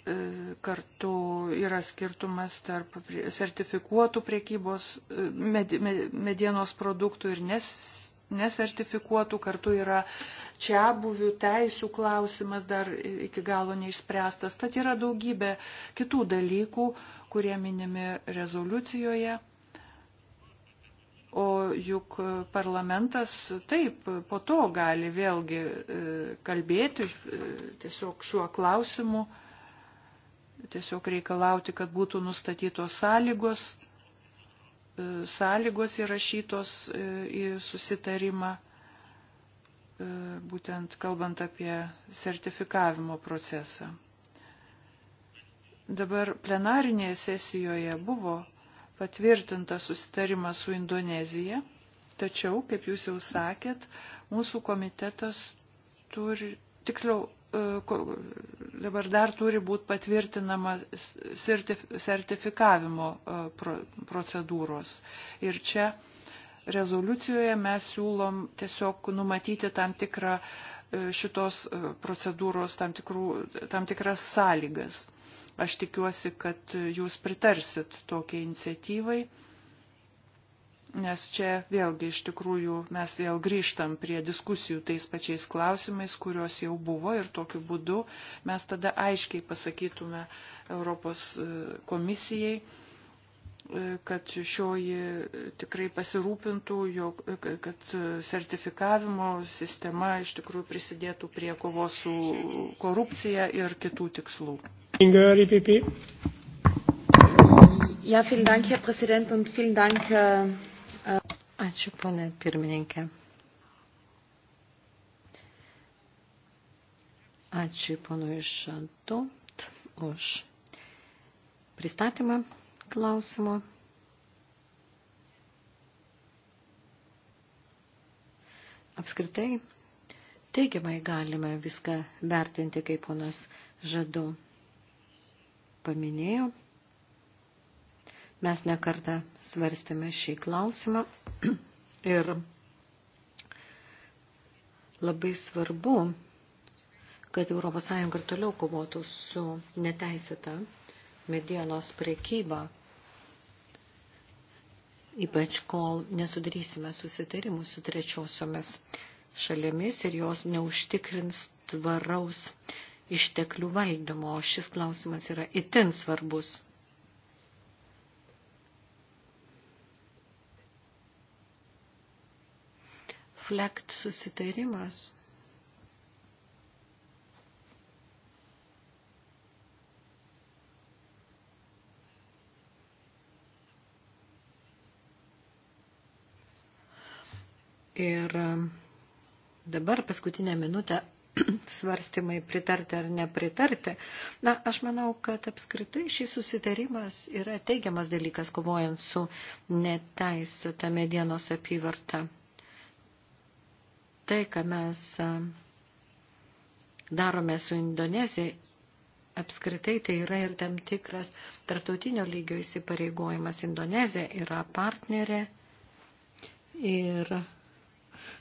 S3: e kartu yra skirtumas tarp sertifikuotų priekybos e, med, med, medienos produktų ir nes nesertifikuotų, kartu yra čia buvių teisų klausimas dar iki galo neišspręstas. Tad yra daugybė kitų dalykų, kurie minimi rezoliucijoje. O juk parlamentas taip po to gali vėlgi e, kalbėti e, tiesiog šiuo klausimu, tiesiog reikalauti, kad būtų nustatytos sąlygos sąlygos įrašytos e, į susitarimą, e, būtent kalbant apie sertifikavimo procesą. Dabar plenarinėje sesijoje buvo patvirtintas susitarimas su Indonezija, tačiau, kaip jūs jau sakėt, mūsų komitetas turi, tiksliau, E, dabar dar turi būti patvirtinama sertifikavimo e, procedūros. Ir čia rezoliucijoje mes siūlom tiesiog numatyti tam tikrą e, šitos procedūros, tam, tikrų, tam tikras sąlygas. Aš tikiuosi, kad jūs pritarsit tokiai iniciatyvai nes čia vėlgi iš tikrųjų mes vėl grįžtam prie diskusijų tais pačiais klausimais, kurios jau buvo ir tokiu būdu mes tada aiškiai pasakytume Europos e, komisijai, e, kad šioji e, tikrai pasirūpintų, jog, kad sertifikavimo sistema iš tikrųjų prisidėtų prie kovos su korupcija ir kitų tikslų.
S1: Ja, vielen Dank, Herr Präsident, und vielen Dank, äh, Ačiū, ponė pirmininkė. Ačiū ponui Šantot už pristatymą klausimo. Apskritai, teigiamai galime viską vertinti, kaip ponas Žadu paminėjo. Mes nekartą svarstėme šį klausimą ir labai svarbu, kad ES ir toliau kovotų su neteisėta medienos prekyba, ypač kol nesudarysime susitarimų su trečiosiomis šalėmis ir jos neužtikrins tvaraus išteklių valdymo. Šis klausimas yra itin svarbus. flekt susitarimas. Ir um, dabar paskutinę minutę svarstymai pritarti ar nepritarti. Na, aš manau, kad apskritai šis susitarimas yra teigiamas dalykas, kovojant su neteisėta medienos apyvarta tai, ką mes darome su Indonezija, apskritai tai yra ir tam tikras tartautinio lygio įsipareigojimas. Indonezija yra partnerė ir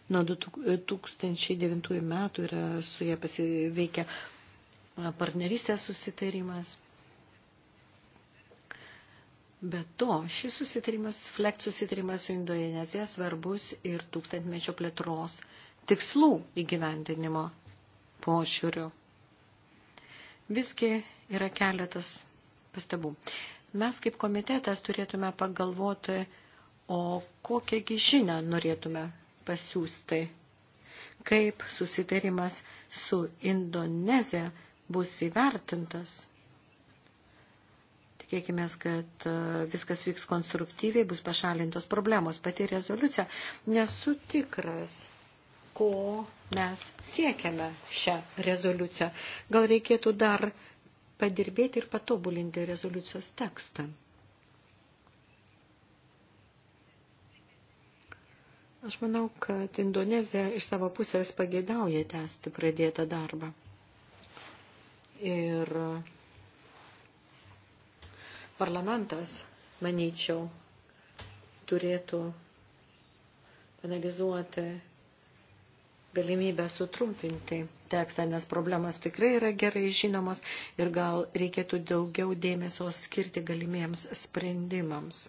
S1: nuo 2009 metų yra su jie pasiveikia partnerystės susitarimas. Be to, šis susitarimas, flekt susitarimas su Indonezija svarbus ir tūkstantmečio plėtros tikslų įgyvendinimo pošiūrių. Visgi yra keletas pastabų. Mes kaip komitetas turėtume pagalvoti, o kokiagi žinę norėtume pasiūsti, kaip susitarimas su Indonezija bus įvertintas. Tikėkime, kad e, viskas vyks konstruktyviai, bus pašalintos problemos. Pati rezoliucija nesu tikras, ko mes siekiame šią rezoliuciją. Gal reikėtų dar padirbėti ir patobulinti rezoliucijos tekstą. Aš manau, kad Indonezija iš savo pusės pageidauja tęsti pradėtą darbą. Ir parlamentas, manyčiau, turėtų analizuoti galimybę sutrumpinti tekstą, nes problemas tikrai yra gerai žinomos ir gal reikėtų daugiau dėmesio skirti galimiems sprendimams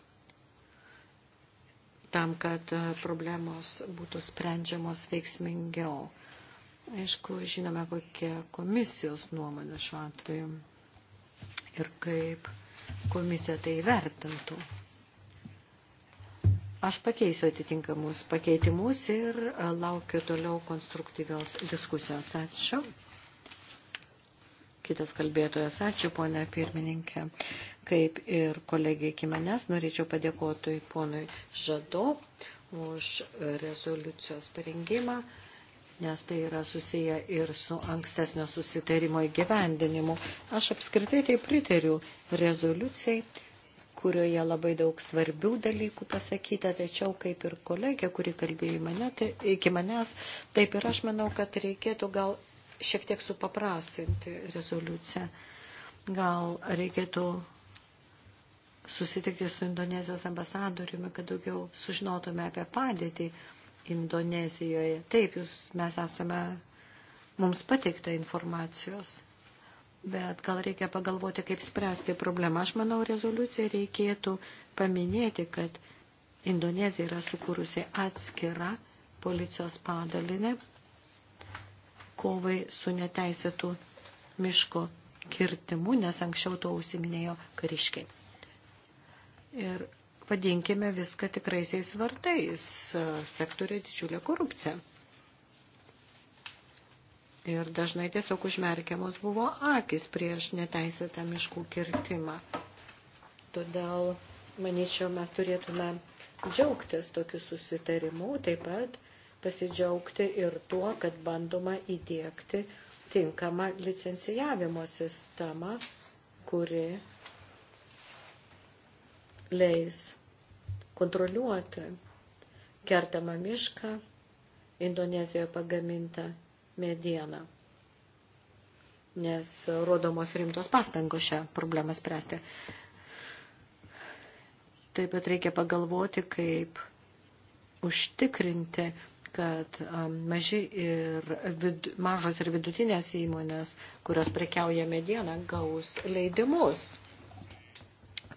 S1: tam, kad e, problemos būtų sprendžiamos veiksmingiau. Aišku, žinome, kokia komisijos nuomonė šiuo atveju ir kaip komisija tai vertintų. Aš pakeisiu atitinkamus pakeitimus ir e, laukiu toliau konstruktyvios diskusijos. Ačiū. Kitas kalbėtojas, ačiū ponia pirmininkė. Kaip ir kolegiai iki manęs, norėčiau padėkoti ponui Žado už rezoliucijos parengimą nes tai yra susiję ir su ankstesnio susitarimo įgyvendinimu. Aš apskritai tai pritariu rezoliucijai kurioje labai daug svarbių dalykų pasakyta, tačiau kaip ir kolegė, kuri kalbėjo mane, tai, iki manęs, taip ir aš manau, kad reikėtų gal šiek tiek supaprastinti rezoliuciją. Gal reikėtų susitikti su Indonezijos ambasadoriumi, kad daugiau sužinotume apie padėtį Indonezijoje. Taip, jūs, mes esame, mums pateikta informacijos bet gal reikia pagalvoti, kaip spręsti problemą. Aš manau, rezoliuciją reikėtų paminėti, kad Indonezija yra sukūrusi atskirą policijos padalinę kovai su neteisėtų miško kirtimu, nes anksčiau to užsiminėjo kariškiai. Ir vadinkime viską tikraisiais vardais, sektorė didžiulė korupcija. Ir dažnai tiesiog užmerkiamos buvo akis prieš neteisėtą miškų kirtimą. Todėl, manyčiau, mes turėtume džiaugtis tokiu susitarimu, taip pat pasidžiaugti ir tuo, kad bandoma įdėkti tinkamą licencijavimo sistemą, kuri leis kontroliuoti kertamą mišką Indonezijoje pagamintą medieną, nes rodomos rimtos pastangos šią problemą spręsti. Taip pat reikia pagalvoti, kaip užtikrinti, kad um, maži ir vid, mažos ir vidutinės įmonės, kurios prekiauja medieną, gaus leidimus,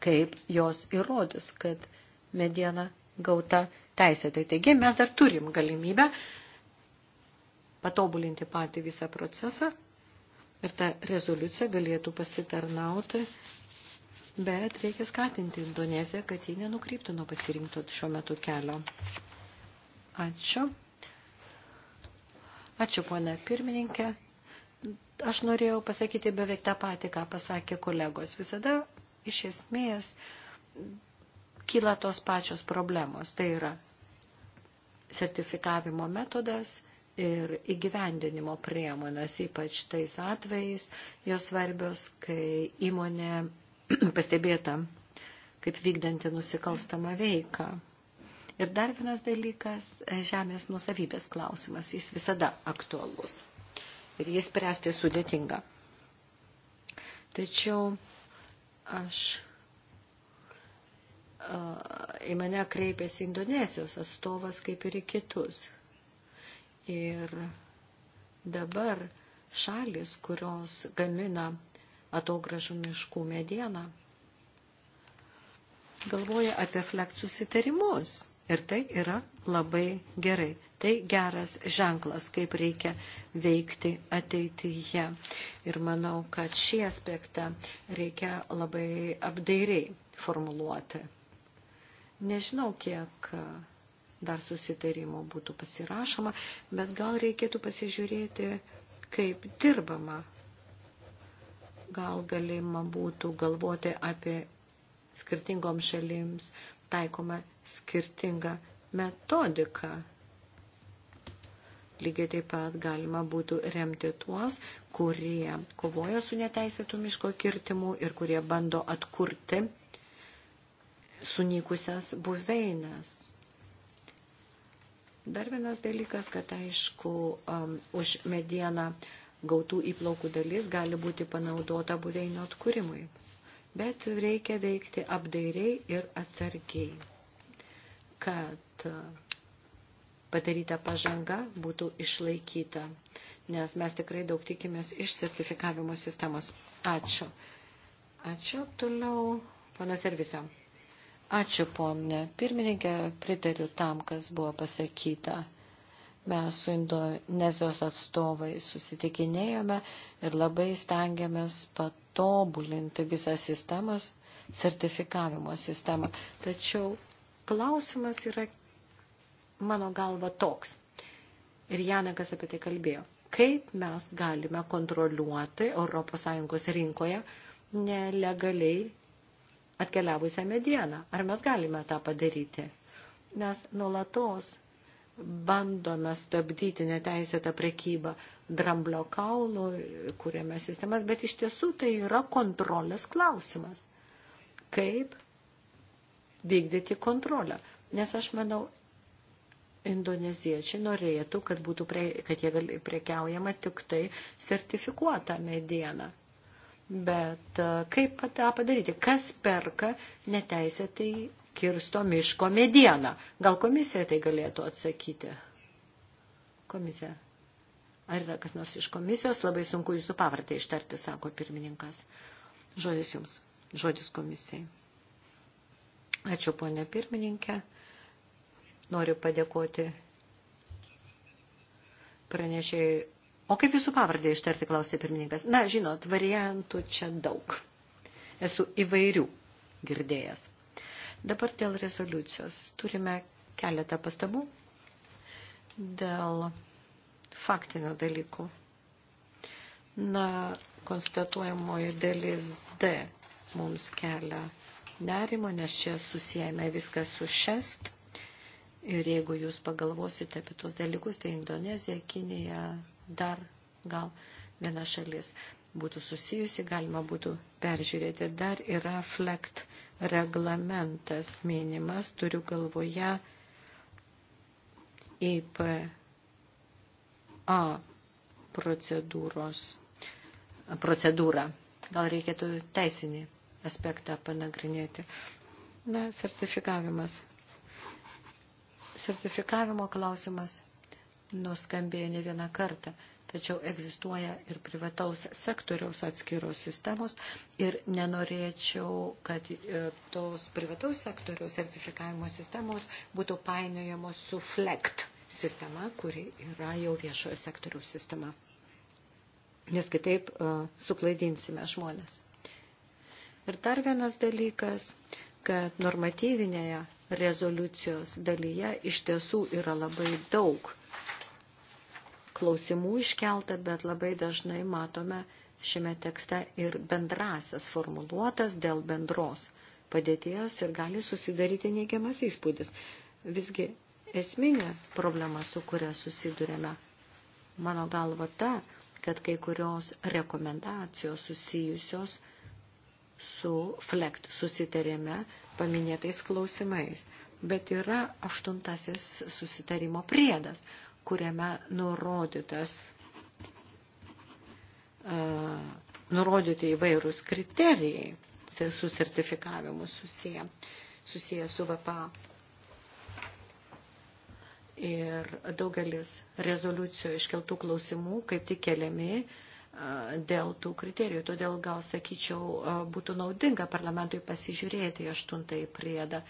S1: kaip jos įrodys, kad mediena gauta teisėtai. Taigi mes dar turim galimybę uh, patobulinti patį visą procesą ir ta rezoliucija galėtų pasitarnauti, bet reikia skatinti Indoneziją, kad ji nenukryptų nuo pasirinkto šiuo metu kelio. Ačiū. Ačiū, ponė pirmininkė. Aš norėjau pasakyti beveik tą patį, ką pasakė kolegos. Visada iš esmės kyla tos pačios problemos. Tai yra sertifikavimo metodas ir įgyvendinimo priemonas, ypač tais atvejais, jos svarbios, kai įmonė pastebėta kaip vykdanti nusikalstamą veiką. Ir dar vienas dalykas - žemės nusavybės klausimas. Jis visada aktualus. Ir jis spręsti sudėtinga. Tačiau aš į mane kreipėsi Indonezijos atstovas kaip ir į kitus. Ir dabar šalis, kurios gamina atogražų miškų medieną, galvoja apie flekt susitarimus. Ir tai yra labai gerai. Tai geras ženklas, kaip reikia veikti ateityje. Ir manau, kad šį aspektą reikia labai apdairiai formuluoti. Nežinau, kiek dar susitarimo būtų pasirašoma, bet gal reikėtų pasižiūrėti, kaip dirbama. Gal galima būtų galvoti apie skirtingoms šalims taikoma skirtinga metodika. Lygiai taip pat galima būtų remti tuos, kurie kovoja su neteisėtų miško kirtimu ir kurie bando atkurti sunykusias buveinas. Dar vienas dalykas, kad aišku, už medieną gautų įplaukų dalis gali būti panaudota buveinio atkūrimui. Bet reikia veikti apdairiai ir atsargiai, kad padaryta pažanga būtų išlaikyta, nes mes tikrai daug tikimės iš sertifikavimo sistemos. Ačiū. Ačiū toliau, panas Servisa. Ačiū, ponė. Pirmininkė, pritariu tam, kas buvo pasakyta. Mes su Indonezijos atstovai susitikinėjome ir labai stengiamės patobulinti visą sistemos, sertifikavimo sistemą. Tačiau klausimas yra mano galva toks. Ir Janakas apie tai kalbėjo. Kaip mes galime kontroliuoti ES rinkoje nelegaliai atkeliavusią medieną. Ar mes galime tą padaryti? Mes nulatos bandome stabdyti neteisėtą prekybą dramblio kaulų, kuriame sistemas, bet iš tiesų tai yra kontrolės klausimas. Kaip vykdyti kontrolę? Nes aš manau, indoneziečiai norėtų, kad, būtų prie, kad jie prekiaujama tik tai sertifikuota mediena. Bet e, kaip tą padaryti? Kas perka neteisėtai kirsto miško medieną? Gal komisija tai galėtų atsakyti? Komisija. Ar yra kas nors iš komisijos? Labai sunku jūsų pavardę ištarti, sako pirmininkas. Žodis jums. Žodis komisijai. Ačiū, ponė pirmininkė. Noriu padėkoti pranešėjai O kaip jūsų pavardę ištarti, klausė pirmininkas. Na, žinot, variantų čia daug. Esu įvairių girdėjęs. Dabar dėl rezoliucijos. Turime keletą pastabų dėl faktinių dalykų. Na, konstatuojamoji dalis D mums kelia nerimo, nes čia susijame viskas su šest Ir jeigu jūs pagalvosite apie tos dalykus, tai Indonezija, Kinija, dar gal viena šalis būtų susijusi, galima būtų peržiūrėti. Dar yra flekt reglamentas minimas, turiu galvoje IPA procedūros, procedūrą. Gal reikėtų teisinį aspektą panagrinėti. Na, sertifikavimas. Sertifikavimo klausimas nuskambėjo ne vieną kartą, tačiau egzistuoja ir privataus sektoriaus atskiros sistemos ir nenorėčiau, kad e, tos privataus sektoriaus sertifikavimo sistemos būtų painiojamos su FLECT sistema, kuri yra jau viešojo sektoriaus sistema. Nes kitaip uh, suklaidinsime žmonės. Ir dar vienas dalykas, kad normatyvinėje rezoliucijos dalyje iš tiesų yra labai daug klausimų iškelta, bet labai dažnai matome šiame tekste ir bendrasias formuluotas dėl bendros padėties ir gali susidaryti neigiamas įspūdis. Visgi esminė problema, su kuria susidurėme, mano galva ta, kad kai kurios rekomendacijos susijusios su FLECT susitarėme paminėtais klausimais. Bet yra aštuntasis susitarimo priedas, kuriame nurodytas, uh, nurodyti įvairūs kriterijai su sertifikavimu susiję, susiję su VPA. Ir daugelis rezoliucijų iškeltų klausimų kaip tik keliami uh, dėl tų kriterijų. Todėl gal, sakyčiau, būtų naudinga parlamentui pasižiūrėti aštuntąjį priedą,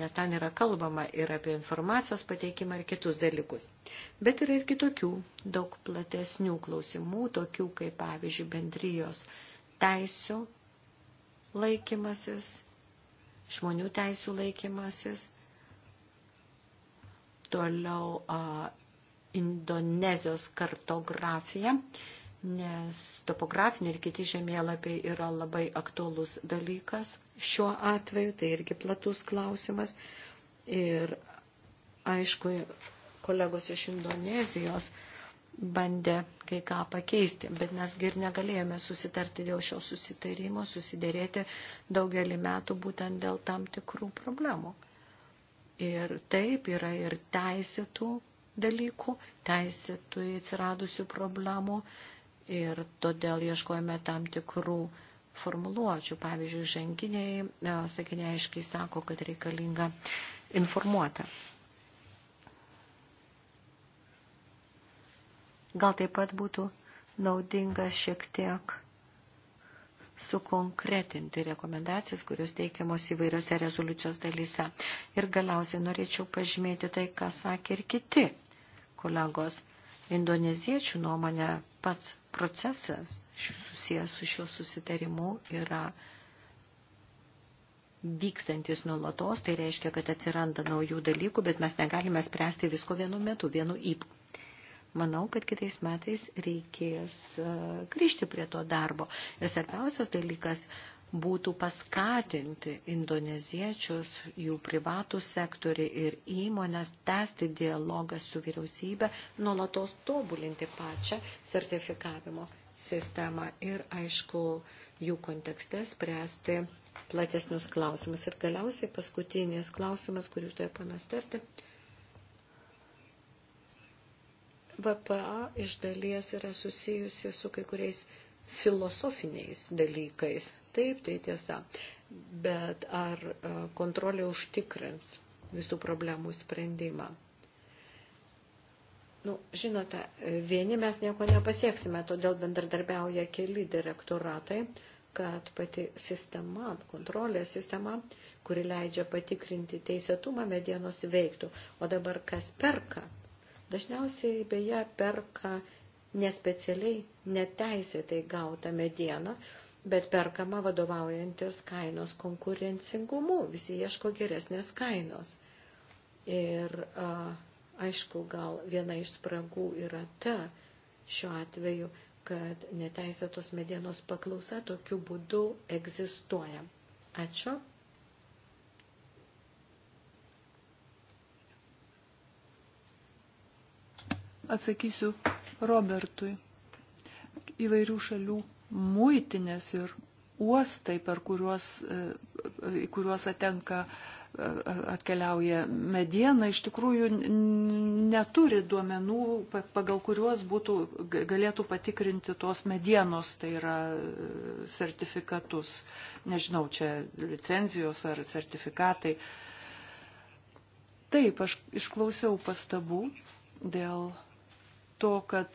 S1: nes ten yra kalbama ir apie informacijos pateikimą ir kitus dalykus. Bet yra ir kitokių, daug platesnių klausimų, tokių kaip, pavyzdžiui, bendrijos teisų laikymasis, žmonių teisų laikymasis, toliau a, Indonezijos kartografija. A, nes topografiniai ir kiti žemėlapiai yra labai aktuolus dalykas šiuo atveju, tai irgi platus klausimas. Ir aišku, kolegos iš Indonezijos bandė kai ką pakeisti, bet mesgi ir negalėjome susitarti dėl šio susitarimo, susidėrėti daugelį metų būtent dėl tam tikrų problemų. Ir taip yra ir teisėtų dalykų, teisėtų atsiradusių problemų, ir todėl ieškojame tam tikrų formuluočių. Pavyzdžiui, ženginiai, e, sakiniai aiškiai sako, kad reikalinga informuota. Gal taip pat būtų naudingas šiek tiek sukonkretinti rekomendacijas, kurios teikiamos įvairiose rezoliucijos dalyse. Ir galiausiai norėčiau pažymėti tai, ką sakė ir kiti kolegos. Indoneziečių nuomonė pats procesas susijęs su šiuo susitarimu yra vykstantis nuolatos, tai reiškia, kad atsiranda naujų dalykų, bet mes negalime spręsti visko vienu metu, vienu įpū. Manau, kad kitais metais reikės e, grįžti prie to darbo. Ir svarbiausias dalykas būtų paskatinti indoneziečius, jų privatų sektorį ir įmonės tęsti dialogą su vyriausybė, nuolatos tobulinti pačią sertifikavimo sistemą ir, aišku, jų kontekste spręsti platesnius klausimus. Ir galiausiai paskutinis klausimas, kurį jūs toje panastarti. VPA iš dalies yra susijusi su kai kuriais filosofiniais dalykais, Taip, tai tiesa. Bet ar e, kontrolė užtikrins visų problemų sprendimą? Nu, žinote, vieni mes nieko nepasieksime, todėl bendradarbiauja keli direktoratai, kad pati sistema, kontrolės sistema, kuri leidžia patikrinti teisėtumą medienos veiktų. O dabar kas perka? Dažniausiai beje perka nespecialiai, neteisėtai gautą medieną, bet perkama vadovaujantis kainos konkurencingumu. Visi ieško geresnės kainos. Ir aišku, gal viena iš spragų yra ta šiuo atveju, kad neteisėtos medienos paklausa tokiu būdu egzistuoja. Ačiū.
S3: Atsakysiu Robertui įvairių šalių muitinės ir uostai, per kuriuos, e, e, į kuriuos atenka e, atkeliauja mediena, iš tikrųjų neturi duomenų, pagal kuriuos būtų, galėtų patikrinti tos medienos, tai yra sertifikatus. Nežinau, čia licenzijos ar sertifikatai. Taip, aš išklausiau pastabų dėl to, kad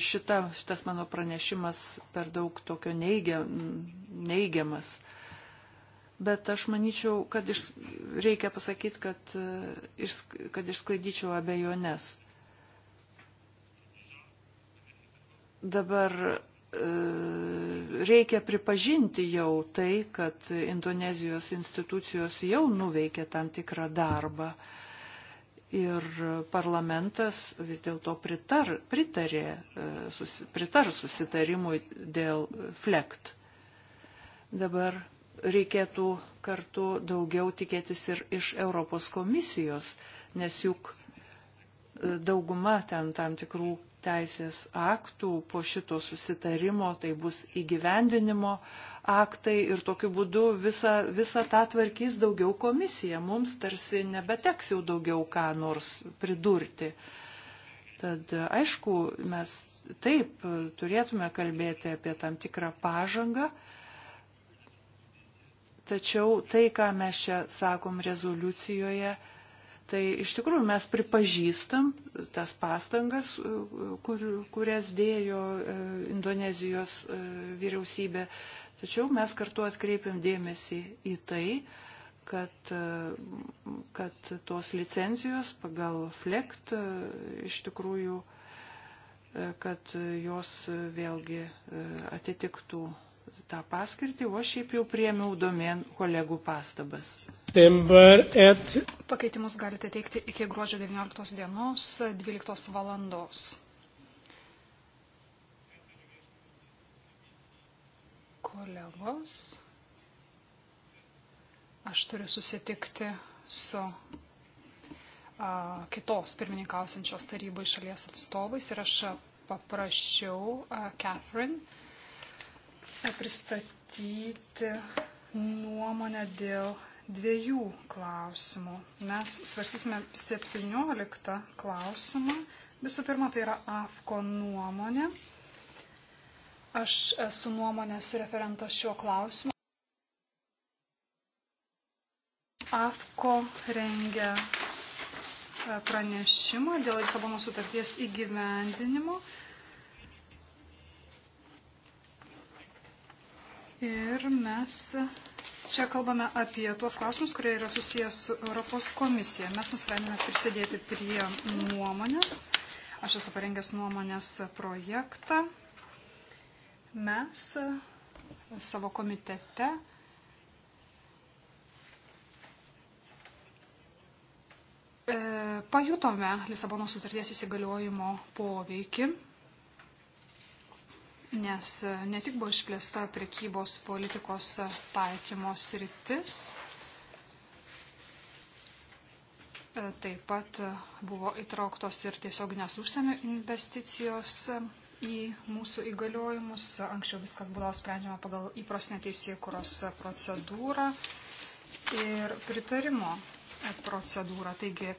S3: šita, šitas mano pranešimas per daug tokio neigia, neigiamas. Bet aš manyčiau, kad iš, reikia pasakyti, kad, e, iš, kad išsklaidyčiau abejones. Dabar e, reikia pripažinti jau tai, kad Indonezijos institucijos jau nuveikė tam tikrą darbą. Uh, ir parlamentas vis dėlto pritar, pritarė, e, susi, pritar susitarimui dėl flekt. Dabar reikėtų kartu daugiau tikėtis ir iš Europos komisijos, nes juk e, dauguma ten tam tikrų teisės aktų po šito susitarimo, tai bus įgyvendinimo aktai ir tokiu būdu visą tą tvarkys daugiau komisija. Mums tarsi nebeteks jau daugiau ką nors pridurti. Tad aišku, mes taip turėtume kalbėti apie tam tikrą pažangą. Tačiau tai, ką mes čia sakom rezoliucijoje, Tai iš tikrųjų mes pripažįstam tas pastangas, kur, kurias dėjo e, Indonezijos e, vyriausybė, tačiau mes kartu atkreipiam dėmesį į tai, kad, e, kad tos licencijos pagal FLECT iš tikrųjų, kad jos vėlgi atitiktų tą paskirtį, o šiaip jau priemiau domen kolegų pastabas.
S2: At... Pakeitimus galite teikti iki gruodžio 19 dienos 12 valandos. Kolegos, aš turiu susitikti su a, kitos pirmininkausiančios tarybai šalies atstovais ir aš paprašiau a, Catherine pristatyti nuomonę dėl dviejų klausimų. Mes svarstysime 17 klausimą. Visų pirma, tai yra AFKO nuomonė. Aš esu nuomonės referentas šiuo klausimu. AFKO rengia e, pranešimą dėl Lisabono sutarties įgyvendinimo. Ir mes čia kalbame apie tuos klausimus, kurie yra susijęs su Europos komisija. Mes nusprendėme prisidėti prie nuomonės. Aš esu parengęs nuomonės projektą. Mes savo komitete e, pajutome Lisabono sutarties įsigaliojimo poveikį nes e, ne tik buvo išplėsta prekybos politikos e, taikymos rytis, e, taip pat buvo įtrauktos ir tiesioginės užsienio investicijos į mūsų įgaliojimus. Anksčiau viskas buvo sprendžiama pagal įprasnę teisėkuros procedūrą ir pritarimo procedūrą. Taigi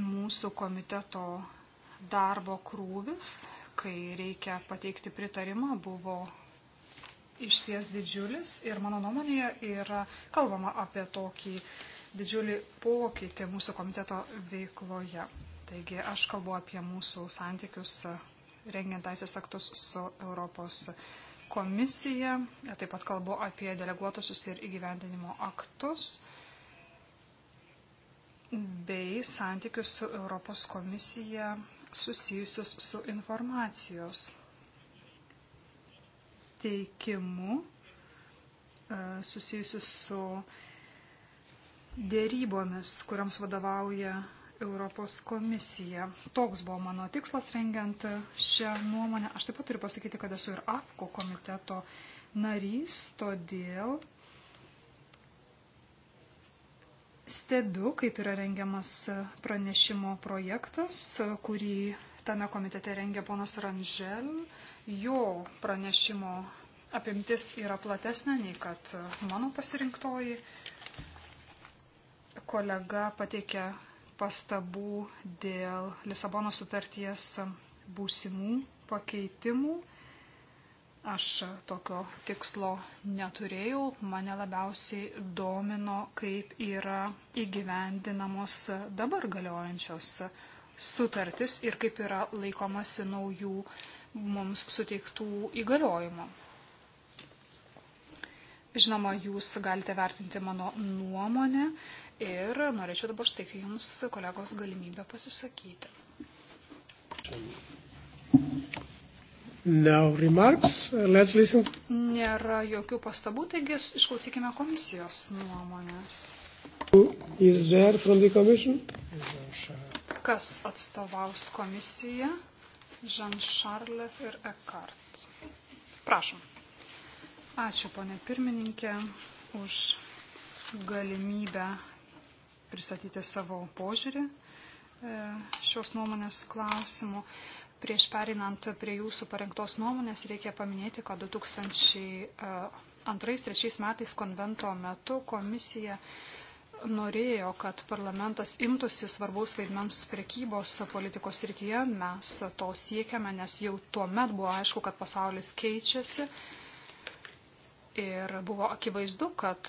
S2: mūsų komiteto darbo krūvis, kai reikia pateikti pritarimą, buvo išties didžiulis ir mano nuomonėje yra kalbama apie tokį didžiulį pokytį mūsų komiteto veikloje. Taigi aš kalbu apie mūsų santykius e, rengiant teisės aktus su Europos komisija, taip pat kalbu apie deleguotusius ir įgyvendinimo aktus bei santykius su Europos komisija susijusius su informacijos teikimu, e, susijusius su dėrybomis, kuriams vadovauja Europos komisija. Toks buvo mano tikslas rengiant šią nuomonę. Aš taip pat turiu pasakyti, kad esu ir AFKO komiteto narys, todėl stebiu, kaip yra rengiamas pranešimo projektas, kurį tame komitete rengia ponas Ranžel. Jo pranešimo apimtis yra platesnė nei kad mano pasirinktoji. Kolega pateikė pastabų dėl Lisabono sutarties būsimų pakeitimų Aš tokio tikslo neturėjau, mane labiausiai domino, kaip yra įgyvendinamos dabar galiojančios sutartis ir kaip yra laikomasi naujų mums suteiktų įgaliojimų. Žinoma, jūs galite vertinti mano nuomonę ir norėčiau dabar steikti jums kolegos galimybę pasisakyti.
S3: No remarks.
S2: Uh, let's listen. Nėra jokių pastabų, taigi išklausykime komisijos nuomonės. Is there from the commission? Kas atstovaus komisiją? Jean Charles ir Eckhart. Prašom. Ačiū, ponė pirmininkė, už galimybę pristatyti savo požiūrį e, šios nuomonės klausimų. Prieš perinant prie jūsų parengtos nuomonės, reikia paminėti, kad 2002-2003 metais konvento metu komisija norėjo, kad parlamentas imtųsi svarbaus vaidmens prekybos politikos rytyje. Mes to siekiame, nes jau tuo met buvo aišku, kad pasaulis keičiasi. Ir buvo akivaizdu, kad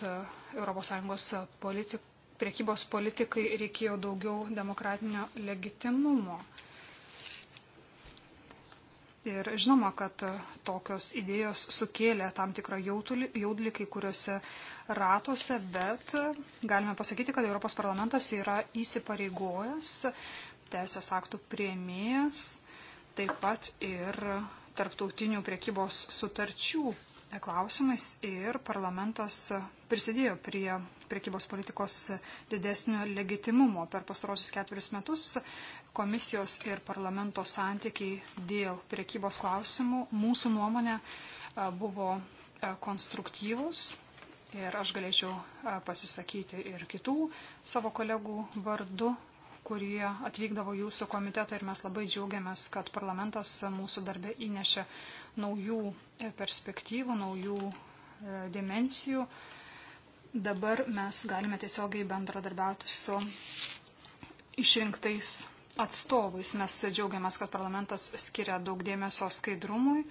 S2: ES politik, priekybos politikai reikėjo daugiau demokratinio legitimumo. Ir žinoma, kad tokios idėjos sukėlė tam tikrą jaudulį kai kuriuose ratuose, bet galime pasakyti, kad Europos parlamentas yra įsipareigojęs, teisės aktų prieimėjas, taip pat ir tarptautinių priekybos sutarčių klausimais ir parlamentas prisidėjo prie priekybos politikos didesnio legitimumo. Per pastarosius ketverius metus komisijos ir parlamento santykiai dėl priekybos klausimų mūsų nuomonė buvo konstruktyvus ir aš galėčiau pasisakyti ir kitų savo kolegų vardu, kurie atvykdavo jūsų komitetą ir mes labai džiaugiamės, kad parlamentas mūsų darbę įnešė naujų e, perspektyvų, naujų e, dimensijų. Dabar mes galime tiesiogiai bendradarbiauti su išrinktais atstovais. Mes džiaugiamės, kad parlamentas skiria daug dėmesio skaidrumui, e,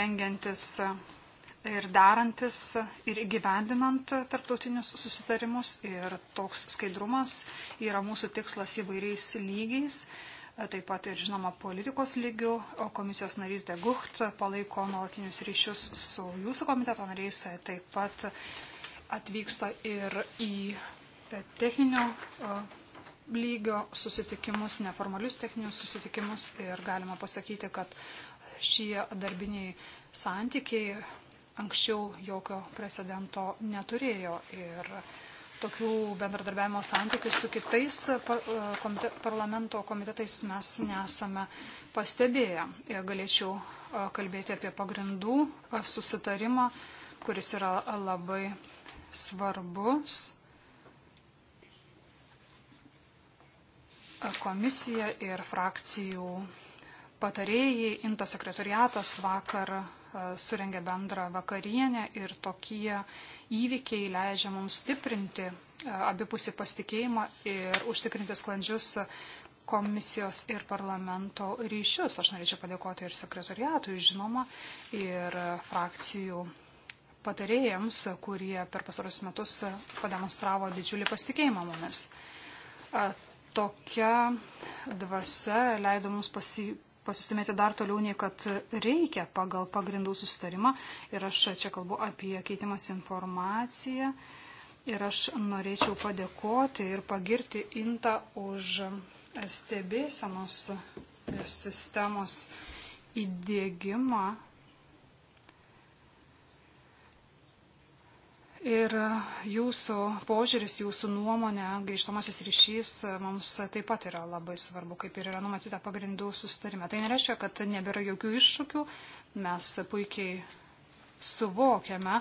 S2: rengiantis ir darantis ir įgyvendinant tarptautinius susitarimus ir toks skaidrumas yra mūsų tikslas įvairiais lygiais, taip pat ir žinoma politikos lygių, o komisijos narys Degucht palaiko nuolatinius ryšius su jūsų komiteto nariais, taip pat atvyksta ir į techninio lygio susitikimus, neformalius techninius susitikimus ir galima pasakyti, kad šie darbiniai santykiai anksčiau jokio precedento neturėjo. Ir tokių bendradarbiavimo santykių su kitais e, komite, parlamento komitetais mes nesame pastebėję. E, galėčiau e, kalbėti apie pagrindų susitarimą, kuris yra labai svarbus. Komisija ir frakcijų patarėjai, Inta sekretariatas vakar e, surengė bendrą vakarienę ir tokie įvykiai leidžia mums stiprinti e, abipusį pasitikėjimą ir užtikrinti sklandžius komisijos ir parlamento ryšius. Aš norėčiau padėkoti ir sekretariatui, žinoma, ir frakcijų patarėjams, kurie per pasarus metus pademonstravo didžiulį pasitikėjimą mumis. E, tokia dvasia leido mums pasi, pasistumėti dar toliau nei kad reikia pagal pagrindų susitarimą. Ir aš čia kalbu apie keitimas informaciją. Ir aš norėčiau padėkoti ir pagirti Inta už stebėsenos sistemos įdėgymą Ir jūsų požiūris, jūsų nuomonė, grįžtamasis ryšys mums taip pat yra labai svarbu, kaip ir yra numatyta pagrindų sustarime. Tai nereiškia, kad nebėra jokių iššūkių, mes puikiai suvokiame,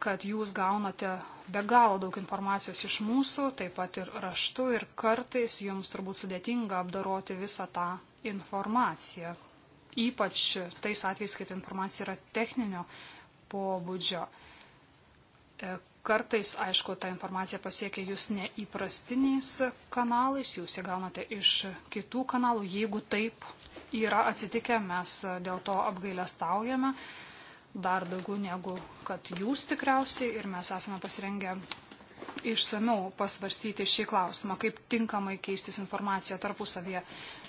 S2: kad jūs gaunate be galo daug informacijos iš mūsų, taip pat ir raštu, ir kartais jums turbūt sudėtinga apdaroti visą tą informaciją. Ypač tais atvejais, kai ta informacija yra techninio pobūdžio. E, kartais, aišku, ta informacija pasiekia jūs neįprastiniais kanalais, jūs ją gaunate iš kitų kanalų. Jeigu taip yra atsitikę, mes dėl to apgailę staujame dar daugiau negu kad jūs tikriausiai ir mes esame pasirengę išsamiau pasvarstyti šį klausimą, kaip tinkamai keistis informaciją tarpusavėje.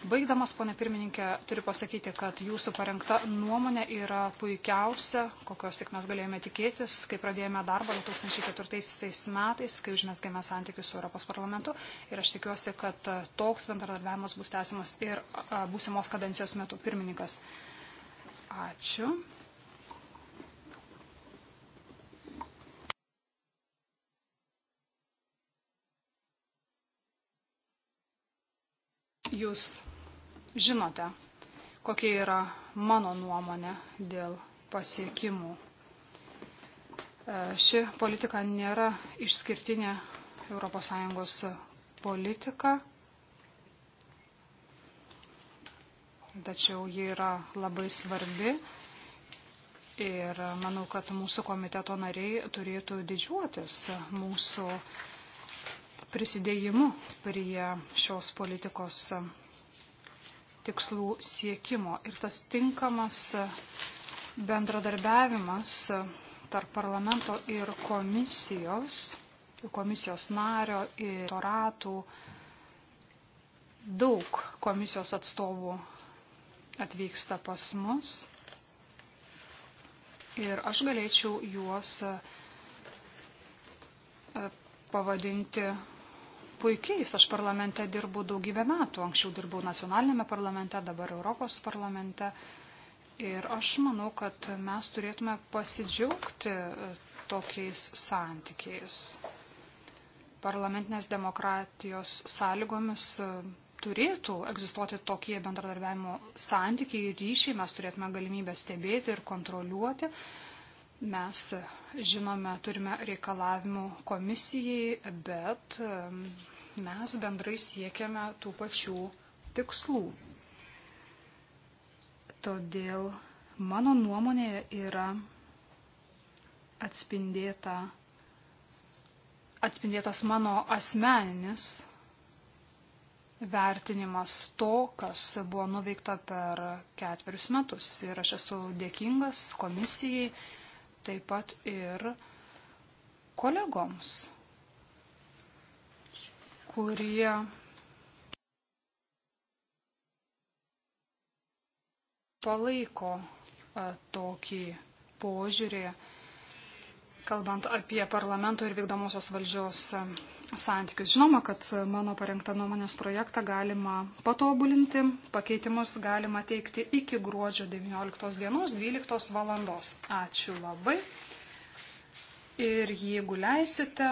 S2: Baigdamas, ponė pirmininkė, turiu pasakyti, kad jūsų parengta nuomonė yra puikiausia, kokios tik mes galėjome tikėtis, kai pradėjome darbą 2004 metais, kai užmesgėme santykius su Europos parlamentu. Ir aš tikiuosi, kad toks bendradarbiavimas bus tęsiamas ir būsimos kadencijos metu. Pirmininkas. Ačiū. Jūs žinote, kokia yra mano nuomonė dėl pasiekimų. E, ši politika nėra išskirtinė ES politika, tačiau ji yra labai svarbi ir manau, kad mūsų komiteto nariai turėtų didžiuotis mūsų prisidėjimu prie šios politikos tikslų siekimo. Ir tas tinkamas bendradarbiavimas tarp parlamento ir komisijos, komisijos nario ir toratų, daug komisijos atstovų atvyksta pas mus. Ir aš galėčiau juos e, pavadinti puikiais. Aš parlamente dirbu daugybę metų. Anksčiau dirbau nacionalinėme parlamente, dabar Europos parlamente. Ir aš manau, kad mes turėtume pasidžiaugti e, tokiais santykiais. Parlamentinės demokratijos sąlygomis e, turėtų egzistuoti tokie bendradarbiavimo santykiai ir ryšiai, mes turėtume galimybę stebėti ir kontroliuoti. Uh, Mes žinome, turime reikalavimų komisijai, bet mes bendrai siekiame tų pačių tikslų. Todėl mano nuomonėje yra atspindėta, atspindėtas mano asmeninis vertinimas to, kas buvo nuveikta per ketverius metus. Ir aš esu dėkingas komisijai taip pat ir kolegoms, kurie palaiko e, tokį požiūrį, kalbant apie parlamento ir vykdomosios valdžios e, santykius. Žinoma, kad mano parengtą nuomonės projektą galima patobulinti, pakeitimus galima teikti iki gruodžio 19 dienos 12 valandos. Ačiū labai. Ir jeigu leisite,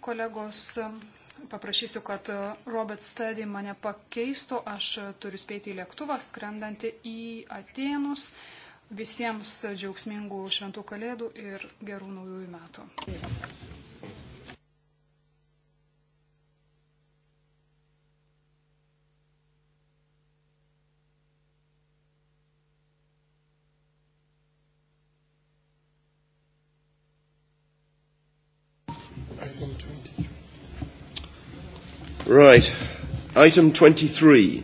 S2: kolegos, paprašysiu, kad Robert Steady mane pakeistų, aš turiu spėti į lėktuvą skrendantį į Atenus. Visiems džiaugsmingų šventų kalėdų ir gerų naujųjų metų.
S1: Right. Item 23.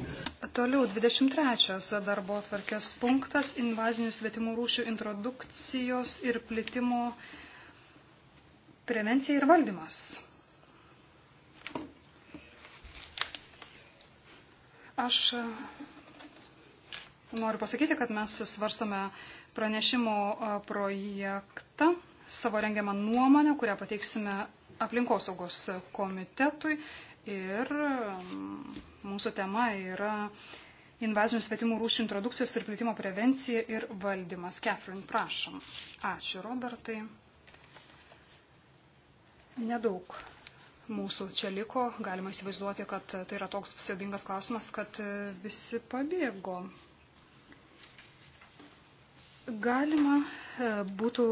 S2: Toliau 23 darbo atvarkės punktas - invazinių svetimų rūšių introdukcijos ir plitimo prevencija ir valdymas. Aš uh, noriu pasakyti, kad mes svarstome pranešimo uh, projektą, savo rengiamą nuomonę, kurią pateiksime aplinkosaugos komitetui ir mm, mūsų tema yra invazinių svetimų rūšių introdukcijos ir plitimo prevencija ir valdymas. Catherine, prašom. Ačiū, Robertai. Nedaug mūsų čia liko. Galima įsivaizduoti, kad tai yra toks siaubingas klausimas, kad visi pabėgo. Galima e, būtų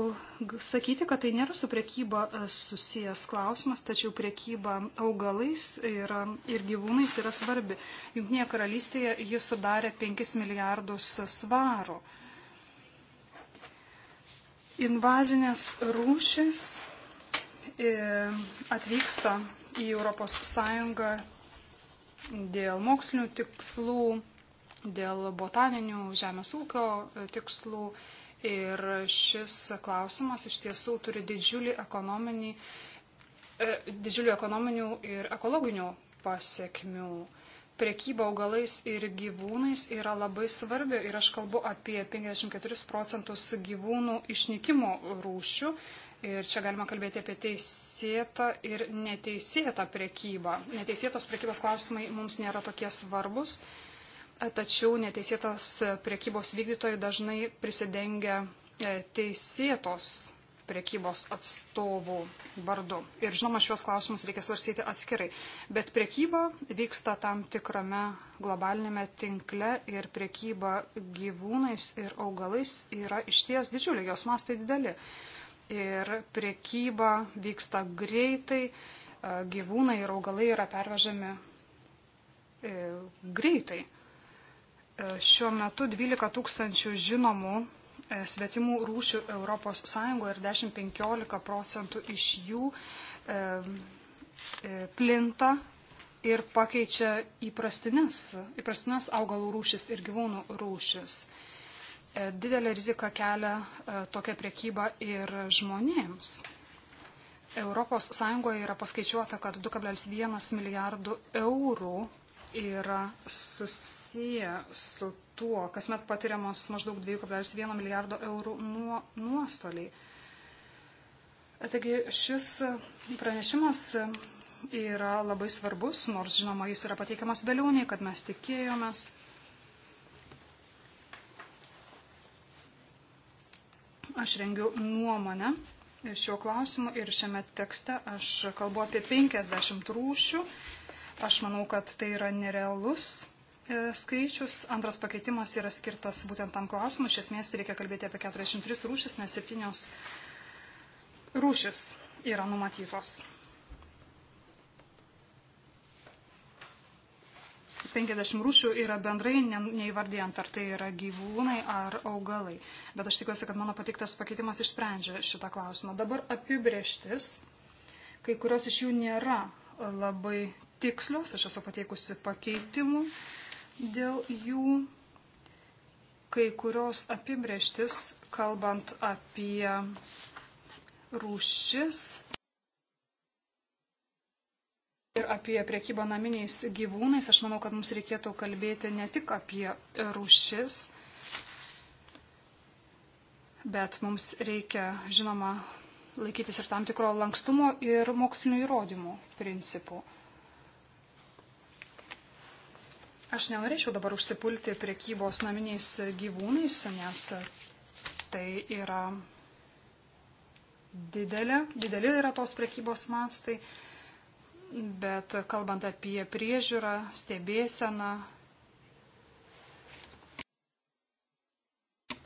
S2: sakyti, kad tai nėra su priekyba e, susijęs klausimas, tačiau priekyba augalais yra, ir gyvūnais yra svarbi. Junktinėje karalystėje jis sudarė 5 milijardus svarų. Invazinės rūšis e, atvyksta į ES dėl mokslinių tikslų dėl botaninių žemės ūkio e, tikslų ir šis klausimas iš tiesų turi didžiulį ekonominį, e, didžiulį ekonominių ir ekologinių pasiekmių. Prekyba augalais ir gyvūnais yra labai svarbi ir aš kalbu apie 54 procentus gyvūnų išnykimo rūšių Ir čia galima kalbėti apie teisėtą ir neteisėtą prekybą. Neteisėtos prekybos klausimai mums nėra tokie svarbus, tačiau neteisėtas priekybos vykdytojai dažnai prisidengia e, teisėtos priekybos atstovų vardu. Ir žinoma, šios klausimus reikia svarstyti atskirai. Bet priekyba vyksta tam tikrame globalinėme tinkle ir priekyba gyvūnais ir augalais yra išties didžiulė, jos mastai dideli. Ir priekyba vyksta greitai, e, gyvūnai ir augalai yra pervežami e, greitai. E, šiuo metu 12 tūkstančių žinomų e, svetimų rūšių ES ir 10-15 procentų iš jų e, plinta ir pakeičia įprastinės, įprastinės augalų rūšis ir gyvūnų rūšis. Didelė rizika kelia tokia priekyba ir žmonėms. ES yra paskaičiuota, kad 2,1 milijardų eurų yra susiję su tuo, kasmet patiriamos maždaug 2,1 milijardo eurų nuo nuostoliai. Taigi šis pranešimas yra labai svarbus, nors žinoma jis yra pateikiamas vėliau nei kad mes tikėjomės. Aš rengiu nuomonę šiuo klausimu ir šiame tekste aš kalbu apie 50 rūšių Aš manau, kad tai yra nerealus e, skaičius. Antras pakeitimas yra skirtas būtent tam klausimui. Iš esmės reikia kalbėti apie 43 rūšis, nes 7 rūšis yra numatytos. 50 rūšių yra bendrai, ne, neįvardėjant, ar tai yra gyvūnai ar augalai. Bet aš tikiuosi, kad mano patiktas pakeitimas išsprendžia šitą klausimą. Dabar apibrieštis, kai kurios iš jų nėra labai tikslus, aš esu pateikusi pakeitimų dėl jų, kai kurios apibrieštis, kalbant apie rūšis ir apie priekybą naminiais gyvūnais, aš manau, kad mums reikėtų kalbėti ne tik apie rūšis, bet mums reikia, žinoma, laikytis ir tam tikro lankstumo ir mokslinio įrodymų principų. Aš nenorėčiau dabar užsipulti priekybos naminiais gyvūnais, nes tai yra didelė, dideli yra tos priekybos mastai, bet kalbant apie priežiūrą, stebėseną,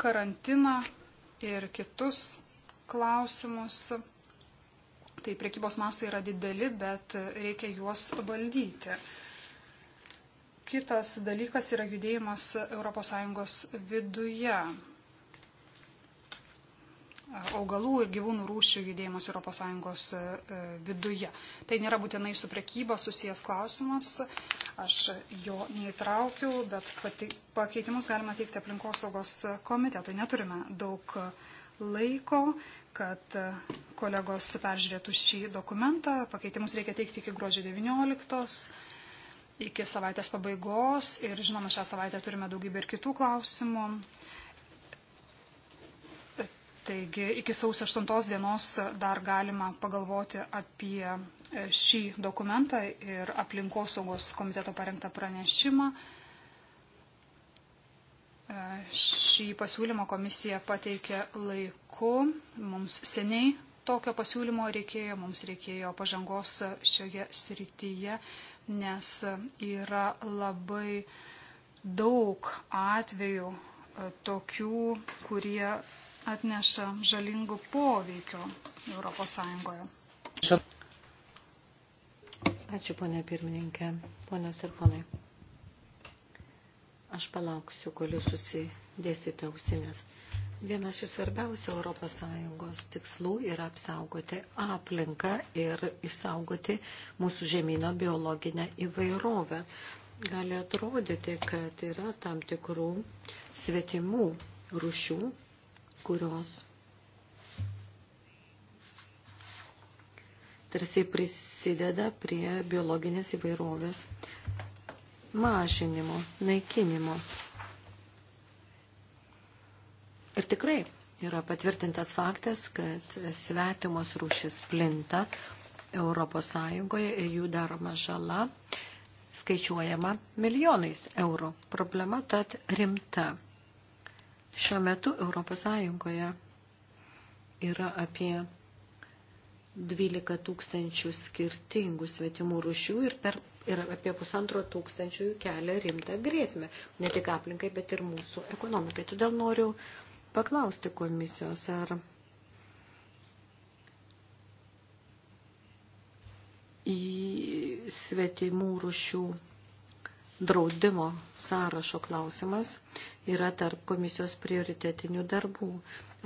S2: karantiną ir kitus klausimus, tai priekybos mastai yra dideli, bet reikia juos valdyti. Kitas dalykas yra judėjimas ES viduje. Augalų ir gyvūnų rūšių judėjimas ES e, e, viduje. Tai nėra būtinai su prekyba susijęs klausimas, aš jo neįtraukiu, bet pati, pakeitimus galima teikti aplinkosaugos komitetui. Neturime daug laiko, kad e, kolegos peržiūrėtų šį dokumentą. Pakeitimus reikia teikti iki gruodžio 19 iki savaitės pabaigos ir žinoma, šią savaitę turime daugybę ir kitų klausimų. Taigi iki sausio 8 dienos dar galima pagalvoti apie šį dokumentą ir aplinkosaugos komiteto parengtą pranešimą. Šį pasiūlymą komisija pateikė laiku, mums seniai tokio pasiūlymo reikėjo, mums reikėjo pažangos šioje srityje nes yra labai daug atvejų e, tokių, kurie atneša žalingų poveikio ES.
S1: Ačiū, ponė pirmininkė, ponios ir ponai. Aš palauksiu, kol jūs susidėsite ausinės. Vienas iš svarbiausių ES tikslų yra apsaugoti aplinką ir išsaugoti mūsų žemyną biologinę įvairovę. Gali atrodyti, kad yra tam tikrų svetimų rušių, kurios tarsi prisideda prie biologinės įvairovės mažinimo, naikinimo. Ir tikrai yra patvirtintas faktas, kad svetimos rūšis plinta Europos Sąjungoje ir jų daroma žala skaičiuojama milijonais eurų. Problema tad rimta. Šiuo metu Europos Sąjungoje yra apie 12 tūkstančių skirtingų svetimų rūšių ir per ir apie pusantro tūkstančių kelia rimtą grėsmę, ne tik aplinkai, bet ir mūsų ekonomikai. Todėl noriu paklausti komisijos, ar į svetimų rušių draudimo sąrašo klausimas yra tarp komisijos prioritetinių darbų.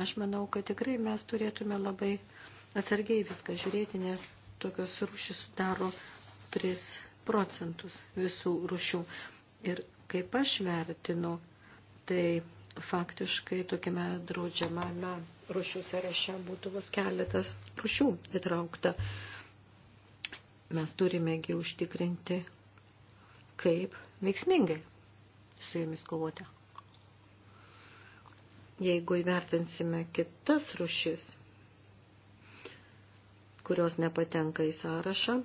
S1: Aš manau, kad tikrai mes turėtume labai atsargiai viską žiūrėti, nes tokios rūšys sudaro 3 procentus visų rūšių. Ir kaip aš vertinu, tai faktiškai tokiame draudžiamame rušių sąraše būtų vos keletas rušių įtraukta. Mes turimegi užtikrinti, kaip veiksmingai su jomis kovoti. Jeigu įvertinsime kitas rušis, kurios nepatenka į sąrašą,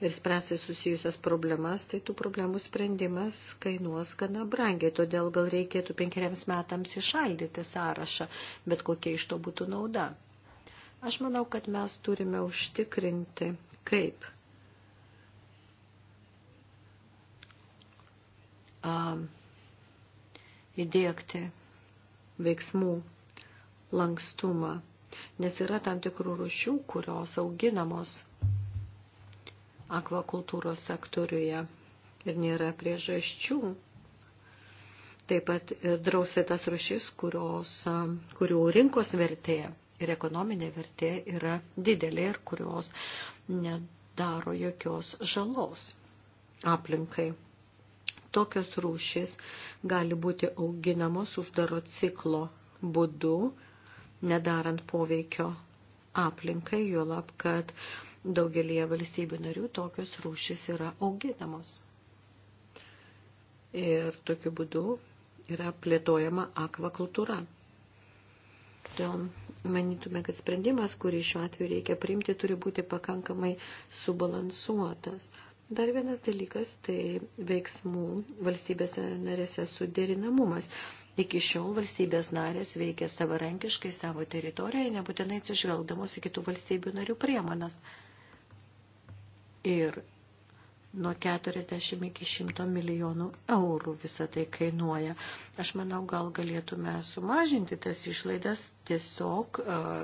S1: ir spręsti susijusias problemas, tai tų problemų sprendimas kainuos gana brangiai, todėl gal reikėtų penkeriams metams išaldyti sąrašą, bet kokia iš to būtų nauda. Aš manau, kad mes turime užtikrinti, kaip a, įdėkti veiksmų lankstumą, nes yra tam tikrų rušių, kurios auginamos akvakultūros sektoriuje ir nėra priežasčių. Taip pat e, drausi tas rušis, kurios, kurių rinkos vertė ir ekonominė vertė yra didelė ir kurios nedaro jokios žalos aplinkai. Tokios rūšis gali būti auginamos uždaro ciklo būdu, nedarant poveikio aplinkai, juolab, kad uh, daugelie valstybių narių tokios rūšis yra auginamos. Ir tokiu būdu yra plėtojama akvakultūra. Todėl manytume, kad sprendimas, kurį šiuo atveju reikia priimti, turi būti pakankamai subalansuotas. Dar vienas dalykas - tai veiksmų valstybėse narėse suderinamumas. Iki šiol valstybės narės veikia savarankiškai savo teritorijoje, nebūtinai atsižvelgdamos į kitų valstybių narių priemonas ir nuo 40 iki 100 milijonų eurų visą tai kainuoja. Aš manau, gal galėtume sumažinti tas išlaidas tiesiog uh,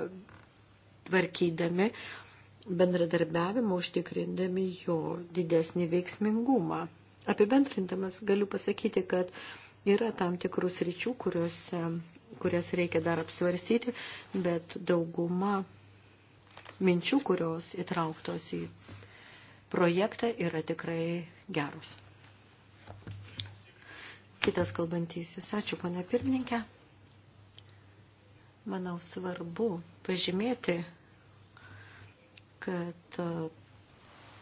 S1: tvarkydami bendradarbiavimą, užtikrindami jo didesnį veiksmingumą. Apibendrindamas galiu pasakyti, kad yra tam tikrus ryčių, kuriuose, kurias reikia dar apsvarstyti, bet dauguma minčių, kurios įtrauktos į projektą yra tikrai geros. Kitas kalbantysis. Ačiū, ponia pirmininkė. Manau, svarbu pažymėti, kad e,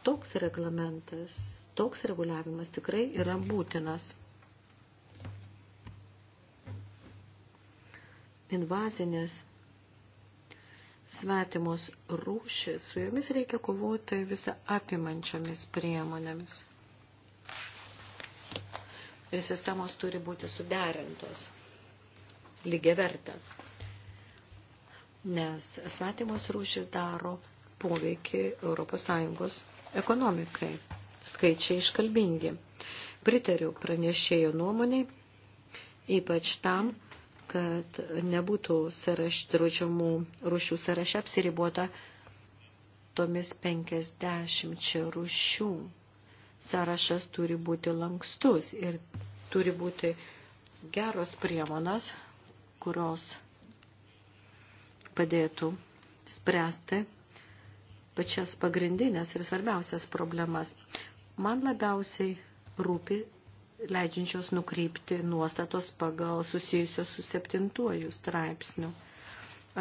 S1: toks reglamentas, toks reguliavimas tikrai yra būtinas. Invazinės svetimos rūšis, su jomis reikia kovoti visą apimančiomis priemonėmis. Ir sistemos turi būti suderintos, lygiavertas, nes svetimos rūšis daro poveikį ES ekonomikai. Skaičiai iškalbingi. Pritariu pranešėjo nuomonėj, ypač tam, kad nebūtų sąraš, draudžiamų rušių sąraše apsiribuota tomis 50 rušių. Sąrašas turi būti lankstus ir turi būti geros priemonas, kurios padėtų spręsti pačias pagrindinės ir svarbiausias problemas. Man labiausiai rūpi leidžiančios nukreipti nuostatos pagal susijusios su septintuoju straipsniu.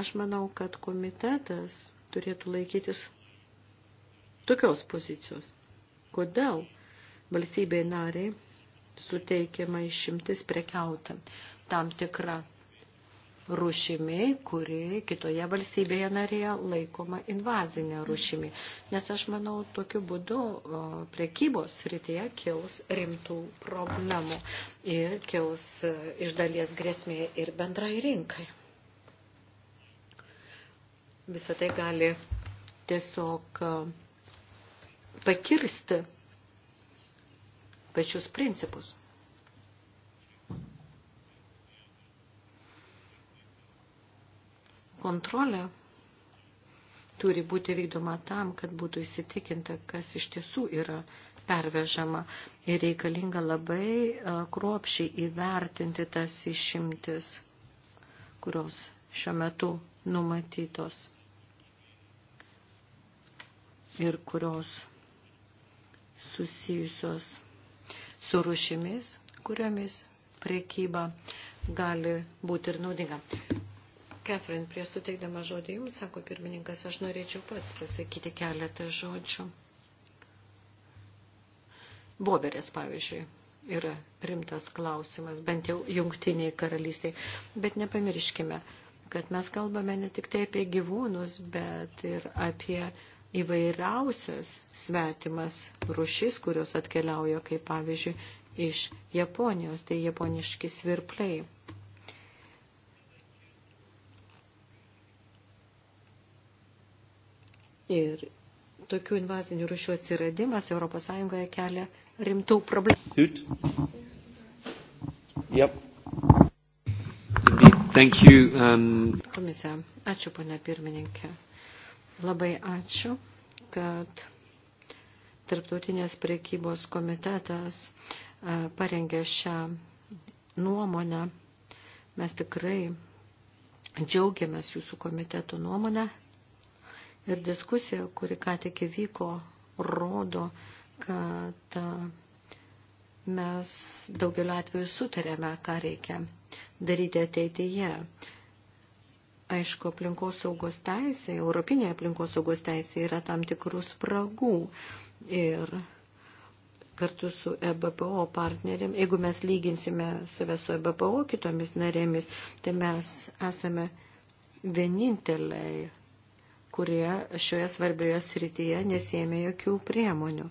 S1: Aš manau, kad komitetas turėtų laikytis tokios pozicijos. Kodėl valstybei nariai suteikiama išimtis prekiauti tam tikrą rušimi, kuri kitoje valstybėje narėje laikoma invazinė rušimi. Nes aš manau, tokiu būdu prekybos srityje kils rimtų problemų ir kils e, iš dalies grėsmė ir bendrai rinkai. Visą tai gali tiesiog e, pakirsti pačius principus. kontrolė turi būti vykdoma tam, kad būtų įsitikinta, kas iš tiesų yra pervežama ir reikalinga labai e, kruopšiai įvertinti tas išimtis, kurios šiuo metu numatytos ir kurios susijusios su rušimis, kuriomis priekyba gali būti ir naudinga. Catherine, prie suteikdama žodį jums, sako pirmininkas, aš norėčiau pats pasakyti keletą žodžių. Boberės, pavyzdžiui, yra rimtas klausimas, bent jau jungtiniai karalystiai. Bet nepamirškime, kad mes kalbame ne tik tai apie gyvūnus, bet ir apie įvairiausias svetimas rušis, kurios atkeliauja, kaip pavyzdžiui, iš Japonijos, tai japoniški svirpliai. Ir tokių invazinių rušių atsiradimas ES kelia rimtų problemų. Yep. Thank you. Um... Komisija, ačiū, ponia pirmininkė. Labai ačiū, kad Tarptautinės priekybos komitetas e, parengė šią nuomonę. Mes tikrai džiaugiamės jūsų komiteto nuomonę Ir diskusija, kuri ką tik įvyko, rodo, kad e, mes daugeliu atveju sutarėme, ką reikia daryti ateityje. Aišku, aplinkos saugos teisė, europinė aplinkos saugos teisė yra tam tikrų spragų. Ir kartu su EBPO partnerėm, jeigu mes lyginsime save su EBPO kitomis narėmis, tai mes esame vieninteliai kurie šioje svarbioje srityje nesėmė jokių priemonių.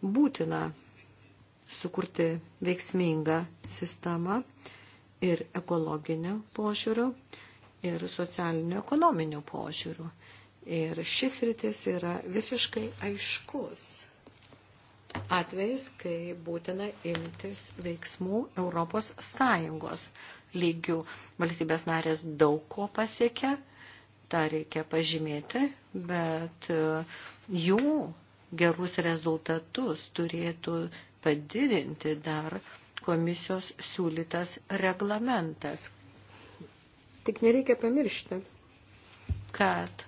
S1: Būtina sukurti veiksmingą sistemą ir ekologinių požiūrių, ir socialinių ekonominių požiūrių. Ir šis rytis yra visiškai aiškus atvejs, kai būtina imtis veiksmų Europos Sąjungos lygių. Valstybės narės daug ko pasiekia, tą reikia pažymėti, bet e, jų gerus rezultatus turėtų padidinti dar komisijos siūlytas reglamentas. Tik nereikia pamiršti, kad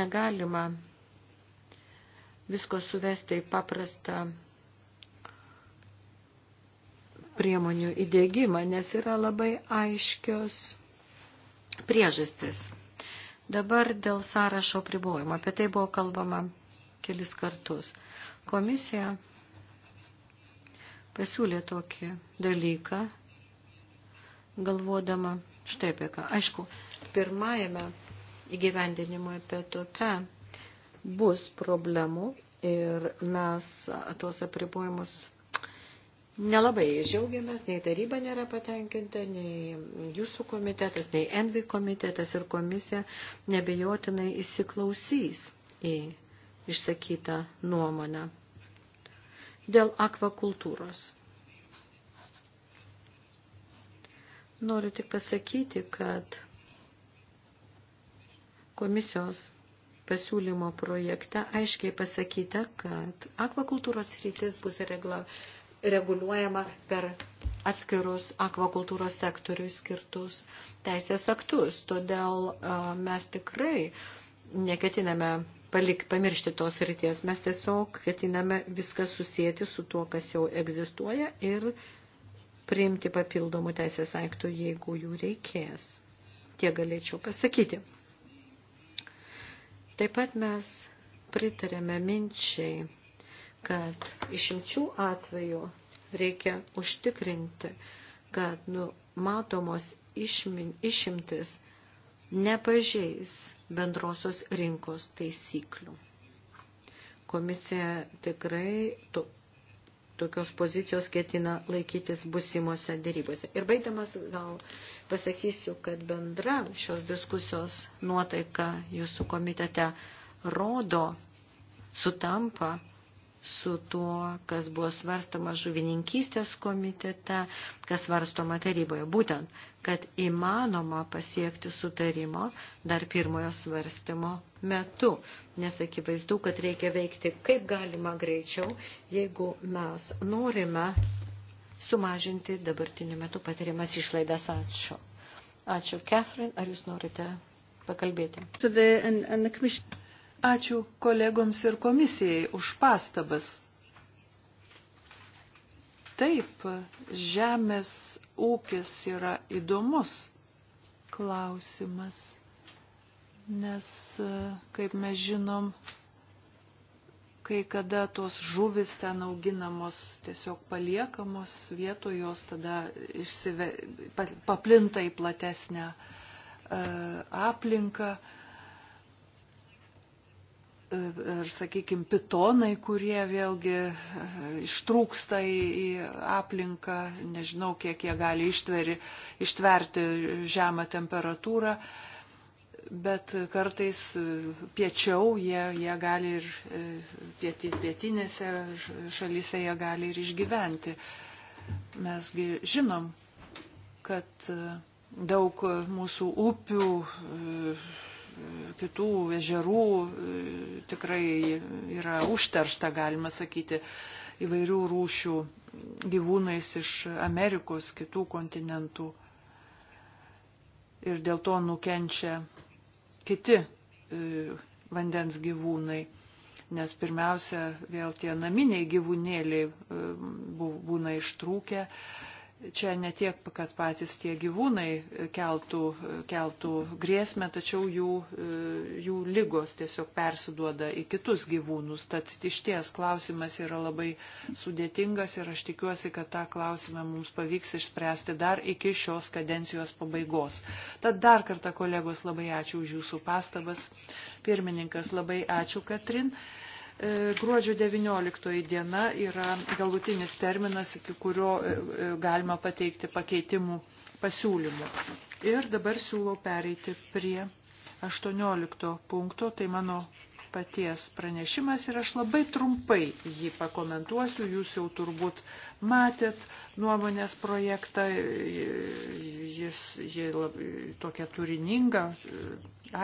S1: negalima visko suvesti į paprastą priemonių įdėgymą, nes yra labai aiškios priežastis Dabar dėl sąrašo pribojimo. Apie tai buvo kalbama kelis kartus. Komisija pasiūlė tokį dalyką, galvodama štai apie ką. Aišku, pirmajame įgyvendinimo epitope bus problemų ir mes tuos apribojimus nelabai žiaugiamės, nei taryba nėra patenkinta, nei jūsų komitetas, nei Envi komitetas ir komisija nebejotinai įsiklausys į išsakytą nuomonę. Dėl akvakultūros. Noriu tik pasakyti, kad komisijos pasiūlymo projekte aiškiai pasakyta, kad akvakultūros rytis bus reglamentuojama reguliuojama per atskirus akvakultūros sektoriui skirtus teisės aktus. Todėl e, mes tikrai neketiname palik, pamiršti tos ryties. Mes tiesiog ketiname viską susijęti su tuo, kas jau egzistuoja ir priimti papildomų teisės aktų, jeigu jų reikės. Tie galėčiau pasakyti. Taip pat mes pritarėme minčiai kad išimčių atveju reikia užtikrinti, kad numatomos išmin, išimtis nepažeis bendrosios rinkos taisyklių. Komisija tikrai to, tokios pozicijos ketina laikytis busimuose dėrybose. Ir baigdamas gal pasakysiu, kad bendra šios diskusijos nuotaika jūsų komitete rodo, sutampa su tuo, kas buvo svarstama žuvininkystės komitete, kas svarstoma taryboje. Būtent, kad įmanoma pasiekti sutarimo dar pirmojo svarstymo metu, nes akivaizdu, kad reikia veikti kaip galima greičiau, jeigu mes norime sumažinti dabartiniu metu patiriamas išlaidas. Ačiū. Ačiū, Catherine. Ar jūs norite pakalbėti?
S3: And, and Ačiū kolegoms ir komisijai už pastabas. Taip, žemės ūkis yra įdomus klausimas, nes, kaip mes žinom, kai kada tos žuvis ten auginamos tiesiog paliekamos vietoj, jos tada išsive, paplinta į platesnę e, aplinką. Uh, ar, sakykime, pitonai, kurie vėlgi e, ištrūksta į, į aplinką, nežinau, kiek jie gali ištveri, ištverti žemą temperatūrą, bet kartais e, piečiau jie, jie gali ir e, pieti, pietinėse šalyse jie gali ir išgyventi. Mesgi žinom, kad daug mūsų upių kitų ežerų e, tikrai yra užteršta, galima sakyti, įvairių rūšių gyvūnais iš Amerikos, kitų kontinentų. Ir dėl to nukenčia kiti e, vandens gyvūnai, nes pirmiausia, vėl tie naminiai gyvūnėliai e, būna ištrūkę čia ne tiek, kad patys tie gyvūnai keltų, keltų grėsmę, tačiau jų, e, jų lygos tiesiog persiduoda į kitus gyvūnus. Tad iš ties klausimas yra labai sudėtingas ir aš tikiuosi, kad tą klausimą mums pavyks išspręsti dar iki šios kadencijos pabaigos. Tad dar kartą kolegos labai ačiū už jūsų pastabas. Pirmininkas labai ačiū, Katrin. E, gruodžio 19 diena yra galutinis terminas, iki kurio e, e, galima pateikti pakeitimų pasiūlymų. Ir dabar siūlau pereiti prie 18 punkto, tai mano paties pranešimas ir aš labai trumpai jį pakomentuosiu. Jūs jau turbūt matėt nuomonės projektą, jis jie labai, tokia turininga,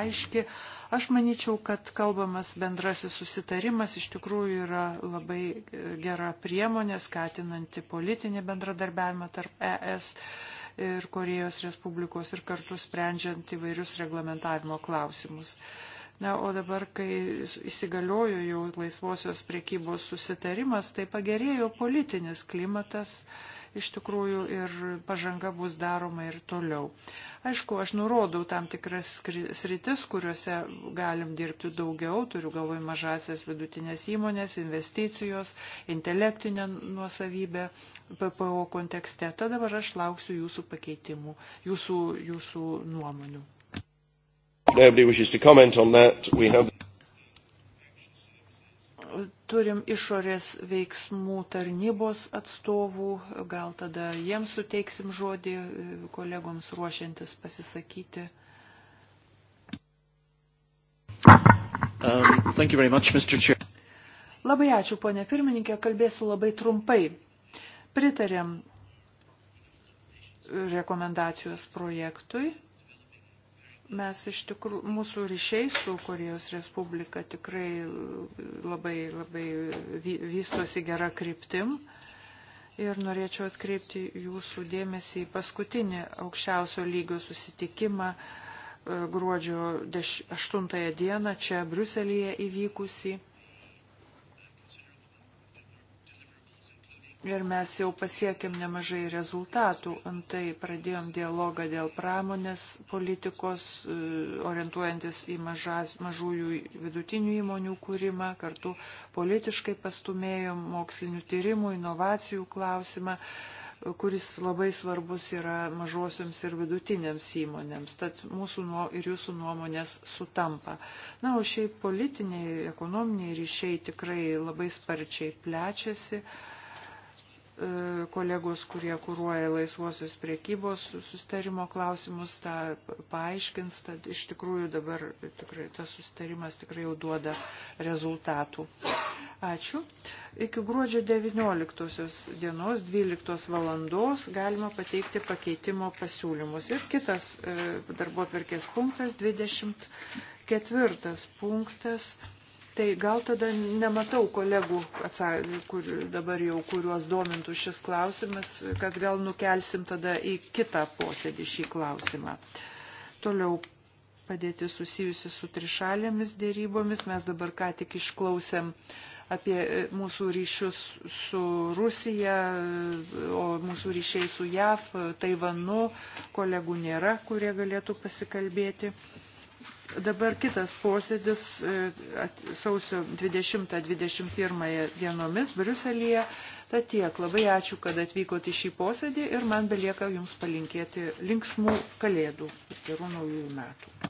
S3: aiški. Aš manyčiau, kad kalbamas bendrasis susitarimas iš tikrųjų yra labai gera priemonė skatinanti politinį bendradarbiavimą tarp ES ir Korejos Respublikos ir kartu sprendžiant įvairius reglamentavimo klausimus. Na, o dabar, kai įsigaliojo jau laisvosios priekybos susitarimas, tai pagerėjo politinis klimatas iš tikrųjų ir pažanga bus daroma ir toliau. Aišku, aš nurodau tam tikras sritis, kuriuose galim dirbti daugiau, turiu galvoj mažasias vidutinės įmonės, investicijos, intelektinę nuosavybę PPO kontekste. Tad dabar aš lauksiu jūsų pakeitimų, jūsų, jūsų nuomonių. Nobody wishes to comment on that. We have turim išorės veiksmų tarnybos atstovų, gal tada jiems suteiksim žodį kolegoms ruošiantis pasisakyti.
S1: Um, much,
S3: labai ačiū, ponė pirmininkė, kalbėsiu labai trumpai. Pritarėm rekomendacijos projektui mes iš tikrųjų, mūsų ryšiai su Korejos Respublika tikrai labai, labai vystosi gera kryptim. Ir norėčiau atkreipti jūsų dėmesį į paskutinį aukščiausio lygio susitikimą e, gruodžio 8 dieną čia Bruselėje įvykusi. Ir mes jau pasiekėm nemažai rezultatų. Antai pradėjom dialogą dėl pramonės politikos, e, orientuojantis į mažas, mažųjų vidutinių įmonių kūrimą. Kartu politiškai pastumėjom mokslinių tyrimų, inovacijų klausimą kuris labai svarbus yra mažosioms ir vidutinėms įmonėms. Tad mūsų nuo, ir jūsų nuomonės sutampa. Na, o šiaip politiniai, ekonominiai ryšiai tikrai labai sparčiai plečiasi. Uh, E, kolegos, kurie kūruoja laisvosios priekybos sustarimo klausimus, tą paaiškins, tad iš tikrųjų dabar tikrai, tas sustarimas tikrai jau duoda rezultatų. Ačiū. Iki gruodžio 19 dienos 12 valandos galima pateikti pakeitimo pasiūlymus. Ir kitas e, darbo tvarkės punktas, 24 punktas Tai gal tada nematau kolegų, kur dabar jau kuriuos domintų šis klausimas, kad gal nukelsim tada į kitą posėdį šį klausimą. Toliau padėti susijusi su trišalėmis dėrybomis. Mes dabar ką tik išklausėm apie mūsų ryšius su Rusija, o mūsų ryšiai su JAV, Taivanu, kolegų nėra, kurie galėtų pasikalbėti. Dabar kitas posėdis e, sausio 20-21 dienomis Briuselėje. Tad tiek, labai ačiū, kad atvykote į šį posėdį ir man belieka Jums palinkėti linksmų kalėdų ir gerų naujųjų metų.